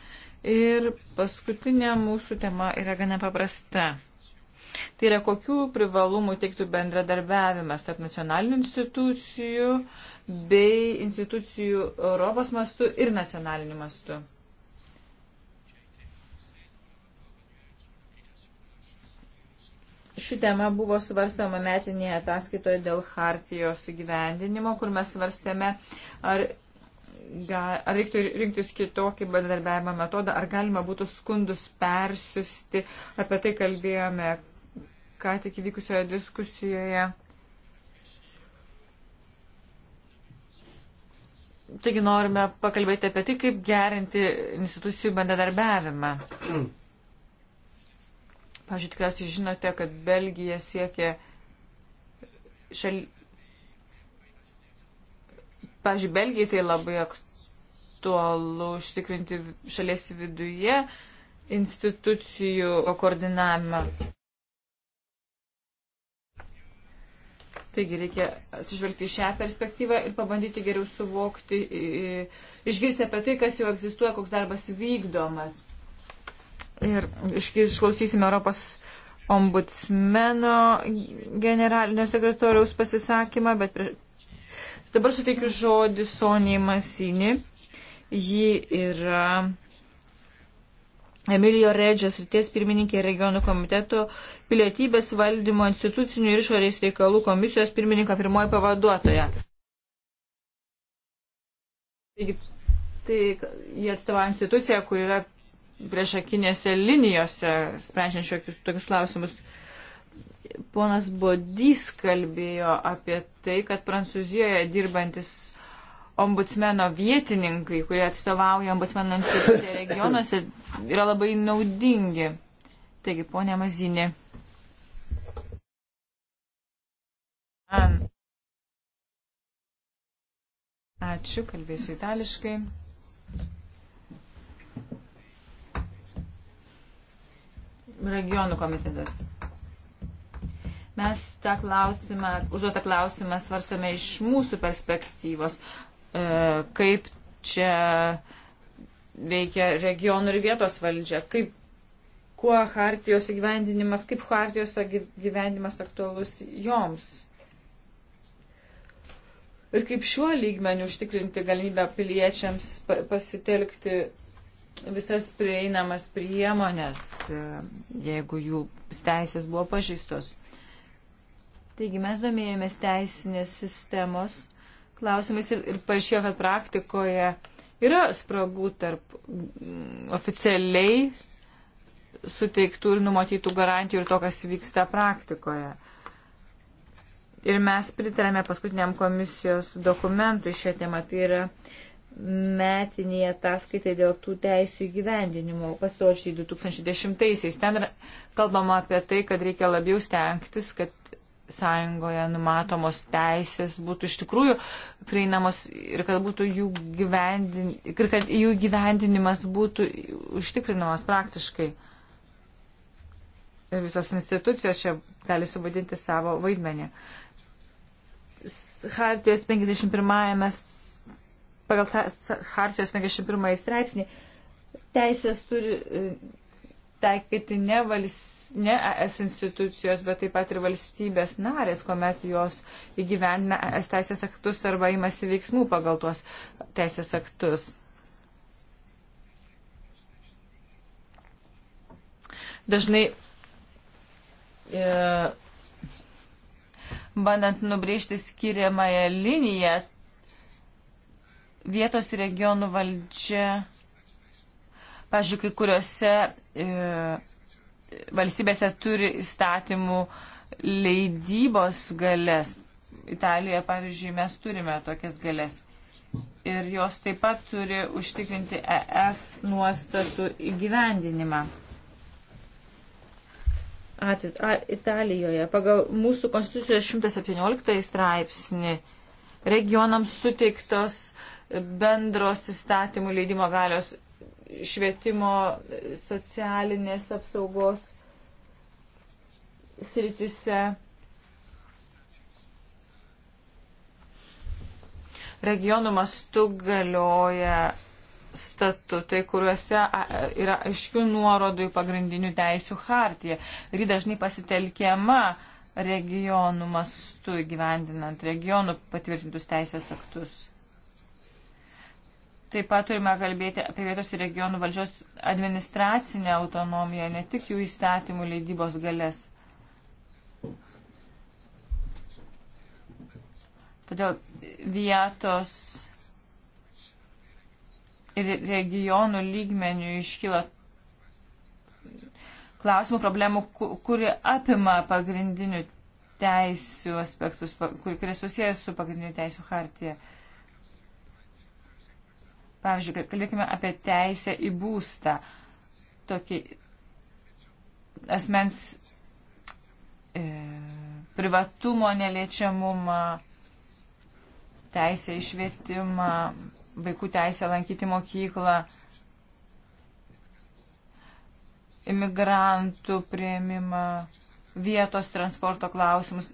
Ir paskutinė mūsų tema yra gana paprasta. Tai yra, kokių privalumų teiktų bendradarbiavimas tarp nacionalinių institucijų bei institucijų Europos mastu ir nacionaliniu mastu. Ši tema buvo svarstama metinėje ataskaitoje dėl Hartijos įgyvendinimo, kur mes svarstėme, ar ar reiktų rinktis kitokį bendarbiavimo metodą, ar galima būtų skundus persiusti. Apie tai kalbėjome ką tik įvykusioje diskusijoje. Taigi norime pakalbėti apie tai, kaip gerinti institucijų bendradarbiavimą. Pavyzdžiui, tikriausiai žinote, kad Belgija siekia šal, Pavyzdžiui, Belgijai tai labai aktualu užtikrinti šalies viduje institucijų koordinavimą. Taigi reikia atsižvelgti šią perspektyvą ir pabandyti geriau suvokti, išgirsti apie tai, kas jau egzistuoja, koks darbas vykdomas. Ir išklausysime Europos ombudsmeno generalinio sekretoriaus pasisakymą, bet Dabar suteikiu žodį Sonijai Masini. Ji yra Emilio Redžios ryties pirmininkė regionų komiteto pilietybės valdymo institucinių ir išorės reikalų komisijos pirmininką pirmoji pavaduotoja. Taigi, tai jie atstovauja instituciją, kur yra priešakinėse linijose, sprendžiant šiokius tokius klausimus ponas Bodys kalbėjo apie tai, kad Prancūzijoje dirbantis ombudsmeno vietininkai, kurie atstovauja ombudsmeno instituciją regionuose, yra labai naudingi. Taigi, ponė Mazinė. Ačiū, kalbėsiu itališkai. Regionų komitetas. Mes tą klausimą, užduotą klausimą svarstome iš mūsų perspektyvos, e, kaip čia veikia regionų ir vietos valdžia, kaip kuo hartijos įgyvendinimas, kaip hartijos gyvenimas aktualus joms. Ir kaip šiuo lygmeniu užtikrinti galimybę piliečiams pasitelkti visas prieinamas priemonės, e, jeigu jų teisės buvo pažįstos. Taigi mes domėjomės teisinės sistemos klausimais ir, ir paaiškėjo, kad praktikoje yra spragų tarp mm, oficialiai suteiktų ir numatytų garantijų ir to, kas vyksta praktikoje. Ir mes pritarėme paskutiniam komisijos dokumentui šią temą, tai yra metinėje ataskaitai dėl tų teisų įgyvendinimo, pasirodžiai 2010-aisiais. Ten kalbama apie tai, kad reikia labiau stengtis, kad sąjungoje numatomos teisės būtų iš tikrųjų prieinamos ir kad būtų jų, gyvendin, ir kad jų gyvendinimas būtų užtikrinamas praktiškai. Visos institucijos čia gali suvadinti savo vaidmenį. Hartijos 51 pagal Hartijos 51 straipsnį teisės turi e, taikyti ne valstybės ne ES institucijos, bet taip pat ir valstybės narės, kuomet jos įgyvendina ES teisės aktus arba imasi veiksmų pagal tuos teisės aktus. Dažnai e, bandant nubrėžti skiriamąją liniją, vietos regionų valdžia, pažiūrėk, kai kuriuose e, valstybėse turi įstatymų leidybos galės. Italijoje, pavyzdžiui, mes turime tokias galės. Ir jos taip pat turi užtikrinti ES nuostatų įgyvendinimą. At, a, Italijoje pagal mūsų konstitucijos 117 straipsnį regionams suteiktos bendros įstatymų leidimo galios švietimo, socialinės apsaugos sritise. Regionų mastu galioja statutai, kuriuose yra aiškių nuorodų į pagrindinių teisių hartiją. Ir ji dažnai pasitelkiama regionų mastu gyvendinant regionų patvirtintus teisės aktus. Taip pat turime kalbėti apie vietos ir regionų valdžios administracinę autonomiją, ne tik jų įstatymų leidybos galės. Todėl vietos ir regionų lygmenių iškyla klausimų problemų, kuri apima pagrindinių teisių aspektus, kuris susijęs su pagrindinių teisių hartija. Pavyzdžiui, kalbėkime apie teisę į būstą. Tokį asmens e, privatumo neliečiamumą, teisę į švietimą, vaikų teisę lankyti mokyklą, imigrantų prieimimą, vietos transporto klausimus.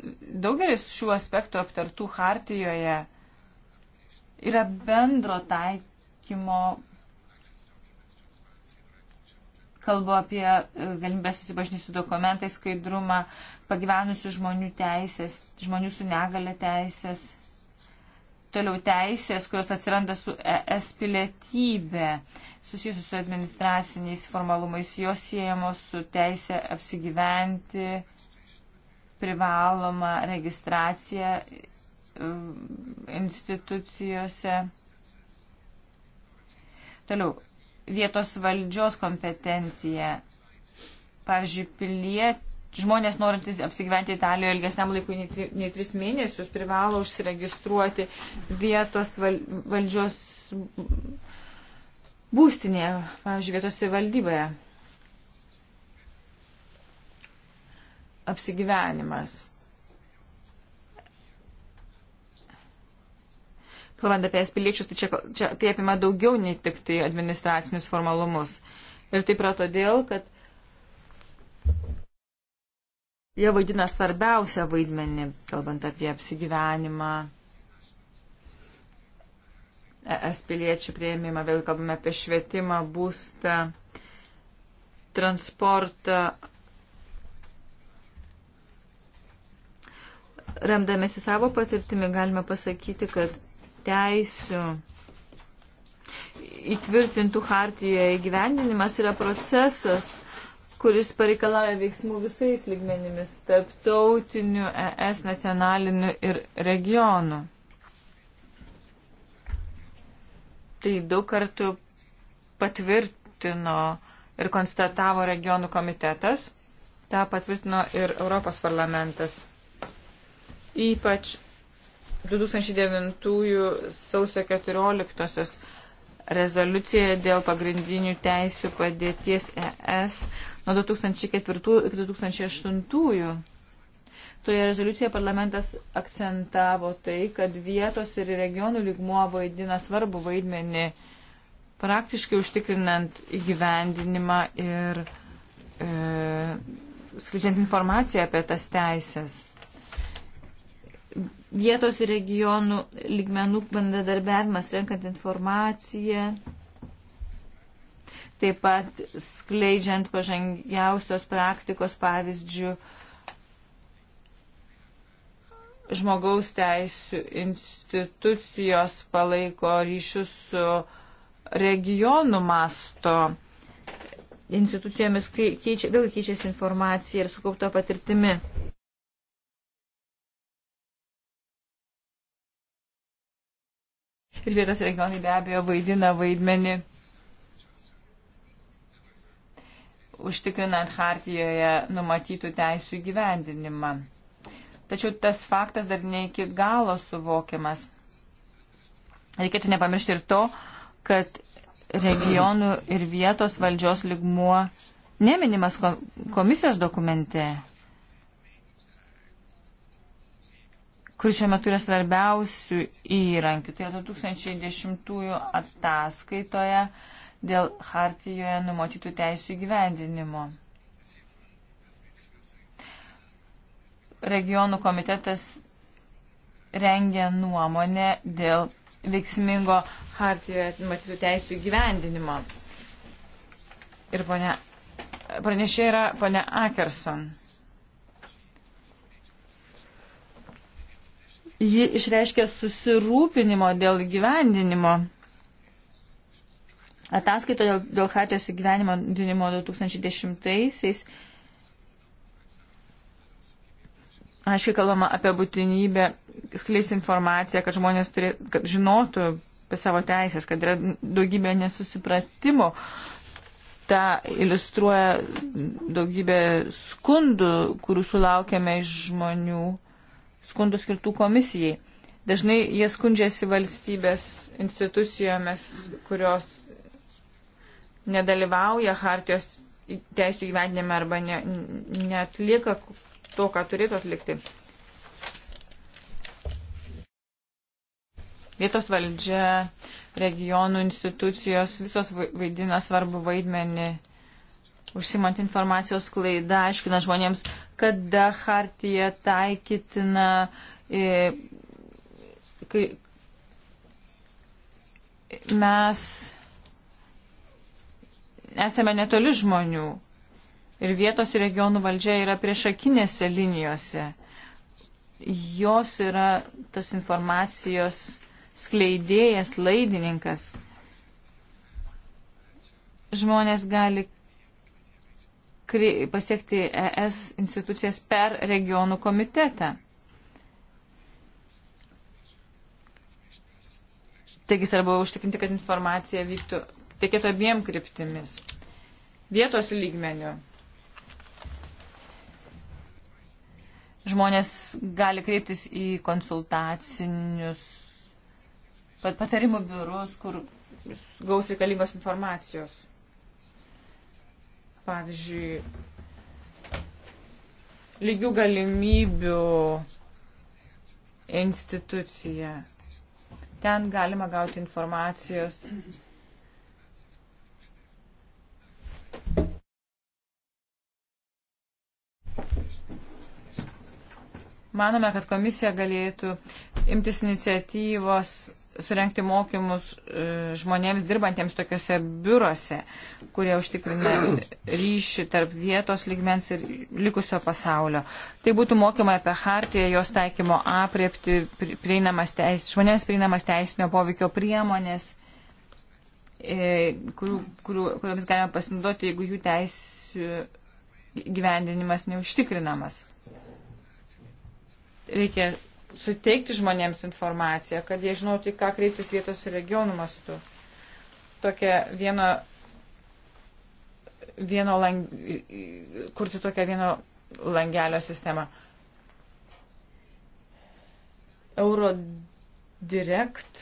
Daugelis šių aspektų aptartų hartijoje yra bendro taikymo mokymo kalbu apie e, galimybę susipažinti su dokumentais, skaidrumą, pagyvenusių žmonių teisės, žmonių su negale teisės, toliau teisės, kurios atsiranda su ES pilietybė, susijusius su administraciniais formalumais, jos siejamos su teisė apsigyventi, privaloma registracija e, institucijose Toliau, vietos valdžios kompetencija. Pavyzdžiui, piliet, žmonės norintys apsigyventi Italijoje ilgesniam laikui nei, tri, nei tris mėnesius privalo užsiregistruoti vietos val, valdžios būstinėje, pavyzdžiui, vietos valdyboje. Apsigyvenimas kalbant apie es piliečius, tai čia, čia tai apima daugiau nei tik tai administracinius formalumus. Ir taip yra todėl, kad jie vaidina svarbiausią vaidmenį, kalbant apie apsigyvenimą, es piliečių prieimimą, vėl kalbame apie švietimą, būstą, transportą, remdamėsi savo patirtimi galime pasakyti, kad teisių įtvirtintų hartijoje įgyvendinimas yra procesas, kuris pareikalauja veiksmų visais lygmenimis - tarptautiniu, ES nacionaliniu ir regionu. Tai daug kartų patvirtino ir konstatavo regionų komitetas, tą patvirtino ir Europos parlamentas. Ypač 2009 sausio 14 rezoliucijoje dėl pagrindinių teisių padėties ES nuo 2004 iki 2008. Toje rezoliucijoje parlamentas akcentavo tai, kad vietos ir regionų lygmuo vaidina svarbu vaidmenį praktiškai užtikrinant įgyvendinimą ir e, skleidžiant informaciją apie tas teisės vietos ir regionų lygmenų bendradarbiavimas, renkant informaciją, taip pat skleidžiant pažangiausios praktikos pavyzdžių žmogaus teisų institucijos palaiko ryšius su regionų masto institucijomis, keičia, vėl keičiasi informacija ir sukaupta patirtimi. ir vietos regionai be abejo vaidina vaidmenį užtikrinant hartijoje numatytų teisų įgyvendinimą. Tačiau tas faktas dar ne iki galo suvokiamas. Reikėtų nepamiršti ir to, kad regionų ir vietos valdžios ligmuo neminimas komisijos dokumente. kur šiuo metu yra svarbiausių įrankių. Tai yra 2010 ataskaitoje dėl Hartijoje numatytų teisų įgyvendinimo. Regionų komitetas rengia nuomonę dėl veiksmingo Hartijoje numatytų teisų įgyvendinimo. Ir ponia, pranešė yra ponia Akerson. Ji išreiškė susirūpinimo dėl gyvendinimo. Ataskaito dėl, dėl Hatijos įgyvenimo dinimo 2010-aisiais aiškiai kalbama apie būtinybę skleis informaciją, kad žmonės turė, kad žinotų apie savo teisės, kad yra daugybė nesusipratimo. Ta iliustruoja daugybė skundų, kurių sulaukėme iš žmonių skundų skirtų komisijai. Dažnai jie skundžiasi valstybės institucijomis, kurios nedalyvauja hartijos teisų įvedinėme arba ne, netlieka to, ką turėtų atlikti. Vietos valdžia, regionų institucijos, visos vaidina svarbu vaidmenį užsimant informacijos klaidą, aiškina žmonėms, kada hartija taikytina, e, kai mes esame netoli žmonių ir vietos ir regionų valdžia yra priešakinėse linijose. Jos yra tas informacijos skleidėjas, laidininkas. Žmonės gali pasiekti ES institucijas per regionų komitetą. Taigi svarbu užtikrinti, kad informacija vyktų tiekėtų abiem kryptimis. Vietos lygmenių. Žmonės gali kreiptis į konsultacinius patarimų biurus, kur gaus reikalingos informacijos. Pavyzdžiui, lygių galimybių institucija. Ten galima gauti informacijos. Manome, kad komisija galėtų imtis iniciatyvos surenkti mokymus e, žmonėms dirbantiems tokiuose biurose, kurie užtikrina ryšį tarp vietos ligmens ir likusio pasaulio. Tai būtų mokymai apie hartiją, jos taikymo apriepti, prieinamas teis, žmonėms prieinamas teisinio poveikio priemonės, e, kurių, kurių, kuriomis galima pasinaudoti, jeigu jų teisų gyvendinimas neužtikrinamas. Reikia suteikti žmonėms informaciją, kad jie žinotų, ką kreiptis vietos ir regionų mastu. Tokia vieno, vieno lang, kurti tokią vieno langelio sistemą. Eurodirect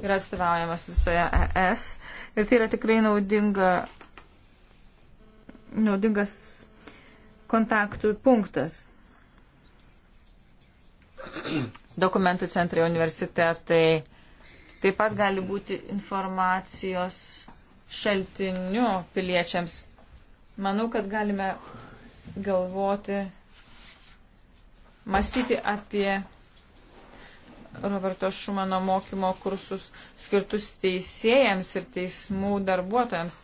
yra atstovaujamas visoje ES ir tai yra tikrai naudinga, naudingas kontaktų punktas. Dokumentų centrai, universitetai taip pat gali būti informacijos šaltiniu piliečiams. Manau, kad galime galvoti, mąstyti apie Roberto Šumano mokymo kursus skirtus teisėjams ir teismų darbuotojams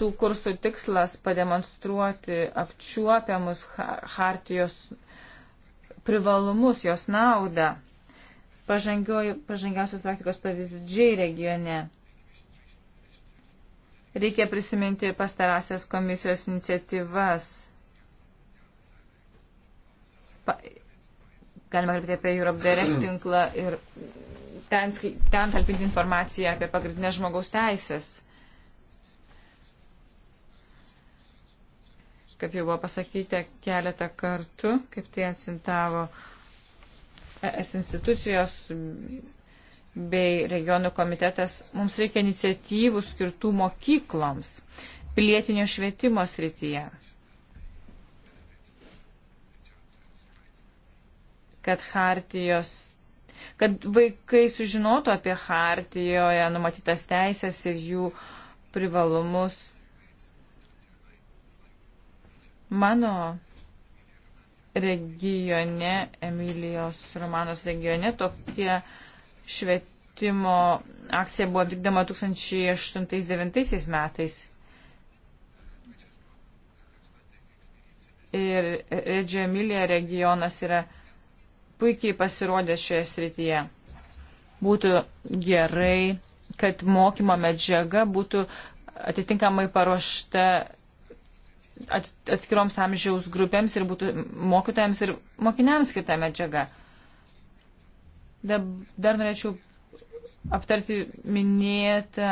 tų kursų tikslas pademonstruoti apčiuopiamus hartijos privalumus, jos naudą. Pažangiausios praktikos pavyzdžiai regione. Reikia prisiminti pastarąsias komisijos iniciatyvas. Pa, galima kalbėti apie Europe Direct tinklą ir ten, ten talpinti informaciją apie pagrindinės žmogaus teisės. kaip jau buvo pasakyta keletą kartų, kaip tai atsintavo ES institucijos bei regionų komitetas, mums reikia iniciatyvų skirtų mokykloms, pilietinio švietimo srityje. Kad hartijos kad vaikai sužinotų apie hartijoje numatytas teisės ir jų privalumus Mano regione, Emilijos Romanos regione, tokie švietimo akcija buvo vykdoma 2008-2009 metais. Ir Redžio Emilija regionas yra puikiai pasirodęs šioje srityje. Būtų gerai, kad mokymo medžiaga būtų atitinkamai paruošta atskiroms amžiaus grupėms ir būtų mokytojams ir mokiniams skirta medžiaga. Dar norėčiau aptarti minėtą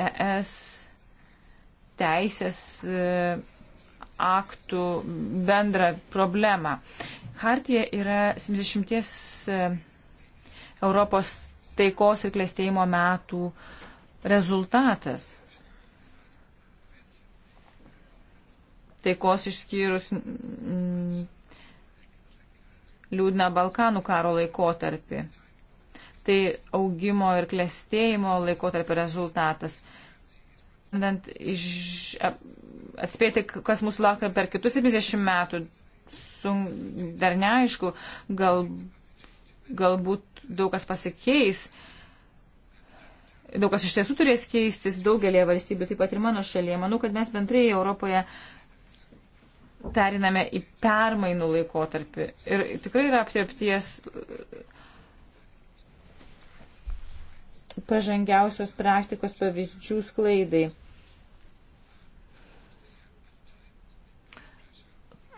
ES teisės e, aktų bendrą problemą. Hartija yra 70 e, Europos taikos ir klėstėjimo metų rezultatas. taikos išskyrus mm, liūdną Balkanų karo laikotarpį. Tai augimo ir klestėjimo laikotarpio rezultatas. Bandant iš, atspėti, kas mūsų laukia per kitus 70 metų, sun, dar neaišku, gal, galbūt daug kas pasikeis, daug kas iš tiesų turės keistis daugelėje valstybių, taip pat ir mano šalyje. Manau, kad mes bendrai Europoje uh, periname į permainų laikotarpį. Ir tikrai yra aptirpties pažangiausios praktikos pavyzdžių sklaidai.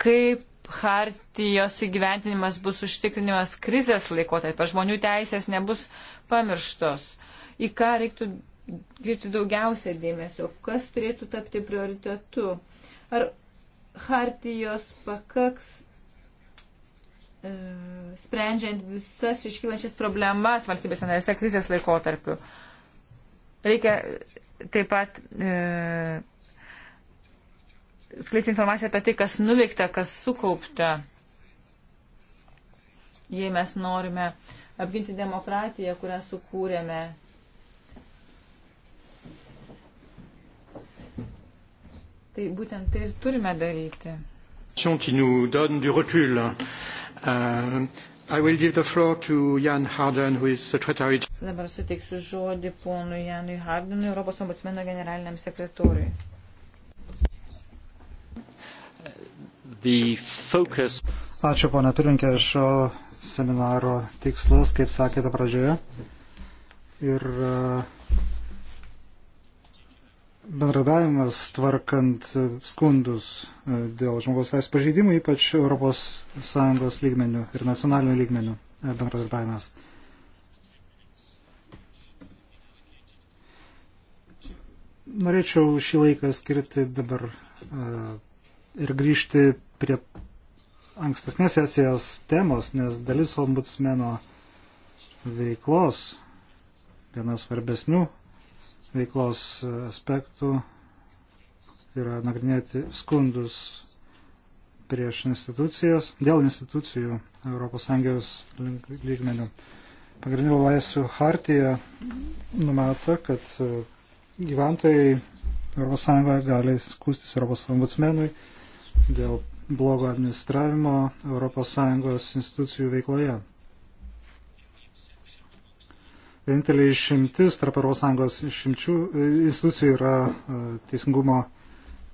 Kaip hartijos įgyventinimas bus užtikrinimas krizės laikotarpio, žmonių teisės nebus pamirštos. Į ką reiktų kreipti daugiausia dėmesio, kas turėtų tapti prioritetu. Ar hartijos pakaks e, sprendžiant visas iškylančias problemas valstybės narėse krizės laikotarpiu. Reikia taip pat e, skleisti informaciją apie tai, kas nuveikta, kas sukaupta. Jei mes norime apginti demokratiją, kurią sukūrėme Tai būtent tai turime daryti. Uh, Dabar suteiksiu žodį ponui Janui Hardinui, Europos ombudsmeno generaliniam sekretoriui. Focus... Ačiū, ponia Pirinkė, šio seminaro tikslas, kaip sakėte pradžioje, ir uh, bendradavimas tvarkant skundus e, dėl žmogaus teisų pažeidimų, ypač ES lygmenių ir nacionalinių lygmenių e, bendradarbiavimas. Norėčiau šį laiką skirti dabar e, ir grįžti prie ankstesnės sesijos temos, nes dalis ombudsmeno veiklos, viena svarbesnių veiklos aspektų yra nagrinėti skundus prieš institucijas, dėl institucijų ES lygmenių. Pagrindinių laisvių hartija numato, kad e, gyventojai ES gali skūstis ES ombudsmenui dėl blogo administravimo ES institucijų veikloje. Vienintelė išimtis tarp ES išimčių e, institucijų yra e, teisingumo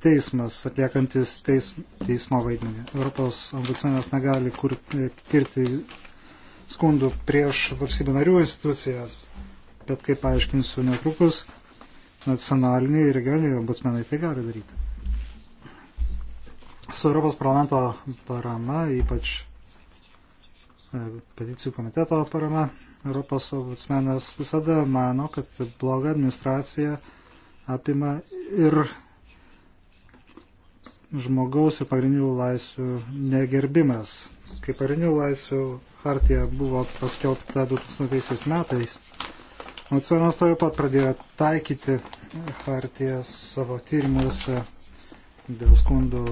teismas, atliekantis teis, teismo vaidmenį. Europos ombudsmenas negali kur, e, tirti skundų prieš valstybių narių institucijas, bet kaip paaiškinsiu netrukus, nacionaliniai ir regioniniai ombudsmenai tai gali daryti. Su Europos parlamento parama, ypač peticijų komiteto parama, Europos ombudsmenas visada mano, kad bloga administracija apima ir žmogaus ir pagrindinių laisvių negerbimas. Kai pagrindinių laisvių hartija buvo paskelbta 2000 metais, Nacionalinis tojo pat pradėjo taikyti hartijas savo tyrimuose dėl skundų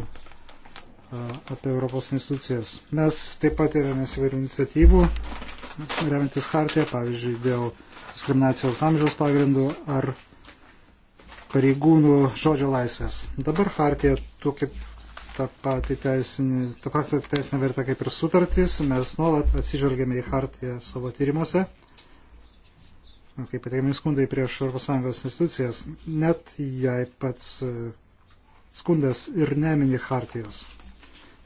apie Europos institucijas. Mes taip pat ėmėmės įvairių iniciatyvų remiantis hartiją, pavyzdžiui, dėl diskriminacijos amžiaus pagrindų ar pareigūnų žodžio laisvės. Dabar hartija tokit tą patį teisinį, tą patį teisinę vertę kaip ir sutartys. Mes nuolat atsižvelgėme į hartiją savo tyrimuose, kaip pateikiami skundai prieš ES institucijas, net jei pats e, skundas ir nemini hartijos.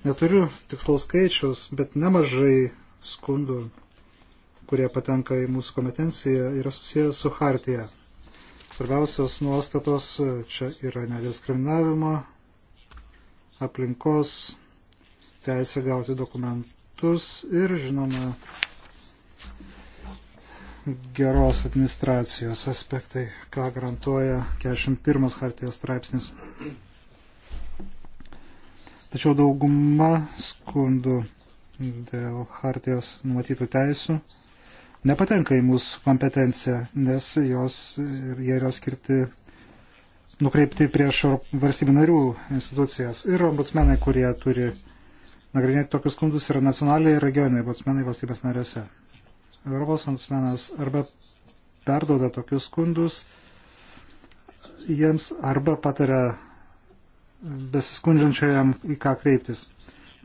Neturiu tikslaus skaičius, bet nemažai skundų kurie patenka į mūsų kompetenciją, yra susijęs su Hartija. Svarbiausios nuostatos e, čia yra nediskriminavimo, aplinkos, teisė gauti dokumentus ir, žinoma, geros administracijos aspektai, ką garantuoja 41 Hartijos straipsnis. Tačiau dauguma skundų dėl Hartijos numatytų teisų nepatenka į mūsų kompetenciją, nes jos ir jie yra skirti nukreipti prieš valstybių narių institucijas ir ombudsmenai, kurie turi nagrinėti tokius skundus, yra nacionaliai ir regioniniai ombudsmenai valstybės narėse. Europos ombudsmenas arba perdoda tokius skundus jiems arba pataria besiskundžiančiojam į ką kreiptis.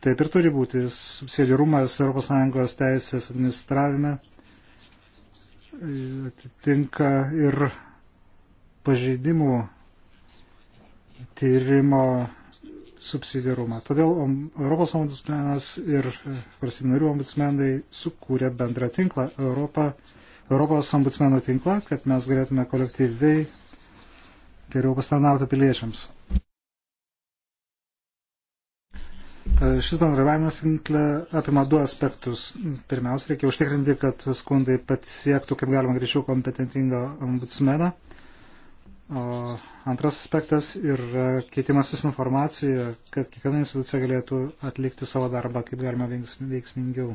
Taip ir turi būti subsidiarumas ES teisės administravime atitinka ir pažeidimų tyrimo subsidiarumą. Todėl Europos ombudsmenas ir valstybinarių ombudsmenai sukūrė bendrą tinklą Europą, Europos ombudsmenų tinklą, kad mes galėtume kolektyviai geriau pastarnauti piliečiams. E, šis bendravimas tinkle apima du aspektus. Pirmiausia, reikia užtikrinti, kad skundai pasiektų kaip galima greičiau kompetentingą ombudsmeną. O antras aspektas yra keitimasis informacija, kad kiekviena institucija galėtų atlikti savo darbą kaip galima veiksmingiau.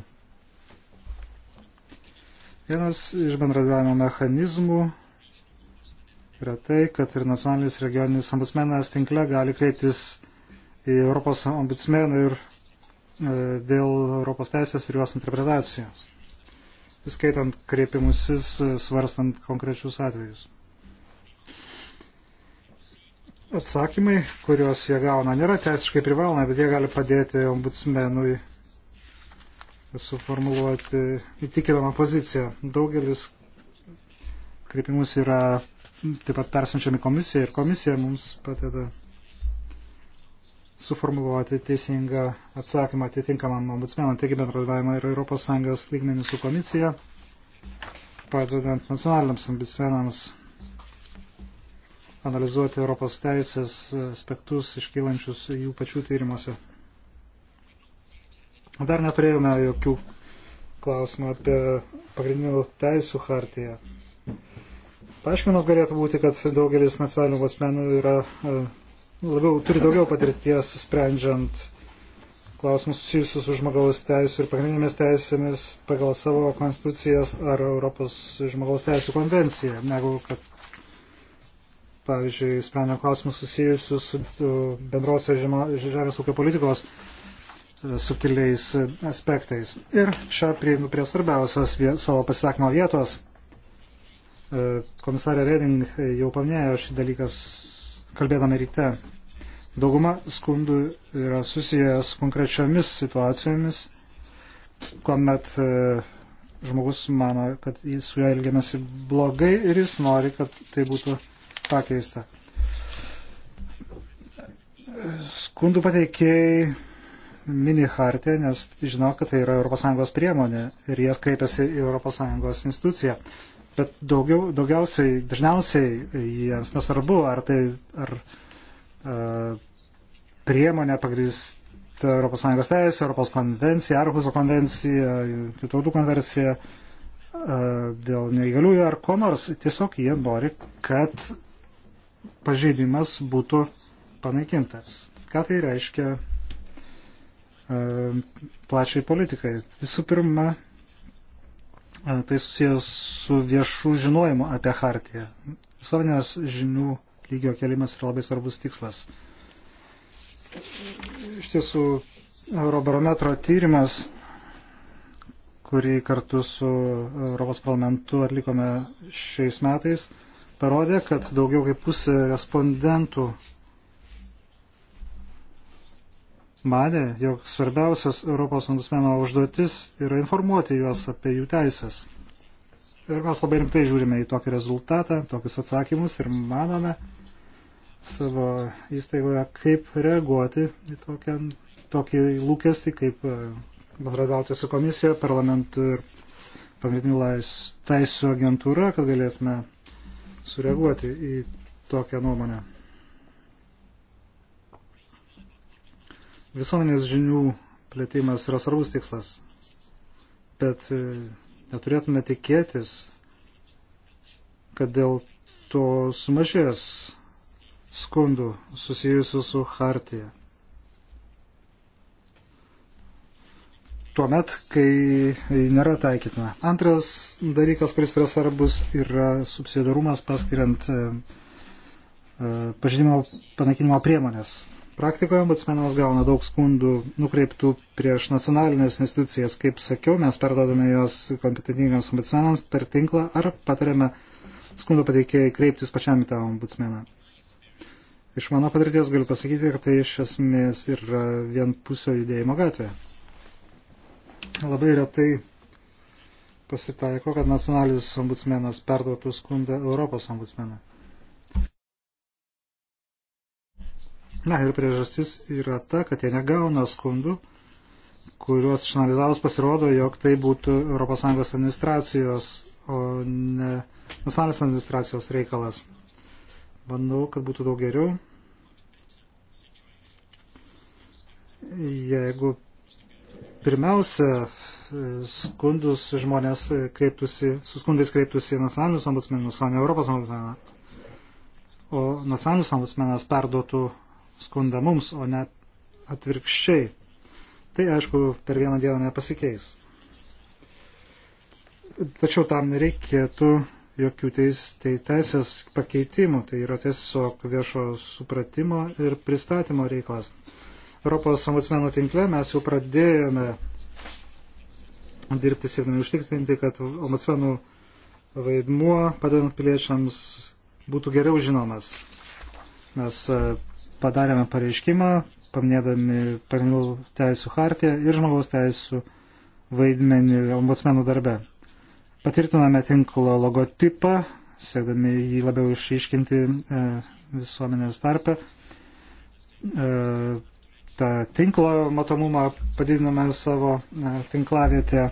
Vienas iš bendradavimo mechanizmų yra tai, kad ir nacionalinis regioninis ombudsmenas tinkle gali kreiptis į Europos ombudsmeną ir e, dėl Europos teisės ir jos interpretacijos, įskaitant kreipimusis, e, svarstant konkrečius atvejus. Atsakymai, kuriuos jie gauna, nėra teisiškai privaloma, bet jie gali padėti ombudsmenui suformuluoti įtikinamą poziciją. Daugelis kreipimus yra taip pat persiunčiami komisija ir komisija mums padeda suformuluoti teisingą atsakymą atitinkamam ombudsmenam. Taigi bendradavimą ir ES lygmenį su komisija, padedant nacionaliniams ombudsmenams analizuoti Europos teisės aspektus iškylančius jų pačių tyrimuose. Dar neturėjome jokių klausimą apie pagrindinių teisų hartiją. Paaiškinimas galėtų būti, kad daugelis nacionalinių asmenų yra e, labiau turi daugiau patirties sprendžiant klausimus susijusius su žmogaus teisų ir pagrindinėmis teisėmis pagal savo konstitucijas ar Europos žmogaus teisų konvenciją, negu kad, pavyzdžiui, sprendžia klausimus susijusius su bendrosios žemės ūkio politikos e, subtiliais aspektais. Ir čia prieinu prie svarbiausios savo pasisakymo vietos. E, komisarė Reding jau paminėjo šį dalykas kalbėdami ryte. Dauguma skundų yra susijęs konkrečiomis situacijomis, kuomet e, žmogus mano, kad su juo elgiamasi blogai ir jis nori, kad tai būtų pakeista. Skundų pateikėjai mini hartė, nes žino, kad tai yra ES priemonė ir jie kreipiasi į ES instituciją bet daugiau, daugiausiai, dažniausiai jiems nesvarbu, ar tai ar, uh, priemonė pagrįsta ES teisė, ES konvencija, Arhuso konvencija, tautų konvencija uh, dėl neįgaliųjų ar ko nors. Tiesiog jie nori, kad pažeidimas būtų panaikintas. Ką tai reiškia uh, plačiai politikai? Visų pirma, tai susijęs su viešu žinojimu apie hartiją. Visuomenės žinių lygio kelimas yra labai svarbus tikslas. Iš tiesų, Eurobarometro tyrimas, kurį kartu su Europos parlamentu atlikome šiais metais, parodė, kad daugiau kaip pusė respondentų mane, jog svarbiausias Europos ombudsmeno užduotis yra informuoti juos apie jų teisės. Ir mes labai rimtai žiūrime į tokį rezultatą, tokius atsakymus ir manome savo įstaigoje, kaip reaguoti į tokią, tokį lūkestį, kaip e, bendradauti su komisija, parlamentu ir pagrindinių teisų agentūra, kad galėtume sureaguoti į tokią nuomonę. Visuomenės žinių plėtimas yra svarbus tikslas, bet e, neturėtume tikėtis, kad dėl to sumažės skundų susijusių su Hartija. Tuomet, kai nėra taikytina. Antras dalykas, kuris yra svarbus, yra subsidarumas paskiriant e, e, pažinimo panaikinimo priemonės. Praktikoje ombudsmenas gauna daug skundų nukreiptų prieš nacionalinės institucijas. Kaip sakiau, mes perdodame juos kompetentingams ombudsmenams per tinklą ar patariame skundų pateikėjai kreiptis pačiam į tą ombudsmeną. Iš mano patirties galiu pasakyti, kad tai iš esmės yra vienpusio judėjimo gatvė. Labai retai pasitaiko, kad nacionalinis ombudsmenas perduotų skundą Europos ombudsmenui. Na ir priežastis yra ta, kad jie negauna skundų, kuriuos išanalizavus pasirodo, jog tai būtų ES administracijos, o ne nacionalinės administracijos reikalas. Manau, kad būtų daug geriau, jeigu pirmiausia skundus žmonės kreiptųsi, su skundais kreiptųsi į nacionalinius ombudsmenus, o ne Europos ombudsmeną. O nacionalinis ombudsmenas perduotų skundą mums, o ne atvirkščiai. Tai aišku, per vieną dieną nepasikeis. Tačiau tam nereikėtų jokių teis, tai teisės pakeitimų, tai yra tiesiog viešo supratimo ir pristatymo reikalas. Europos ombudsmenų tinkle mes jau pradėjome dirbti siekdami užtikrinti, kad ombudsmenų vaidmuo padedant piliečiams būtų geriau žinomas. Mes padarėme pareiškimą, paminėdami pagrindų teisų hartiją ir žmogaus teisų vaidmenį ombudsmenų darbe. Patvirtiname tinklo logotipą, siekdami jį labiau išryškinti e, visuomenės tarpe. E, tą tinklo matomumą padidiname savo e, tinklavietę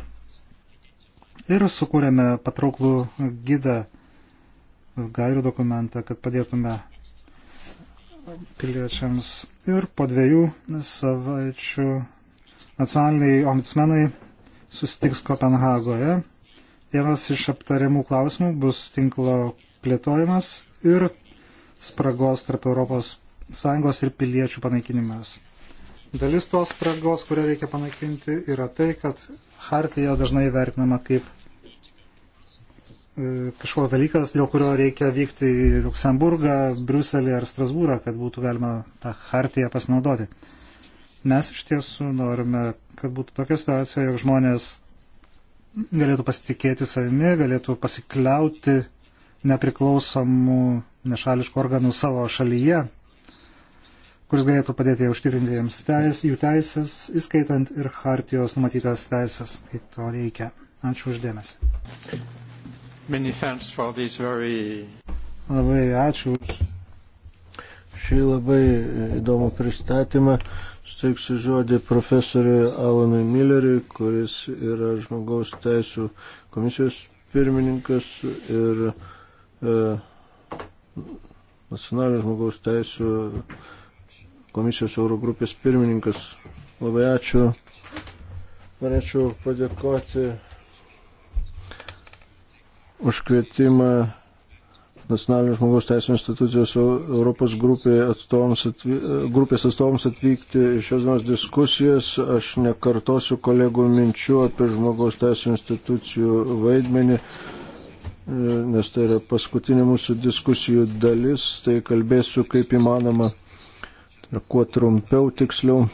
ir sukūrėme patrauklų gydą, gairių dokumentą, kad padėtume piliečiams. Ir po dviejų savaičių nacionaliniai ombudsmenai susitiks Kopenhagoje. Vienas iš aptariamų klausimų bus tinklo plėtojimas ir spragos tarp ES ir piliečių panaikinimas. Dalis tos spragos, kurią reikia panaikinti, yra tai, kad Hartija dažnai vertinama kaip kažkoks dalykas, dėl kurio reikia vykti į Luksemburgą, Briuselį ar Strasbūrą, kad būtų galima tą hartiją pasinaudoti. Mes iš tiesų norime, kad būtų tokia situacija, jog žmonės galėtų pasitikėti savimi, galėtų pasikliauti nepriklausomų nešališkų organų savo šalyje, kuris galėtų padėti užtikrinti jiems teis, jų teisės, įskaitant ir hartijos numatytas teisės, kai to reikia. Ačiū uždėmesi. Many thanks for this very... Labai ačiū už šį labai įdomų pristatymą. Steiksiu žodį profesoriui Alanui Milleriui, kuris yra žmogaus teisų komisijos pirmininkas ir e, nacionalinio žmogaus teisų komisijos Eurogrupės pirmininkas. Labai ačiū. Norėčiau padėkoti užkvietimą nacionalinių žmogaus teisų institucijos Europos atstovams atvyk, grupės atstovams atvykti į šios dienos diskusijas. Aš nekartosiu kolegų minčių apie žmogaus teisų institucijų vaidmenį, e, nes tai yra paskutinė mūsų diskusijų dalis, tai kalbėsiu kaip įmanoma, tai kuo trumpiau tiksliau.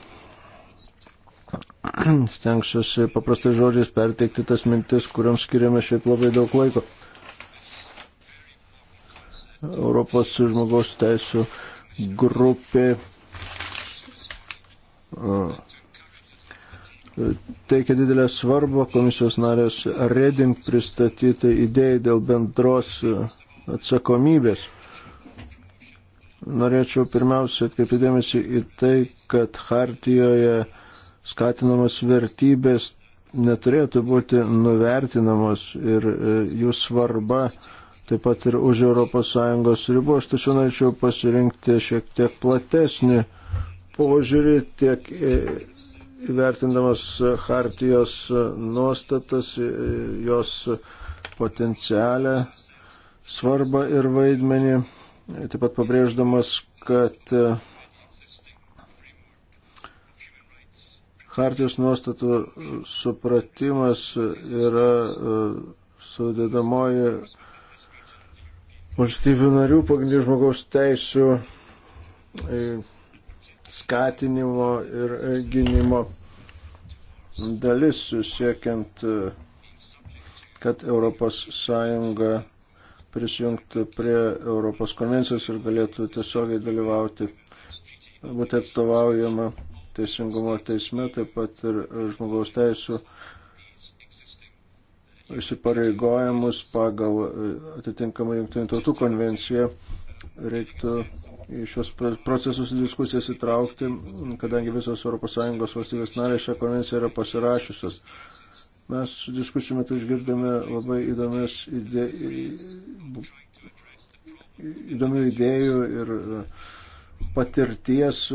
Stengsiuosi paprastai žodžiais perteikti tas mintis, kuriams skiriame šiaip labai daug laiko. Europos žmogaus teisų grupė teikia didelę svarbą komisijos narės Reding pristatyti idėjai dėl bendros atsakomybės. Norėčiau pirmiausia atkreipti dėmesį į tai, kad Hartijoje skatinamos vertybės neturėtų būti nuvertinamos ir e, jų svarba taip pat ir už ES ribų. Aš tačiau norėčiau pasirinkti šiek tiek platesnį požiūrį tiek e, įvertindamas Hartijos nuostatas, e, jos potencialę svarbą ir vaidmenį, taip pat pabrėždamas, kad Hartijos nuostatų supratimas yra e, sudėdamoji valstybių narių pagrindinių žmogaus teisų e, skatinimo ir e, gynimo dalis siekiant, kad ES prisijungtų prie Europos konvencijos ir galėtų tiesiogiai dalyvauti, būti atstovaujama teisingumo teisme, taip pat ir e, žmogaus teisų įsipareigojimus pagal e, atitinkamą Junktinių tautų konvenciją reiktų į šios procesus diskusijas įtraukti, kadangi visos ES valstybės narės šią konvenciją yra pasirašiusios. Mes diskusijų metu išgirdome labai įdomias ide... įdomių idėjų ir e, patirties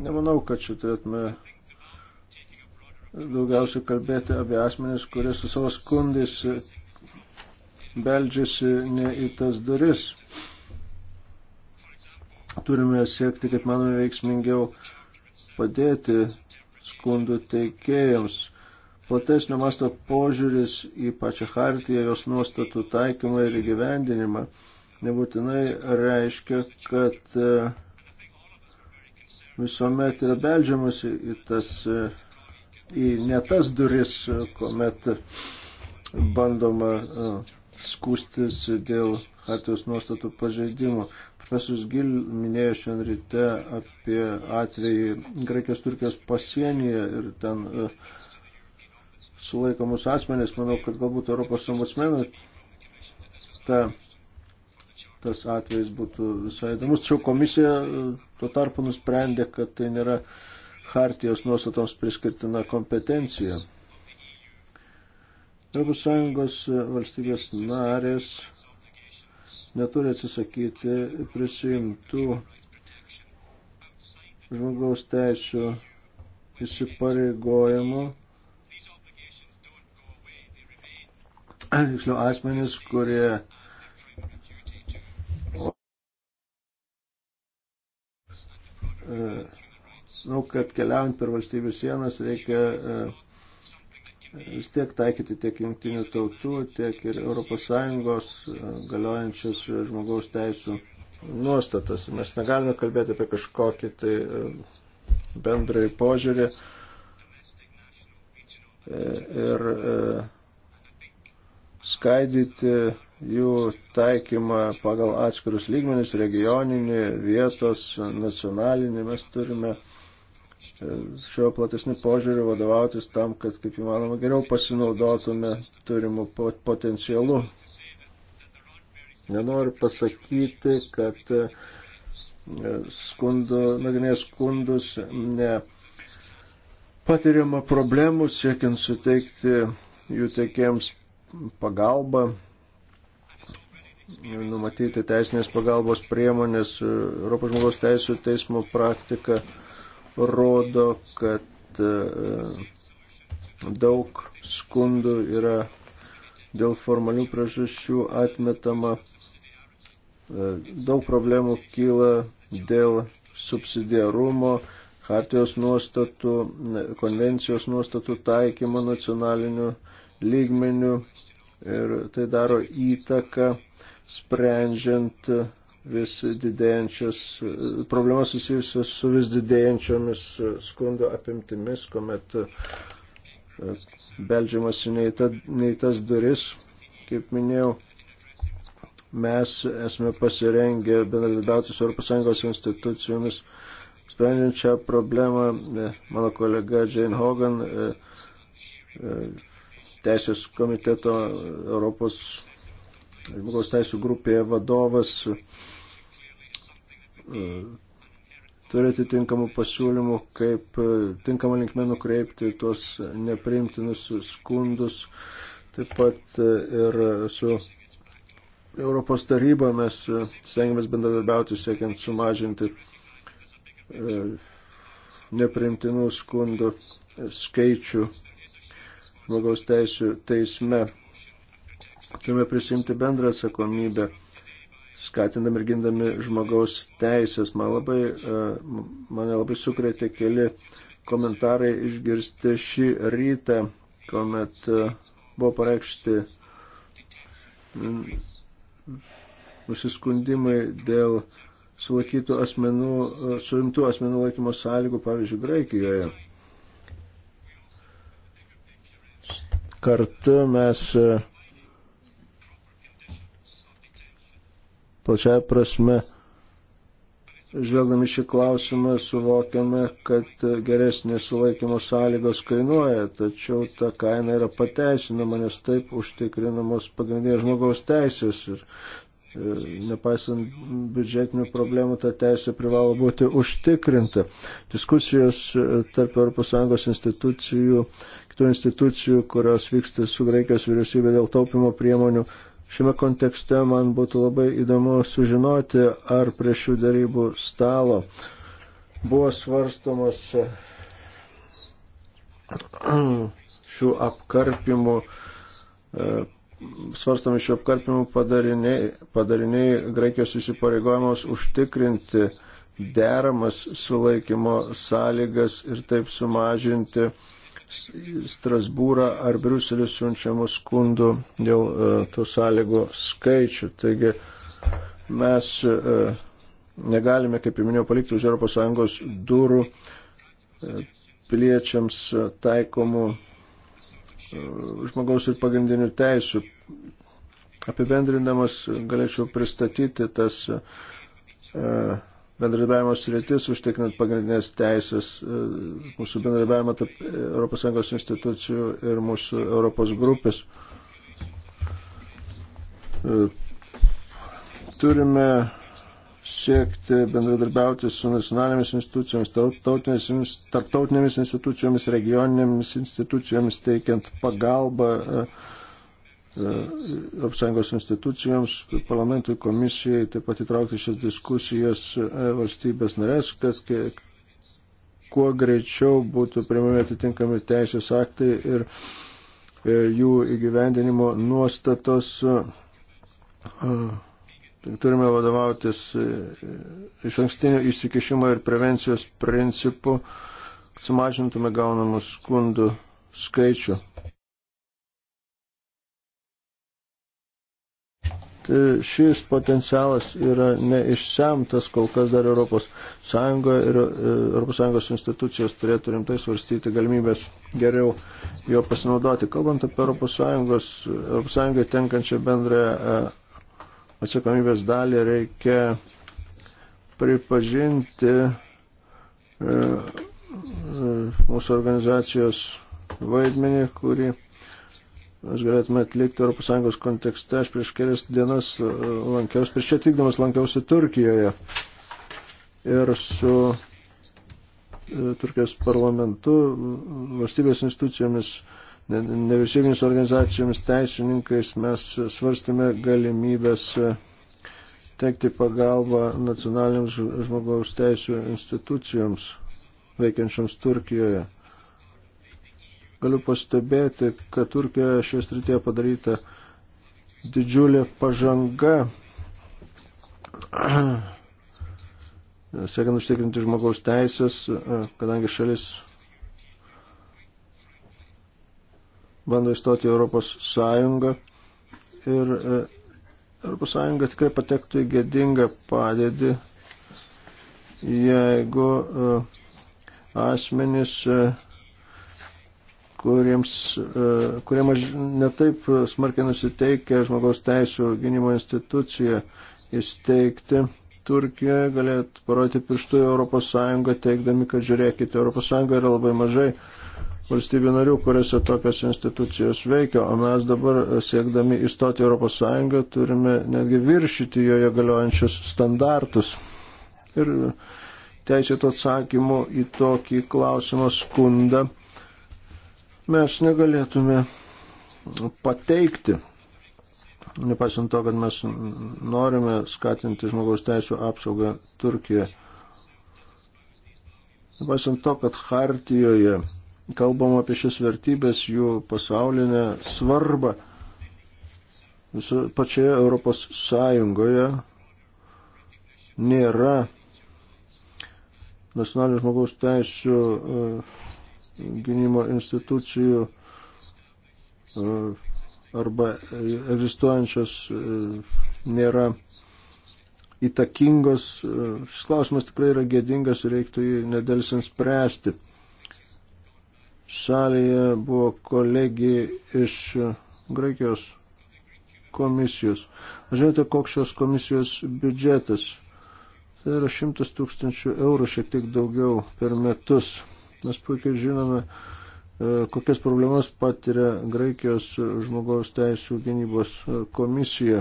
Nemanau, kad čia turėtume daugiausiai kalbėti apie asmenis, kurie su savo skundais beldžiasi ne į tas duris. Turime siekti, kaip manome, veiksmingiau padėti skundų teikėjams. Platesnio masto požiūris į pačią hartiją, jos nuostatų taikymą ir įgyvendinimą nebūtinai reiškia, kad visuomet yra beldžiamasi į tas, e, į ne tas duris, e, kuomet bandoma e, skūstis dėl Hartijos nuostatų pažeidimų. Profesorius Gil minėjo šiandien ryte apie atvejį Graikijos Turkijos pasienyje ir ten sulaikomus asmenys. Manau, kad galbūt Europos ombudsmenų ta tas atvejs būtų visai įdomus. Tačiau komisija e, tuo tarpu nusprendė, kad tai nėra hartijos nuostatoms priskirtina kompetencija. ES e, valstybės narės neturi atsisakyti prisimtų žmogaus teisų įsipareigojimų. Tiksliau, asmenys, kurie E, žinau, kad keliaujant per valstybių sienas reikia e, vis tiek taikyti tiek jungtinių tautų, tiek ir ES e, galiojančias žmogaus teisų nuostatas. Mes negalime kalbėti apie kažkokį tai bendrąjį požiūrį ir skaidyti jų taikymą pagal atskirus lygmenis, regioninį, vietos, nacionalinį. Mes turime e, šio platesnių požiūrių vadovautis tam, kad kaip įmanoma geriau pasinaudotume turimų potencialų. Nenoriu pasakyti, kad e, skundų, nagrinės skundus ne patiriama problemų siekiant suteikti jų teikėjams pagalbą numatyti teisinės pagalbos priemonės. E, Europos žmogaus teisų teismo praktika rodo, kad e, daug skundų yra dėl formalių priežasčių atmetama, e, daug problemų kyla dėl subsidiarumo, hartijos nuostatų, konvencijos nuostatų taikymo nacionaliniu lygmeniu ir tai daro įtaką sprendžiant vis didėjančias problemas susijusias su vis didėjančiomis skundo apimtimis, kuomet e, beldžiamasi nei, ta, nei tas duris, kaip minėjau. Mes esame pasirengę bendradarbiauti su ES institucijomis, sprendžiant šią problemą. E, mano kolega Jane Hogan, e, Teisės komiteto Europos žmogaus teisų grupėje vadovas e, turi atitinkamų pasiūlymų, kaip e, tinkamą linkmę nukreipti tuos nepriimtinus skundus. Taip pat e, ir su Europos taryba mes stengiamės bendradarbiauti, siekiant sumažinti nepriimtinų skundų skaičių žmogaus teisų teisme turime prisimti bendrą atsakomybę, skatindami ir gindami žmogaus teisės. Man labai, e, mane labai sukrėtė keli komentarai išgirsti šį rytą, kuomet e, buvo pareikšti nusiskundimai dėl sulakytų asmenų, e, suimtų asmenų laikymo sąlygų, pavyzdžiui, Graikijoje. Kartu mes plačiaja prasme, žvelgdami šį klausimą, suvokiame, kad geresnės sulaikymo sąlygos kainuoja, tačiau ta kaina yra pateisinama, nes taip užtikrinamos pagrindinės žmogaus teisės. Ir, ir e, nepaisant biudžetinių problemų, ta teisė privalo būti užtikrinta. Diskusijos e, tarp ES institucijų, kitų institucijų, kurios vyksta su Graikijos vyriausybė dėl taupimo priemonių, Šiame kontekste man būtų labai įdomu sužinoti, ar prie šių darybų stalo buvo svarstomas šių apkarpimų, e, svarstomi šių apkarpimų padariniai, padariniai Graikijos įsipareigojamos užtikrinti deramas sulaikymo sąlygas ir taip sumažinti uh, Strasbūrą ar Briuselį siunčiamų skundų dėl e, tų sąlygų skaičių. Taigi mes e, negalime, kaip jau minėjau, palikti už ES durų e, piliečiams taikomų žmogaus ir pagrindinių teisų. Apibendrindamas galėčiau pristatyti tas bendradarbiavimo sritis, užtikrinant pagrindinės teisės, e, mūsų bendradarbiavimą tarp ES institucijų ir mūsų Europos grupės. E, turime siekti bendradarbiauti su nacionalinėmis institucijomis, tarptautinėmis, tarptautinėmis institucijomis, regioninėmis institucijomis, teikiant pagalbą uh, ES institucijoms, parlamentui, komisijai, taip pat įtraukti šias diskusijas e, valstybės narės, kad kiek, kuo greičiau būtų primami atitinkami teisės aktai ir e, jų įgyvendinimo nuostatos. E, turime vadovautis iš ankstinio įsikišimo ir prevencijos principų, sumažintume gaunamų skundų skaičių. E, šis potencialas yra neišsemtas, kol kas dar ES ir ES institucijos turėtų rimtai svarstyti galimybės geriau jo pasinaudoti. Kalbant apie ES, ES tenkančią bendrąją e, atsakomybės dalį, reikia pripažinti e, mūsų organizacijos vaidmenį, kurį mes galėtume atlikti ES kontekste. Aš prieš kelias dienas e, lankiausi, prieš čia atvykdamas lankiausi Turkijoje ir su e, Turkijos parlamentu, valstybės institucijomis, nevyriausybinės organizacijomis, teisininkais mes svarstame galimybės e, teikti pagalbą nacionaliniams žmogaus teisų institucijoms veikiančioms Turkijoje galiu pastebėti, kad Turkijoje šioje srityje padaryta didžiulė pažanga, siekiant užtikrinti žmogaus teisės, kadangi šalis bando įstoti į Europos Sąjungą ir e, Europos Sąjunga tikrai patektų į gėdingą padėdį, jeigu e, asmenys uh, kuriems, e, kurie maž, netaip smarkiai nusiteikia žmogaus teisų gynimo instituciją įsteigti. Turkija galėtų parodyti pirštų į Europos Sąjungą, teikdami, kad žiūrėkite, Europos Sąjunga yra labai mažai valstybių narių, kuriuose tokios institucijos veikia, o mes dabar siekdami įstoti Europos Sąjungą turime netgi viršyti joje galiojančius standartus. Ir teisėtų atsakymų į tokį klausimą skundą mes negalėtume pateikti. Nepaisant to, kad mes norime skatinti žmogaus teisų apsaugą Turkijoje. Nepaisant to, kad Hartijoje kalbam apie šias vertybės, jų pasaulinę svarbą viso, pačioje Europos Sąjungoje nėra nacionalinių žmogaus teisų uh, gynimo institucijų e, arba egzistuojančios e, nėra įtakingos. E, šis klausimas tikrai yra gėdingas ir reiktų jį nedelsiant spręsti. Salėje buvo kolegija iš Graikijos komisijos. Žinote, koks šios komisijos biudžetas? Tai yra 100 tūkstančių eurų, šiek tiek daugiau per metus. Mes puikiai žinome, e, kokias problemas patiria Graikijos žmogaus teisų gynybos komisija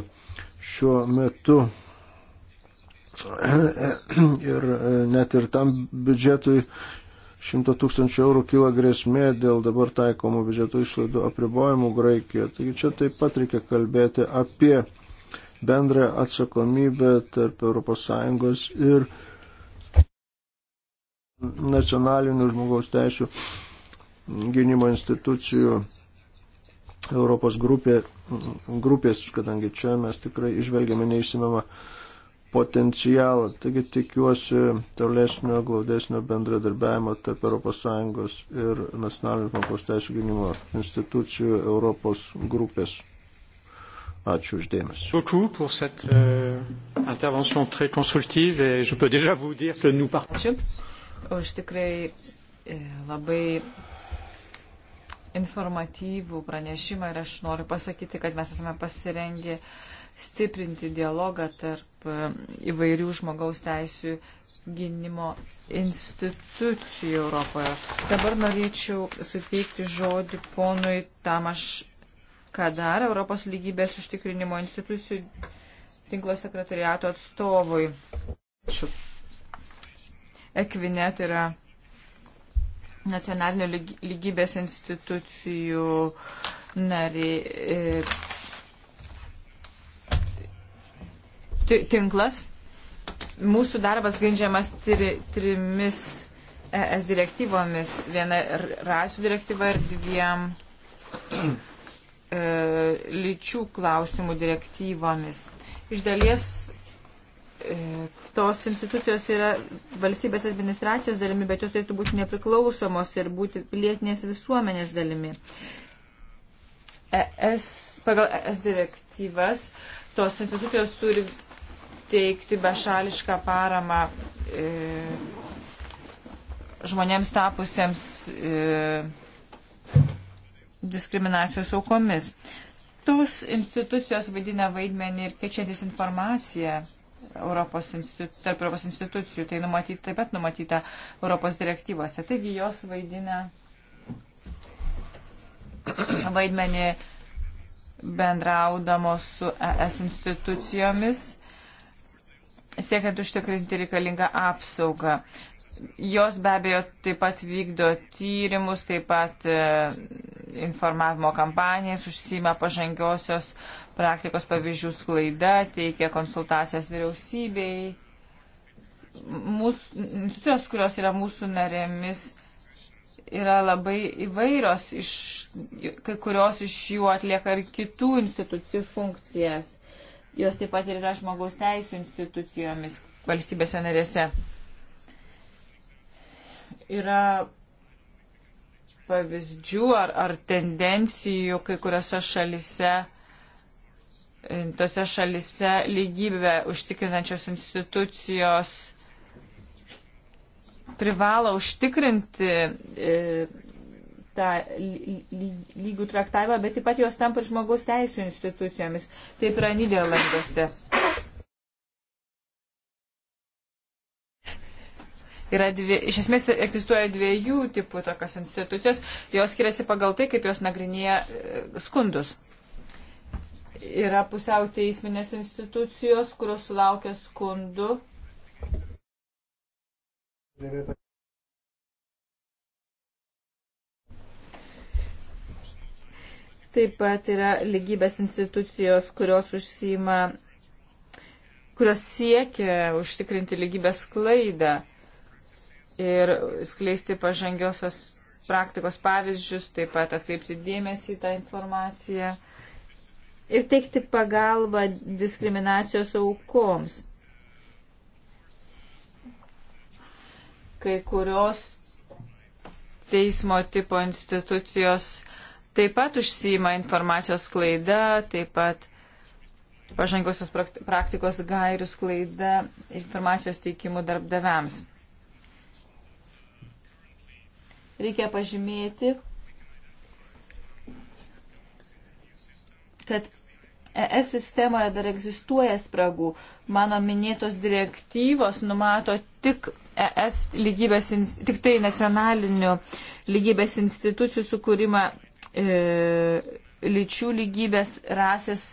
šiuo metu. Ir e, net ir tam biudžetui 100 tūkstančių eurų kyla grėsmė dėl dabar taikomų biudžeto išlaidų apribojimų Graikijoje. Taigi čia taip pat reikia kalbėti apie bendrą atsakomybę tarp ES ir nacionalinių žmogaus teisų gynimo institucijų Europos grupė, grupės, kadangi čia mes tikrai išvelgiame neįsimamą potencialą. Taigi tikiuosi tolesnio glaudesnio bendradarbiavimo tarp ES ir nacionalinių žmogaus teisų gynimo institucijų Europos grupės. Ačiū uždėmesi. Euh, Ačiū už tikrai e, labai informatyvų pranešimą ir aš noriu pasakyti, kad mes esame pasirengę stiprinti dialogą tarp e, įvairių žmogaus teisų gynimo institucijų Europoje. Dabar norėčiau suteikti žodį ponui Tamaš Kadar, Europos lygybės užtikrinimo institucijų tinklo sekretariato atstovui. Ačiū. Ekvinet tai yra nacionalinio lygybės institucijų nariai e, tinklas. Mūsų darbas grindžiamas tri, trimis ES direktyvomis. Viena rasių direktyva ir dviem e, lyčių klausimų direktyvomis. Iš dalies E, tos institucijos yra valstybės administracijos dalimi, bet jos turėtų būti nepriklausomos ir būti pilietinės visuomenės dalimi. ES, pagal ES direktyvas tos institucijos turi teikti bešališką paramą e, žmonėms tapusiems e, diskriminacijos aukomis. Tos institucijos vaidina vaidmenį ir keičiantis informaciją Europos tarp Europos institucijų. Tai numatyta, taip pat numatyta Europos direktyvose. Taigi jos vaidina vaidmenį bendraudamos su ES institucijomis siekiant užtikrinti reikalingą apsaugą. Jos be abejo taip pat vykdo tyrimus, taip pat e, informavimo kampanijas, užsima pažangiosios praktikos pavyzdžių sklaida, teikia konsultacijas vyriausybei. Mūsų, institucijos, kurios yra mūsų narėmis, yra labai įvairios, iš, kai kurios iš jų atlieka ir kitų institucijų funkcijas jos taip pat ir yra žmogaus teisų institucijomis valstybėse narėse. Yra pavyzdžių ar, ar tendencijų kai kuriuose šalise, tose šalise lygybę užtikrinančios institucijos privalo užtikrinti e, tą lygų traktavimą, bet taip pat jos tampa žmogaus teisų institucijomis. Taip yra Niderlanduose. Yra dvi, iš esmės egzistuoja dviejų tipų tokios institucijos, jos skiriasi pagal tai, kaip jos nagrinėja e, skundus. Yra pusiau teisminės institucijos, kurios sulaukia skundų. Taip pat yra lygybės institucijos, kurios užsima kurios siekia užtikrinti lygybės klaidą ir skleisti pažangiosios praktikos pavyzdžius, taip pat atkreipti dėmesį į tą informaciją ir teikti pagalbą diskriminacijos aukoms. Kai kurios teismo tipo institucijos taip pat užsima informacijos klaida, taip pat pažangosios praktikos gairių klaida informacijos teikimų darbdaviams. Reikia pažymėti, kad ES sistemoje dar egzistuoja spragų. Mano minėtos direktyvos numato tik ES lygybės, tik tai nacionalinių lygybės institucijų sukūrimą e, lyčių lygybės, rasės,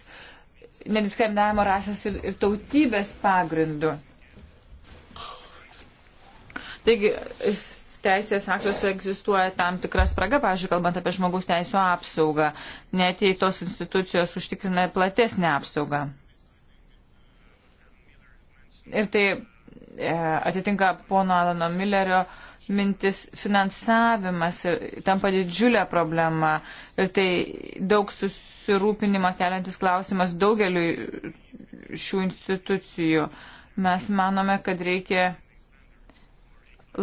nediskriminavimo rasės ir, ir tautybės pagrindu. Taigi, teisės aktuose egzistuoja tam tikras spraga, pavyzdžiui, kalbant apie žmogaus teisų apsaugą, net jei tos institucijos užtikrina platesnę apsaugą. Ir tai e, atitinka pono Alano Millerio e, mintis finansavimas tampa didžiulė problema ir tai daug susirūpinimą keliantis klausimas daugeliu šių institucijų. Mes manome, kad reikia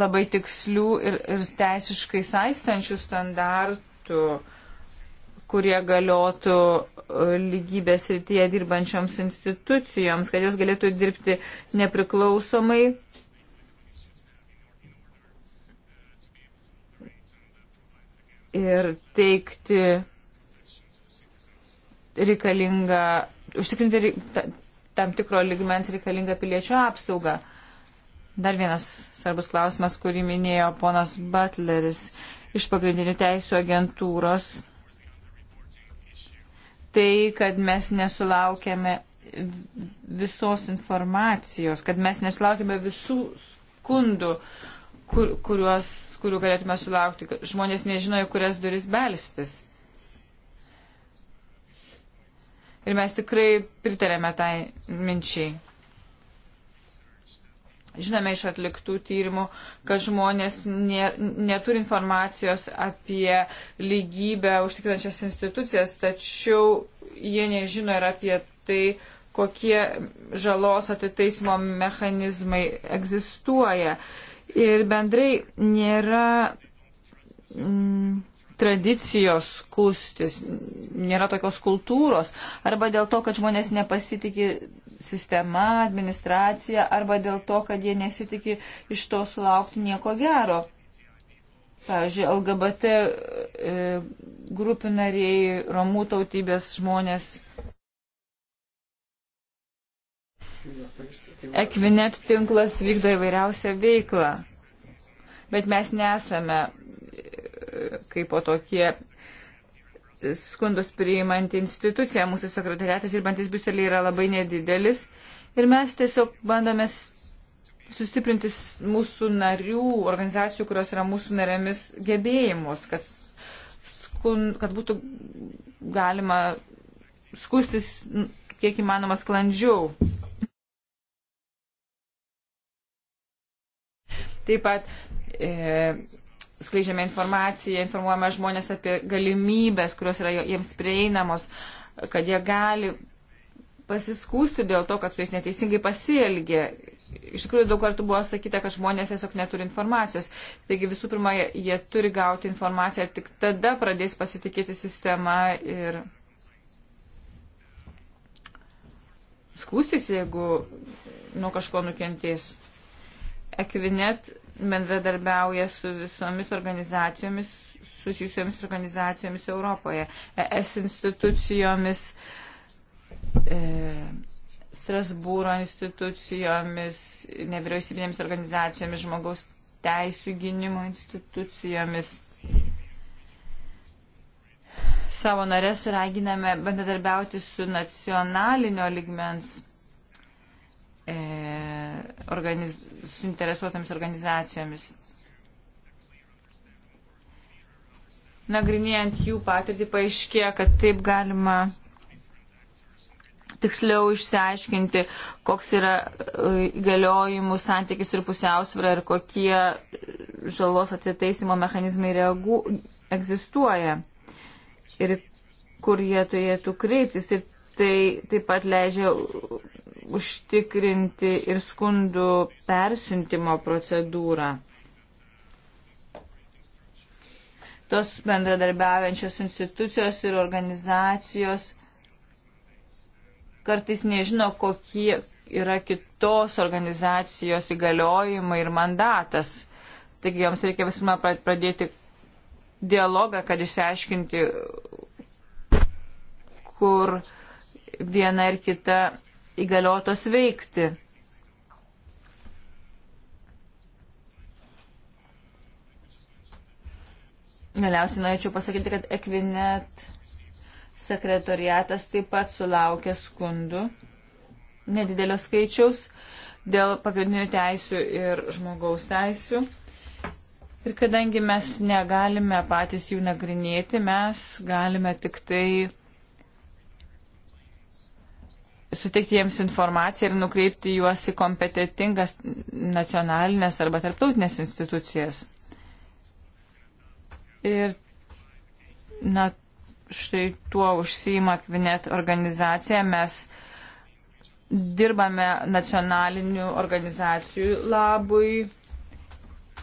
labai tikslių ir, ir teisiškai saistančių standartų, kurie galiotų e, lygybės rytyje dirbančioms institucijoms, kad jos galėtų dirbti nepriklausomai ir teikti reikalingą, užtikrinti tam tikro ligmens reikalingą piliečio apsaugą. Dar vienas svarbus klausimas, kurį minėjo ponas Butleris iš pagrindinių teisų agentūros. Tai, kad mes nesulaukėme visos informacijos, kad mes nesulaukėme visų skundų, kur, kuriuos kurių galėtume sulaukti. Žmonės nežino, į kurias duris belstis. Ir mes tikrai pritarėme tai minčiai. Žinome iš atliktų tyrimų, kad žmonės ne, neturi informacijos apie lygybę užtikrinančias institucijas, tačiau jie nežino ir apie tai, kokie žalos atitaisimo mechanizmai egzistuoja. Uh, Ir bendrai nėra mm, tradicijos skūstis, nėra tokios kultūros, arba dėl to, kad žmonės nepasitikė sistema, administracija, arba dėl to, kad jie nesitikė iš to sulaukti nieko gero. Pavyzdžiui, LGBT e, grupių nariai, romų tautybės žmonės. Ekvinet tinklas vykdo įvairiausią veiklą, bet mes nesame e, kaip po tokie skundus priimanti institucija. Mūsų sekretariatas ir bantis Briuselėje yra labai nedidelis ir mes tiesiog bandome sustiprinti mūsų narių, organizacijų, kurios yra mūsų narėmis gebėjimus, kad, skun, kad būtų galima skustis kiek įmanoma sklandžiau. Taip pat e, skleidžiame informaciją, informuojame žmonės apie galimybės, kurios yra jiems prieinamos, kad jie gali pasiskūsti dėl to, kad su jais neteisingai pasielgė. Iš tikrųjų, daug kartų buvo sakyta, kad žmonės tiesiog neturi informacijos. Taigi visų pirma, jie turi gauti informaciją, tik tada pradės pasitikėti sistema ir skūstis, jeigu nuo kažko nukentės. Ekvinet bendradarbiauja su visomis organizacijomis, susijusiomis organizacijomis Europoje, ES institucijomis, e, Strasbūro institucijomis, nevyriausybinėmis organizacijomis, žmogaus teisų gynimo institucijomis. Savo narės raginame bendradarbiauti su nacionalinio ligmens e, organiz, suinteresuotams organizacijomis. Nagrinėjant jų patirtį, paaiškėjo, kad taip galima tiksliau išsiaiškinti, koks yra e, įgaliojimų santykis ir pusiausvyrą ir kokie žalos atitaisimo mechanizmai reagu, egzistuoja ir kur jie turėtų kreiptis. Ir tai taip pat leidžia užtikrinti ir skundų persintimo procedūrą. Tos bendradarbiaujančios institucijos ir organizacijos kartais nežino, kokie yra kitos organizacijos įgaliojimai ir mandatas. Taigi joms reikia visų pirma pradėti dialogą, kad išsiaiškinti, kur viena ir kita įgaliotos veikti. Galiausiai norėčiau pasakyti, kad Equinet sekretoriatas taip pat sulaukė skundų nedidelio skaičiaus dėl pagrindinių teisių ir žmogaus teisių. Ir kadangi mes negalime patys jų nagrinėti, mes galime tik tai suteikti jiems informaciją ir nukreipti juos į kompetitingas nacionalinės arba tarptautinės institucijas. Ir, na, štai tuo užsima Kvinet organizacija. Mes dirbame nacionalinių organizacijų labui.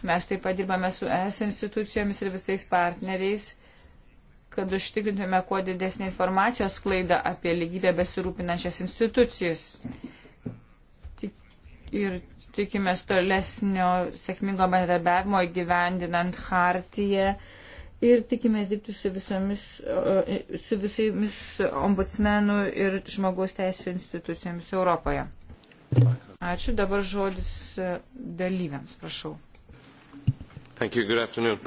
Mes taip pat dirbame su ES institucijomis ir visais partneriais kad užtikrintume kuo didesnį informacijos klaidą apie lygybę besirūpinančias institucijus. Ir tikimės tolesnio sėkmingo bendradarbiavimo įgyvendinant hartiją ir tikimės dirbti su, visomis, e, su visomis ombudsmenų ir žmogaus teisų institucijomis Europoje. Ačiū. Dabar žodis e, dalyviams, prašau. Thank you. Good afternoon.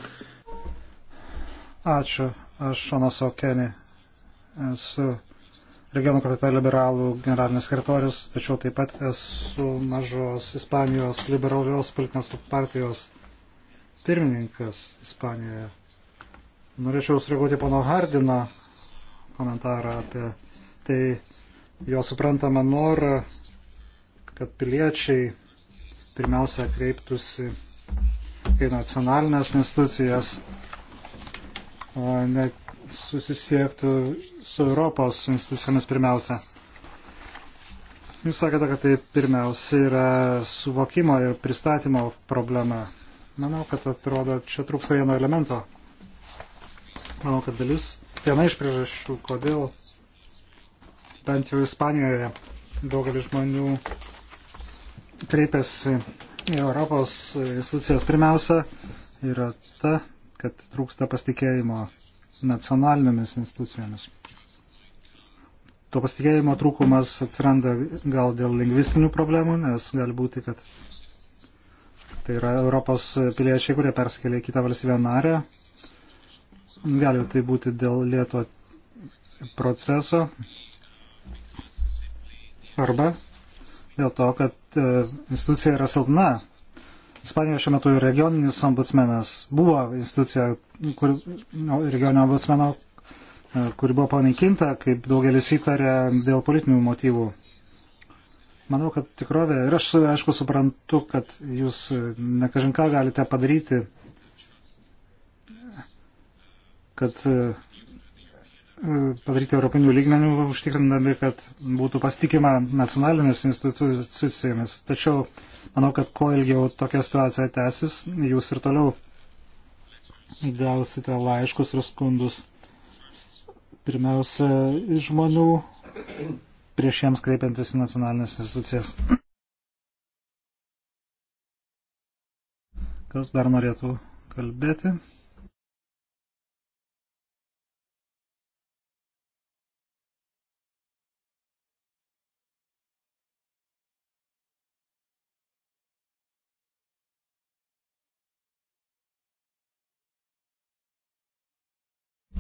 Ačiū. Aš Šonas Okeni esu regionų kartą liberalų generalinis sekretorius, tačiau taip pat esu mažos Ispanijos liberalios politinės partijos pirmininkas Ispanijoje. Norėčiau sureaguoti pono Hardino komentarą apie tai jo suprantamą norą, kad piliečiai pirmiausia kreiptųsi į nacionalinės institucijas net susisiektų su Europos institucijomis pirmiausia. Jūs sakėte, kad tai pirmiausia yra suvokimo ir pristatymo problema. Manau, kad atrodo, čia trūksta vieno elemento. Manau, kad dalis, viena iš priežasčių, kodėl bent jau Ispanijoje daugelis žmonių kreipiasi į Europos institucijas pirmiausia, yra ta, kad trūksta pasitikėjimo nacionalinėmis institucijomis. To pasitikėjimo trūkumas atsiranda gal dėl lingvistinių problemų, nes gali būti, kad tai yra Europos piliečiai, kurie persikėlė į kitą valstybę narę. Gali tai būti dėl lieto proceso arba dėl to, kad e, institucija yra silpna, Ispanijoje šiuo metu regioninis ombudsmenas buvo institucija, kur, no, nu, regioninio ombudsmeno, e, kuri buvo panaikinta, kaip daugelis įtarė, dėl politinių motyvų. Manau, kad tikrovė, ir aš aišku suprantu, kad jūs e, nekažin ką galite padaryti, kad e, padaryti europinių lygmenių, užtikrindami, kad būtų pasitikima nacionalinės institucijomis. Tačiau manau, kad kuo ilgiau tokia situacija tęsis, jūs ir toliau gausite laiškus ir skundus. Pirmiausia, iš žmonių prieš jiems kreipiantis į nacionalinės institucijas. Kas dar norėtų kalbėti?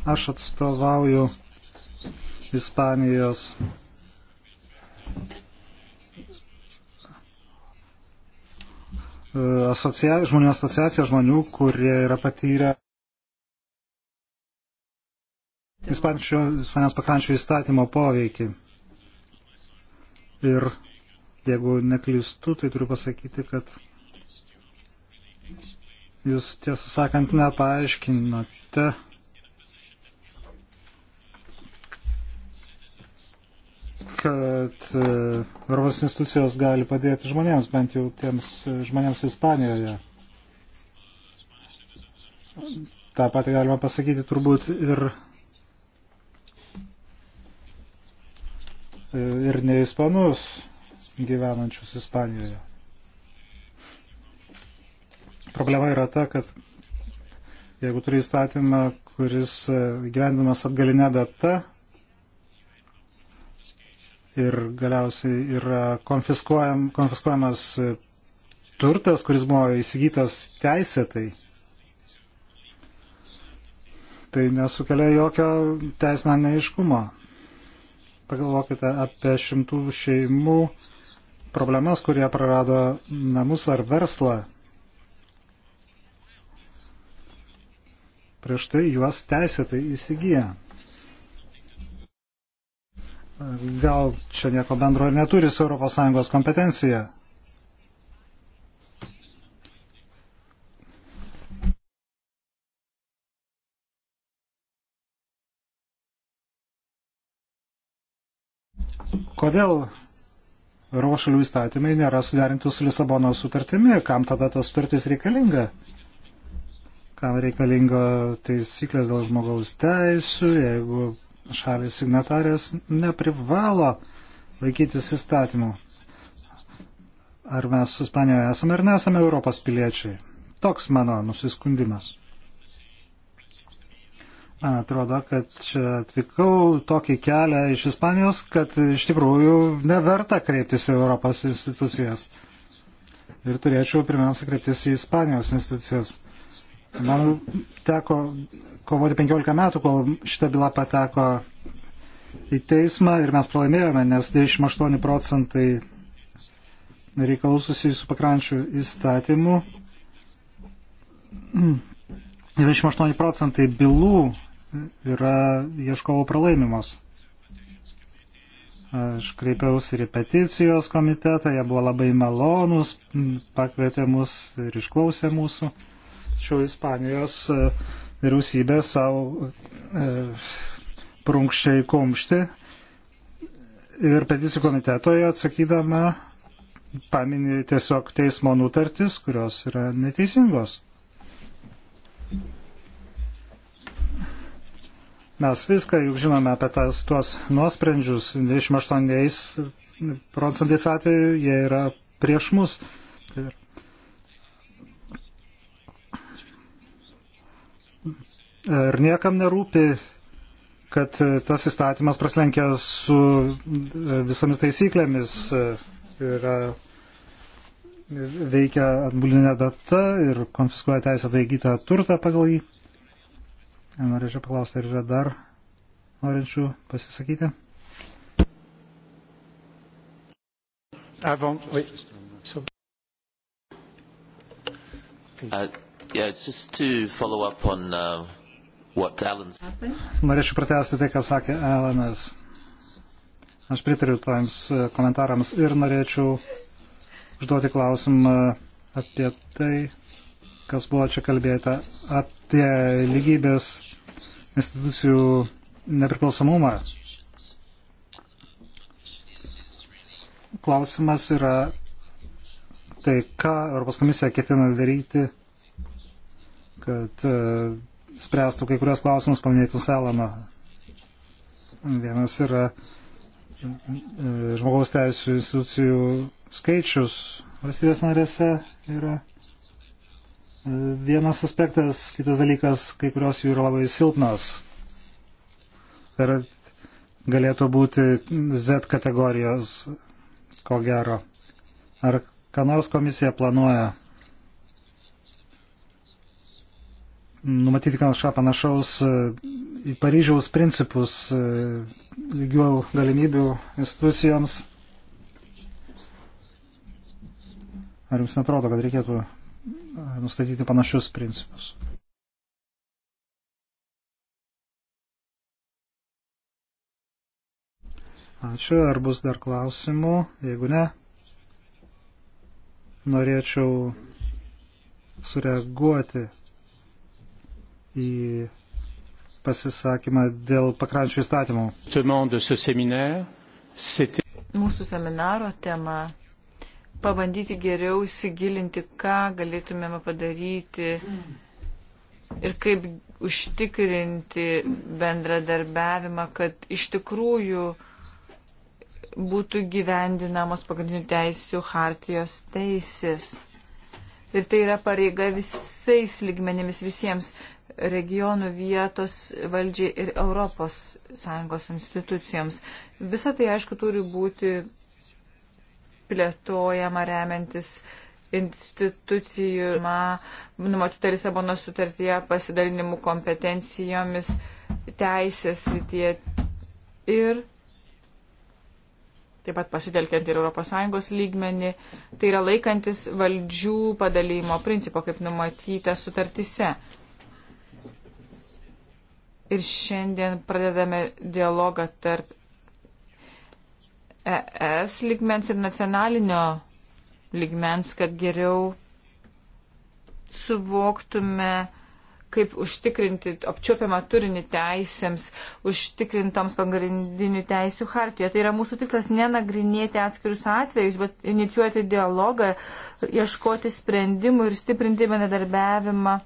Aš atstovauju Ispanijos asocia, žmonių asociacija žmonių, kurie yra patyrę Ispanijos pakrančių įstatymo poveikį. Ir jeigu neklystu, tai turiu pasakyti, kad jūs tiesą sakant nepaaiškinote, kad e, Europos institucijos gali padėti žmonėms, bent jau tiems e, žmonėms Ispanijoje. Ta pati galima pasakyti turbūt ir, e, ir ne Ispanus gyvenančius Ispanijoje. Problema yra ta, kad jeigu turi įstatymą, kuris gyvendamas atgalinę datą, ir galiausiai yra konfiskuojam, konfiskuojamas turtas, kuris buvo įsigytas teisėtai. Tai nesukelia jokio teisinio neiškumo. Pagalvokite apie šimtų šeimų problemas, kurie prarado namus ar verslą. Prieš tai juos teisėtai įsigyja gal čia nieko bendro ir neturi su ES kompetencija. Kodėl Europos šalių įstatymai nėra suderinti su Lisabono sutartimi? Kam tada tas sutartis reikalinga? Kam reikalinga taisyklės dėl žmogaus teisų, jeigu šalis signatarės neprivalo laikytis įstatymų. Ar mes su Ispanijoje esame ar nesame Europos piliečiai? Toks mano nusiskundimas. Man atrodo, kad čia atvykau tokį kelią iš Ispanijos, kad iš tikrųjų neverta kreiptis į Europos institucijas. Ir turėčiau pirmiausia kreiptis į Ispanijos institucijas. Man teko kovoti 15 metų, kol šita byla pateko į teismą ir mes pralaimėjome, nes 98 procentai reikalų susijusių pakrančių įstatymų. 98 procentai bylų yra ieškovo pralaimimos. Aš kreipiausi ir į peticijos komitetą, jie buvo labai malonūs, pakvietė mus ir išklausė mūsų. Tačiau Ispanijos uh, vyriausybė savo e, prunkščiai kumšti ir peticijų komitetoje atsakydama paminė tiesiog teismo nutartis, kurios yra neteisingos. Mes viską juk žinome apie tas, tuos nuosprendžius, 28 procentais atveju jie yra prieš mus. Tai yra Ar niekam nerūpi, kad e, tas įstatymas praslenkia su e, visomis taisyklėmis ir e, veikia atbulinė data ir konfiskuoja teisę taigytą turtą pagal jį? Norėčiau paklausti, ar yra dar norinčių pasisakyti? Avant, oui. Uh, yeah, it's just to follow up on uh, Norėčiau pratesti tai, ką sakė Alanas. Aš pritariu tams e, komentarams ir norėčiau užduoti klausimą apie tai, kas buvo čia kalbėta, apie lygybės institucijų nepriklausomumą. Klausimas yra tai, ką Europos komisija ketina daryti, kad e, spręstų kai kurios klausimus paminėtų Salama. Vienas yra e, žmogaus teisų institucijų skaičius valstybės narėse yra e, vienas aspektas, kitas dalykas, kai kurios jų yra labai silpnos. Tai yra, galėtų būti Z kategorijos, ko gero. Ar ką nors komisija planuoja numatyti kažką panašaus e, į Paryžiaus principus e, lygių galimybių institucijoms. Ar jums netrodo, kad reikėtų e, nustatyti panašius principus? Ačiū. Ar bus dar klausimų? Jeigu ne, norėčiau sureaguoti į pasisakymą dėl pakrančių įstatymų. Mūsų seminaro tema - pabandyti geriau įsigilinti, ką galėtumėme padaryti ir kaip užtikrinti bendradarbiavimą, kad iš tikrųjų būtų gyvendinamos pagrindinių teisių hartijos teisės. Ir tai yra pareiga visais lygmenėmis visiems regionų vietos valdžiai ir ES institucijoms. Visą tai, aišku, turi būti plėtojama remiantis institucijų, numatyta Lisabono sutartyje pasidalinimų kompetencijomis, teisės rytie ir taip pat pasitelkiant ir ES lygmenį, tai yra laikantis valdžių padalymo principo, kaip numatyta sutartise. Ir šiandien pradedame dialogą tarp ES ligmens ir nacionalinio ligmens, kad geriau suvoktume, kaip užtikrinti apčiopiamą turinį teisėms, užtikrintoms pagrindinių teisių hartijoje. Tai yra mūsų tikslas nenagrinėti atskirius atvejus, bet inicijuoti dialogą, ieškoti sprendimų ir stiprinti bendradarbiavimą,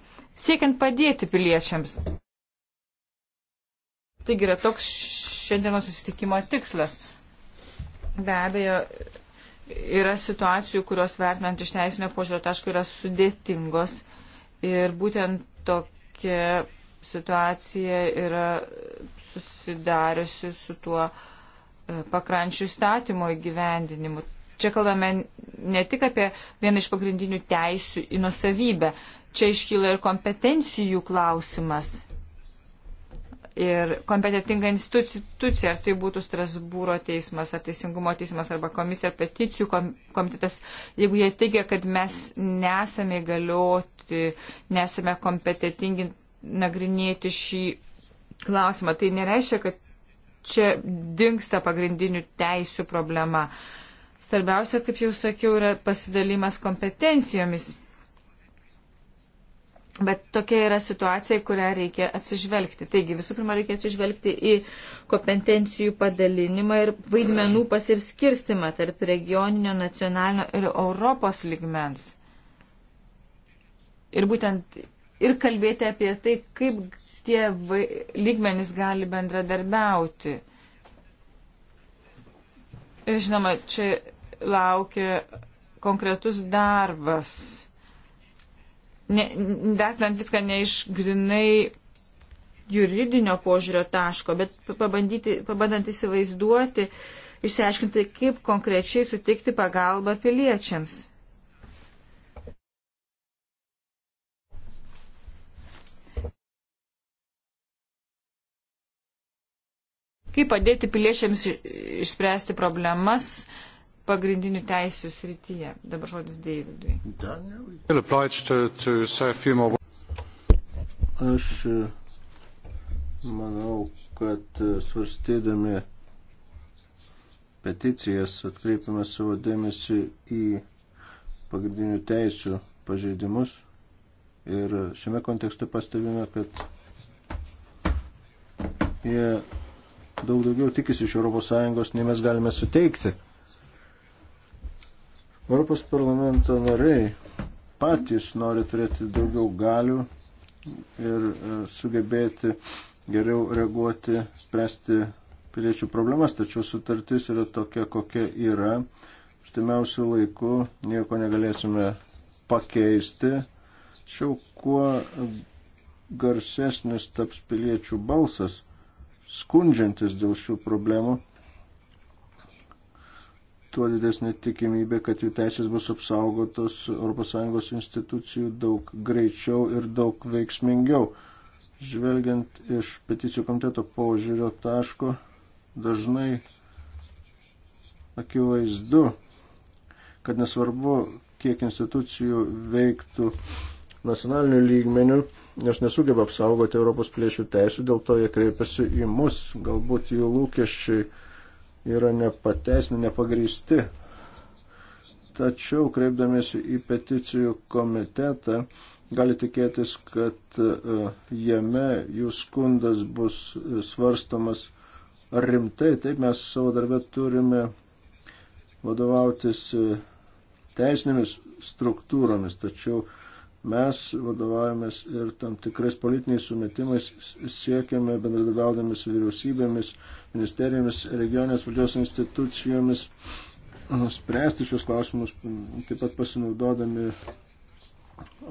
siekiant padėti piliečiams. Taigi yra toks šiandienos susitikimo tikslas. Be abejo, yra situacijų, kurios vertinant iš teisinio požiūrio taško yra sudėtingos ir būtent tokia situacija yra susidariusi su tuo e, pakrančių statymo įgyvendinimu. Čia kalbame ne tik apie vieną iš pagrindinių teisių į nusavybę, čia iškyla ir kompetencijų klausimas ir kompetitinga institucija, ar tai būtų Strasbūro teismas, ar Teisingumo teismas, arba komisija, ar peticijų komitetas, jeigu jie teigia, kad mes nesame įgalioti, nesame kompetitingi nagrinėti šį klausimą, tai nereiškia, kad čia dinksta pagrindinių teisų problema. Svarbiausia, kaip jau sakiau, yra pasidalimas kompetencijomis Bet tokia yra situacija, kurią reikia atsižvelgti. Taigi, visų pirma, reikia atsižvelgti į kompetencijų padalinimą ir vaidmenų pasirskirstimą tarp regioninio, nacionalinio ir Europos ligmens. Ir būtent ir kalbėti apie tai, kaip tie lygmenys gali bendradarbiauti. Ir žinoma, čia laukia konkretus darbas vertinant viską ne iš grinai juridinio požiūrio taško, bet pabandant įsivaizduoti, išsiaiškinti, kaip konkrečiai suteikti pagalbą piliečiams. Kaip padėti piliečiams išspręsti problemas, pagrindinių teisų srityje. Dabar žodis Deividui. Aš e, manau, kad e, svarstydami peticijas atkreipiame savo dėmesį į pagrindinių teisų pažeidimus. Ir šiame kontekste pastebime, kad jie daug daugiau tikisi iš ES, nei mes galime suteikti. Europos parlamento nariai patys nori turėti daugiau galių ir e, sugebėti geriau reaguoti, spręsti piliečių problemas, tačiau sutartis yra tokia, kokia yra. Štimiausių laikų nieko negalėsime pakeisti, tačiau kuo garsesnis taps piliečių balsas, skundžiantis dėl šių problemų, tuo didesnė tikimybė, kad jų teisės bus apsaugotos ES institucijų daug greičiau ir daug veiksmingiau. Žvelgiant iš peticijų komiteto požiūrio taško, dažnai akivaizdu, kad nesvarbu, kiek institucijų veiktų nacionaliniu lygmeniu, nes nesugeba apsaugoti Europos piliečių teisų, dėl to jie kreipiasi į mus, galbūt jų lūkesčiai yra nepateisni, nepagrįsti. Tačiau, kreipdamėsi į peticijų komitetą, gali tikėtis, kad e, jame jų skundas bus e, svarstomas rimtai. Taip mes savo darbę turime vadovautis e, teisinėmis struktūromis, tačiau mes vadovavomės ir tam tikrais politiniais sumetimais siekiame bendradarbiaudami su vyriausybėmis, ministerijomis, regionės valdžios institucijomis spręsti šios klausimus, taip pat pasinaudodami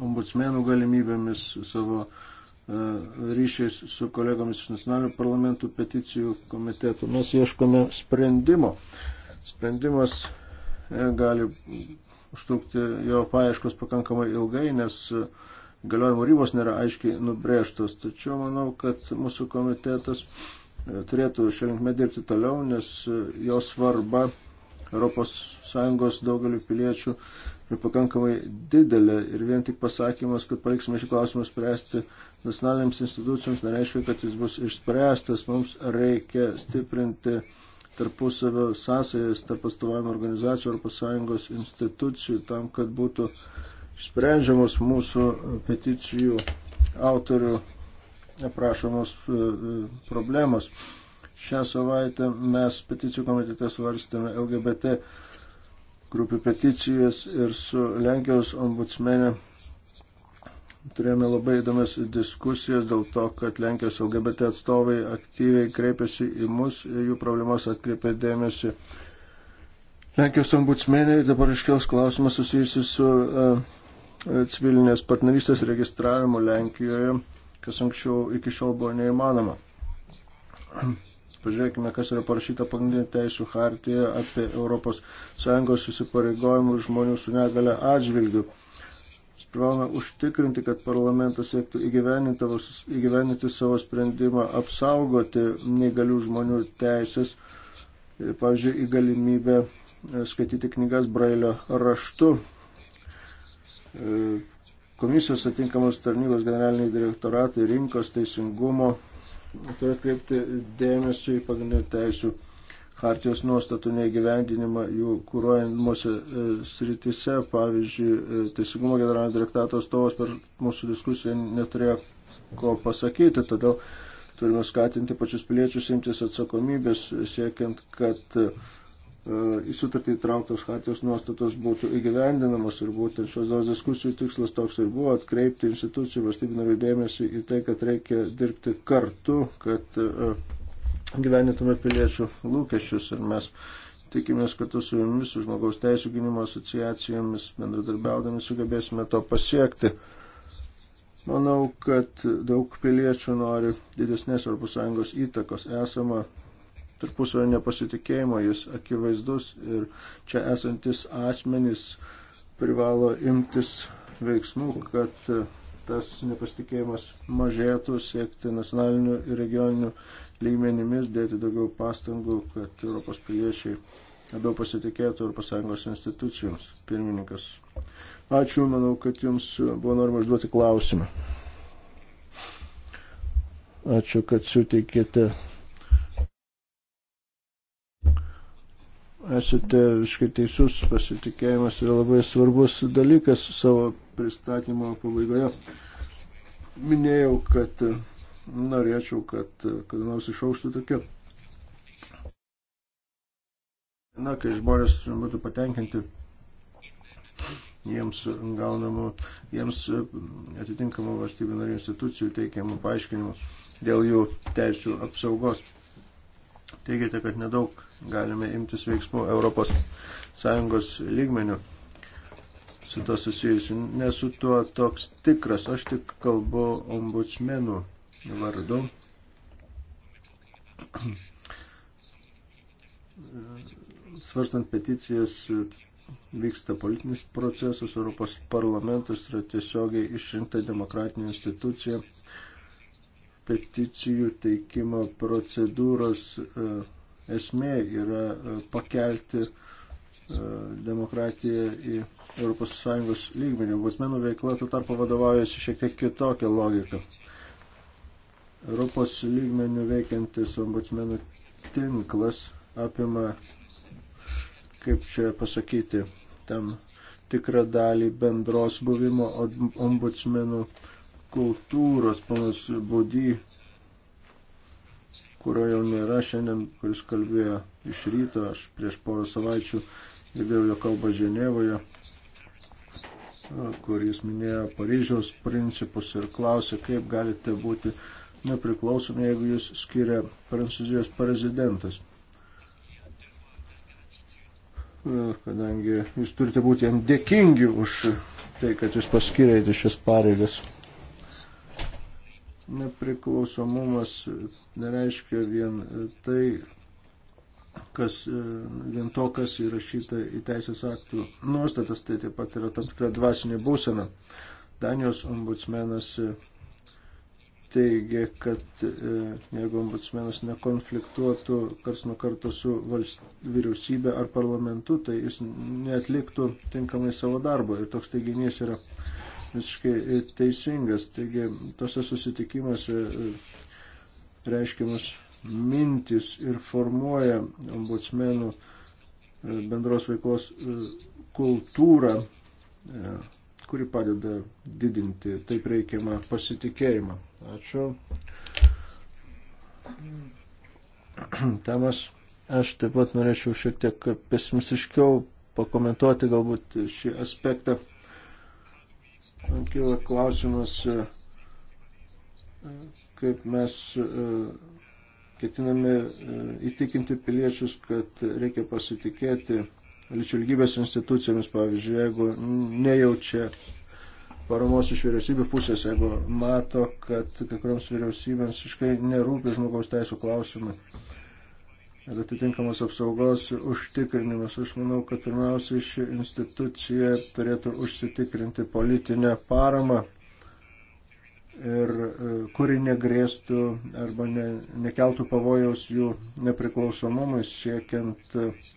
ombudsmenų galimybėmis savo e, ryšiais su kolegomis iš nacionalinių parlamentų peticijų komitetų. Mes ieškome sprendimo. Sprendimas e, gali užtrukti jo paieškos pakankamai ilgai, nes galiojimo ribos nėra aiškiai nubrėžtos. Tačiau manau, kad mūsų komitetas e, turėtų šią linkmę dirbti toliau, nes e, jo svarba ES daugeliu piliečių yra pakankamai didelė ir vien tik pasakymas, kad paliksime šį klausimą spręsti nacionalinėms institucijoms, nereiškia, kad jis bus išspręstas. Mums reikia stiprinti uh, tarpusavio sąsajas tarp atstovavimo organizacijų Europos Sąjungos institucijų tam, kad būtų sprendžiamos mūsų peticijų autorių aprašomos e, e, problemos. Šią savaitę mes peticijų komitete svarstėme LGBT grupių peticijas ir su Lenkijos ombudsmenė turėjome labai įdomias diskusijas dėl to, kad Lenkijos LGBT atstovai aktyviai kreipėsi į mus ir jų problemas atkreipė dėmesį. Lenkijos ombudsmenė dabar iškils klausimas susijusi su uh, civilinės partnerystės registravimu Lenkijoje, kas anksčiau iki šiol buvo neįmanoma. Pažiūrėkime, kas yra parašyta pagrindinė teisų hartija apie ES susipareigojimų žmonių su negale atžvilgiu privalome užtikrinti, kad parlamentas siektų įgyveninti savo sprendimą apsaugoti negalių žmonių teisės, e, pavyzdžiui, į galimybę e, skaityti knygas brailio raštu. E, komisijos atinkamos tarnybos generaliniai direktoratai rinkos teisingumo turi kreipti dėmesį į pagrindinių teisų hartijos nuostatų neįgyvendinimą jų kūruojamuose e, sritise. Pavyzdžiui, e, Teisingumo generalinio direktato atstovas per mūsų diskusiją neturėjo ko pasakyti, todėl turime skatinti pačius piliečius imtis atsakomybės, siekiant, kad e, į sutartį įtrauktos hartijos nuostatos būtų įgyvendinamos ir būtent šios dienos diskusijų tikslas toks ir buvo atkreipti institucijų valstybinio dėmesį į tai, kad reikia dirbti kartu, kad uh, gyvenitume piliečių lūkesčius ir mes tikimės, kad su jumis, su žmogaus teisų gynimo asociacijomis, bendradarbiaudami sugebėsime to pasiekti. Manau, kad daug piliečių nori didesnės ES įtakos esama tarpusavio nepasitikėjimo, jis akivaizdus ir čia esantis asmenys privalo imtis veiksmų, kad tas nepasitikėjimas mažėtų siekti nacionalinių ir regioninių lygmenimis dėti daugiau pastangų, kad Europos piliečiai labiau pasitikėtų Europos Sąjungos institucijoms. Pirmininkas. Ačiū, manau, kad jums buvo norima užduoti klausimą. Ačiū, kad suteikėte. Esate visiškai teisus, pasitikėjimas yra labai svarbus dalykas savo pristatymo pabaigoje. Minėjau, kad norėčiau, kad kada nors išauštų tokia. Na, kai žmonės būtų patenkinti jiems gaunamų, jiems atitinkamų valstybių narių institucijų teikiamų paaiškinimų dėl jų teisų apsaugos. Teigiate, kad nedaug galime imtis veiksmų Europos Sąjungos lygmenių su to susijusiu. Nesu tuo toks tikras, aš tik kalbu ombudsmenų vardu. Svarstant peticijas vyksta politinis procesas, Europos parlamentas yra tiesiogiai išrinkta demokratinė institucija. Peticijų teikimo procedūros e, esmė yra e, pakelti e, demokratiją į ES lygmenį. Vasmenų veikla tuo tarpu vadovaujasi šiek tiek kitokią logiką. Europos lygmenių veikiantis ombudsmenų tinklas apima, kaip čia pasakyti, tam tikrą dalį bendros buvimo ombudsmenų kultūros, panas Baudy, kurio jau nėra šiandien, kuris kalbėjo iš ryto, aš prieš porą savaičių girdėjau jo kalbą Ženevoje, kuris minėjo Paryžiaus principus ir klausė, kaip galite būti nepriklausomi, jeigu jūs skiria Prancūzijos prezidentas. Kadangi jūs turite būti jam dėkingi už tai, kad jūs paskirėte šias pareigas. Nepriklausomumas nereiškia vien tai, kas, e, vien to, kas įrašyta į teisės aktų nuostatas, tai taip pat yra tam tikra dvasinė būsena. Danijos ombudsmenas e, teigia, kad e, jeigu ombudsmenas nekonfliktuotų kars nuo karto su valst... vyriausybė ar parlamentu, tai jis netliktų tinkamai savo darbo. Ir toks teiginys yra visiškai e, teisingas. Taigi, tose susitikimuose e, reiškiamas mintis ir formuoja ombudsmenų bendros veiklos kultūrą kuri padeda didinti taip reikiamą pasitikėjimą. Ačiū. Tamas, aš taip pat norėčiau šiek tiek pesimistiškiau pakomentuoti galbūt šį aspektą. Man kyla klausimas, kaip mes e, ketiname e, įtikinti piliečius, kad reikia pasitikėti lyčių lygybės institucijomis, pavyzdžiui, jeigu nejaučia paramos iš vyriausybių pusės, jeigu mato, kad kai kuriams vyriausybėms iškai nerūpi žmogaus teisų klausimai ir atitinkamos apsaugos užtikrinimas. Aš manau, kad pirmiausiai ši institucija turėtų užsitikrinti politinę paramą ir e, kuri negrėstų arba ne, nekeltų pavojaus jų nepriklausomumui siekiant uh,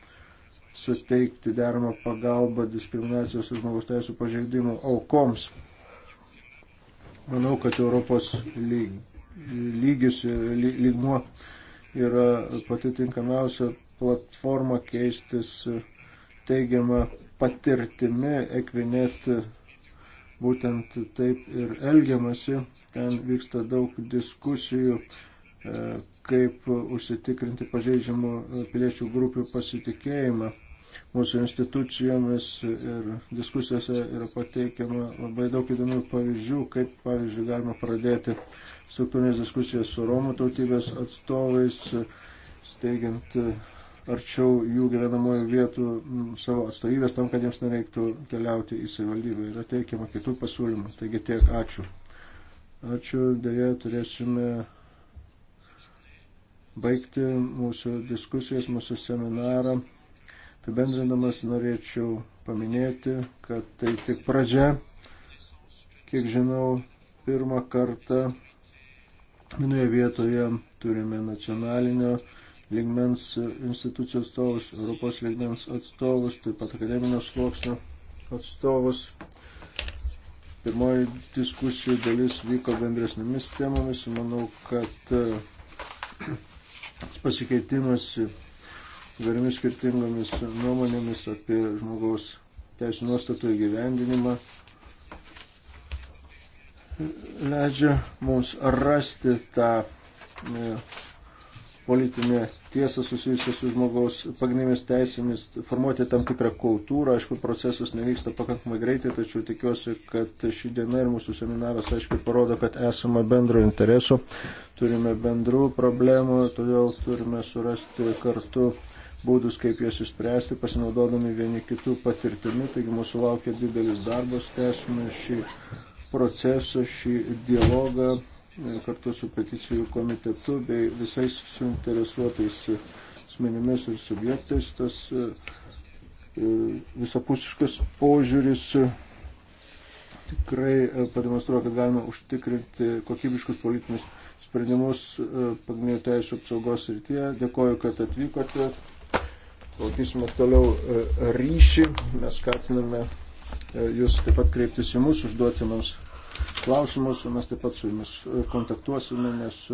suteikti deramą pagalbą diskriminacijos ir žmogaus teisų pažeidimų aukoms. Manau, kad Europos lyg, lygis ir lyg, lygmuo yra pati tinkamiausia platforma keistis teigiamą patirtimi, ekvinėt būtent taip ir elgiamasi. Ten vyksta daug diskusijų E, kaip užsitikrinti pažeidžiamų piliečių grupių pasitikėjimą mūsų institucijomis ir diskusijose yra pateikiama labai daug įdomių pavyzdžių, kaip pavyzdžiui galima pradėti struktūrinės diskusijas su Romų tautybės atstovais, steigiant arčiau jų gyvenamojų vietų savo atstovybės tam, kad jiems nereiktų keliauti į savivaldybę. Yra teikiama kitų pasiūlymų. Taigi tiek ačiū. Ačiū, dėja turėsime baigti mūsų diskusijas, mūsų seminarą. Apibendrinamas norėčiau paminėti, kad tai tik pradžia. Kiek žinau, pirmą kartą vienoje vietoje turime nacionalinio lygmens institucijų atstovus, Europos lygmens atstovus, taip pat akademinio sluoksnio atstovus. Pirmoji diskusijų dalis vyko bendresnėmis temomis. Manau, kad pasikeitimas galimi skirtingomis nuomonėmis apie žmogaus teisų nuostatų įgyvendinimą leidžia mums rasti tą e, politinę tiesą susijusią su žmogaus pagrindinėmis teisėmis, formuoti tam tikrą kultūrą. Aišku, procesas nevyksta pakankamai greitai, tačiau tikiuosi, kad ši diena ir mūsų seminaras aiškiai parodo, kad esame bendro interesų, turime bendrų problemų, todėl turime surasti kartu būdus, kaip jas išspręsti, pasinaudodami vieni kitų patirtimi. Taigi mūsų laukia didelis darbas, tęsime šį procesą, šį dialogą kartu su peticijų komitetu bei visais suinteresuotais asmenimis ir subjektais. Tas e, e, visapusiškas požiūris e, tikrai pademonstruoja, kad galima užtikrinti kokybiškus politinius sprendimus pagrindinių teisų apsaugos rytyje. Dėkoju, kad atvykote. Palaikysime toliau ryšį. Mes skatiname jūs taip pat kreiptis į mus, užduoti mums klausimus, mes taip pat su jumis kontaktuosime, nes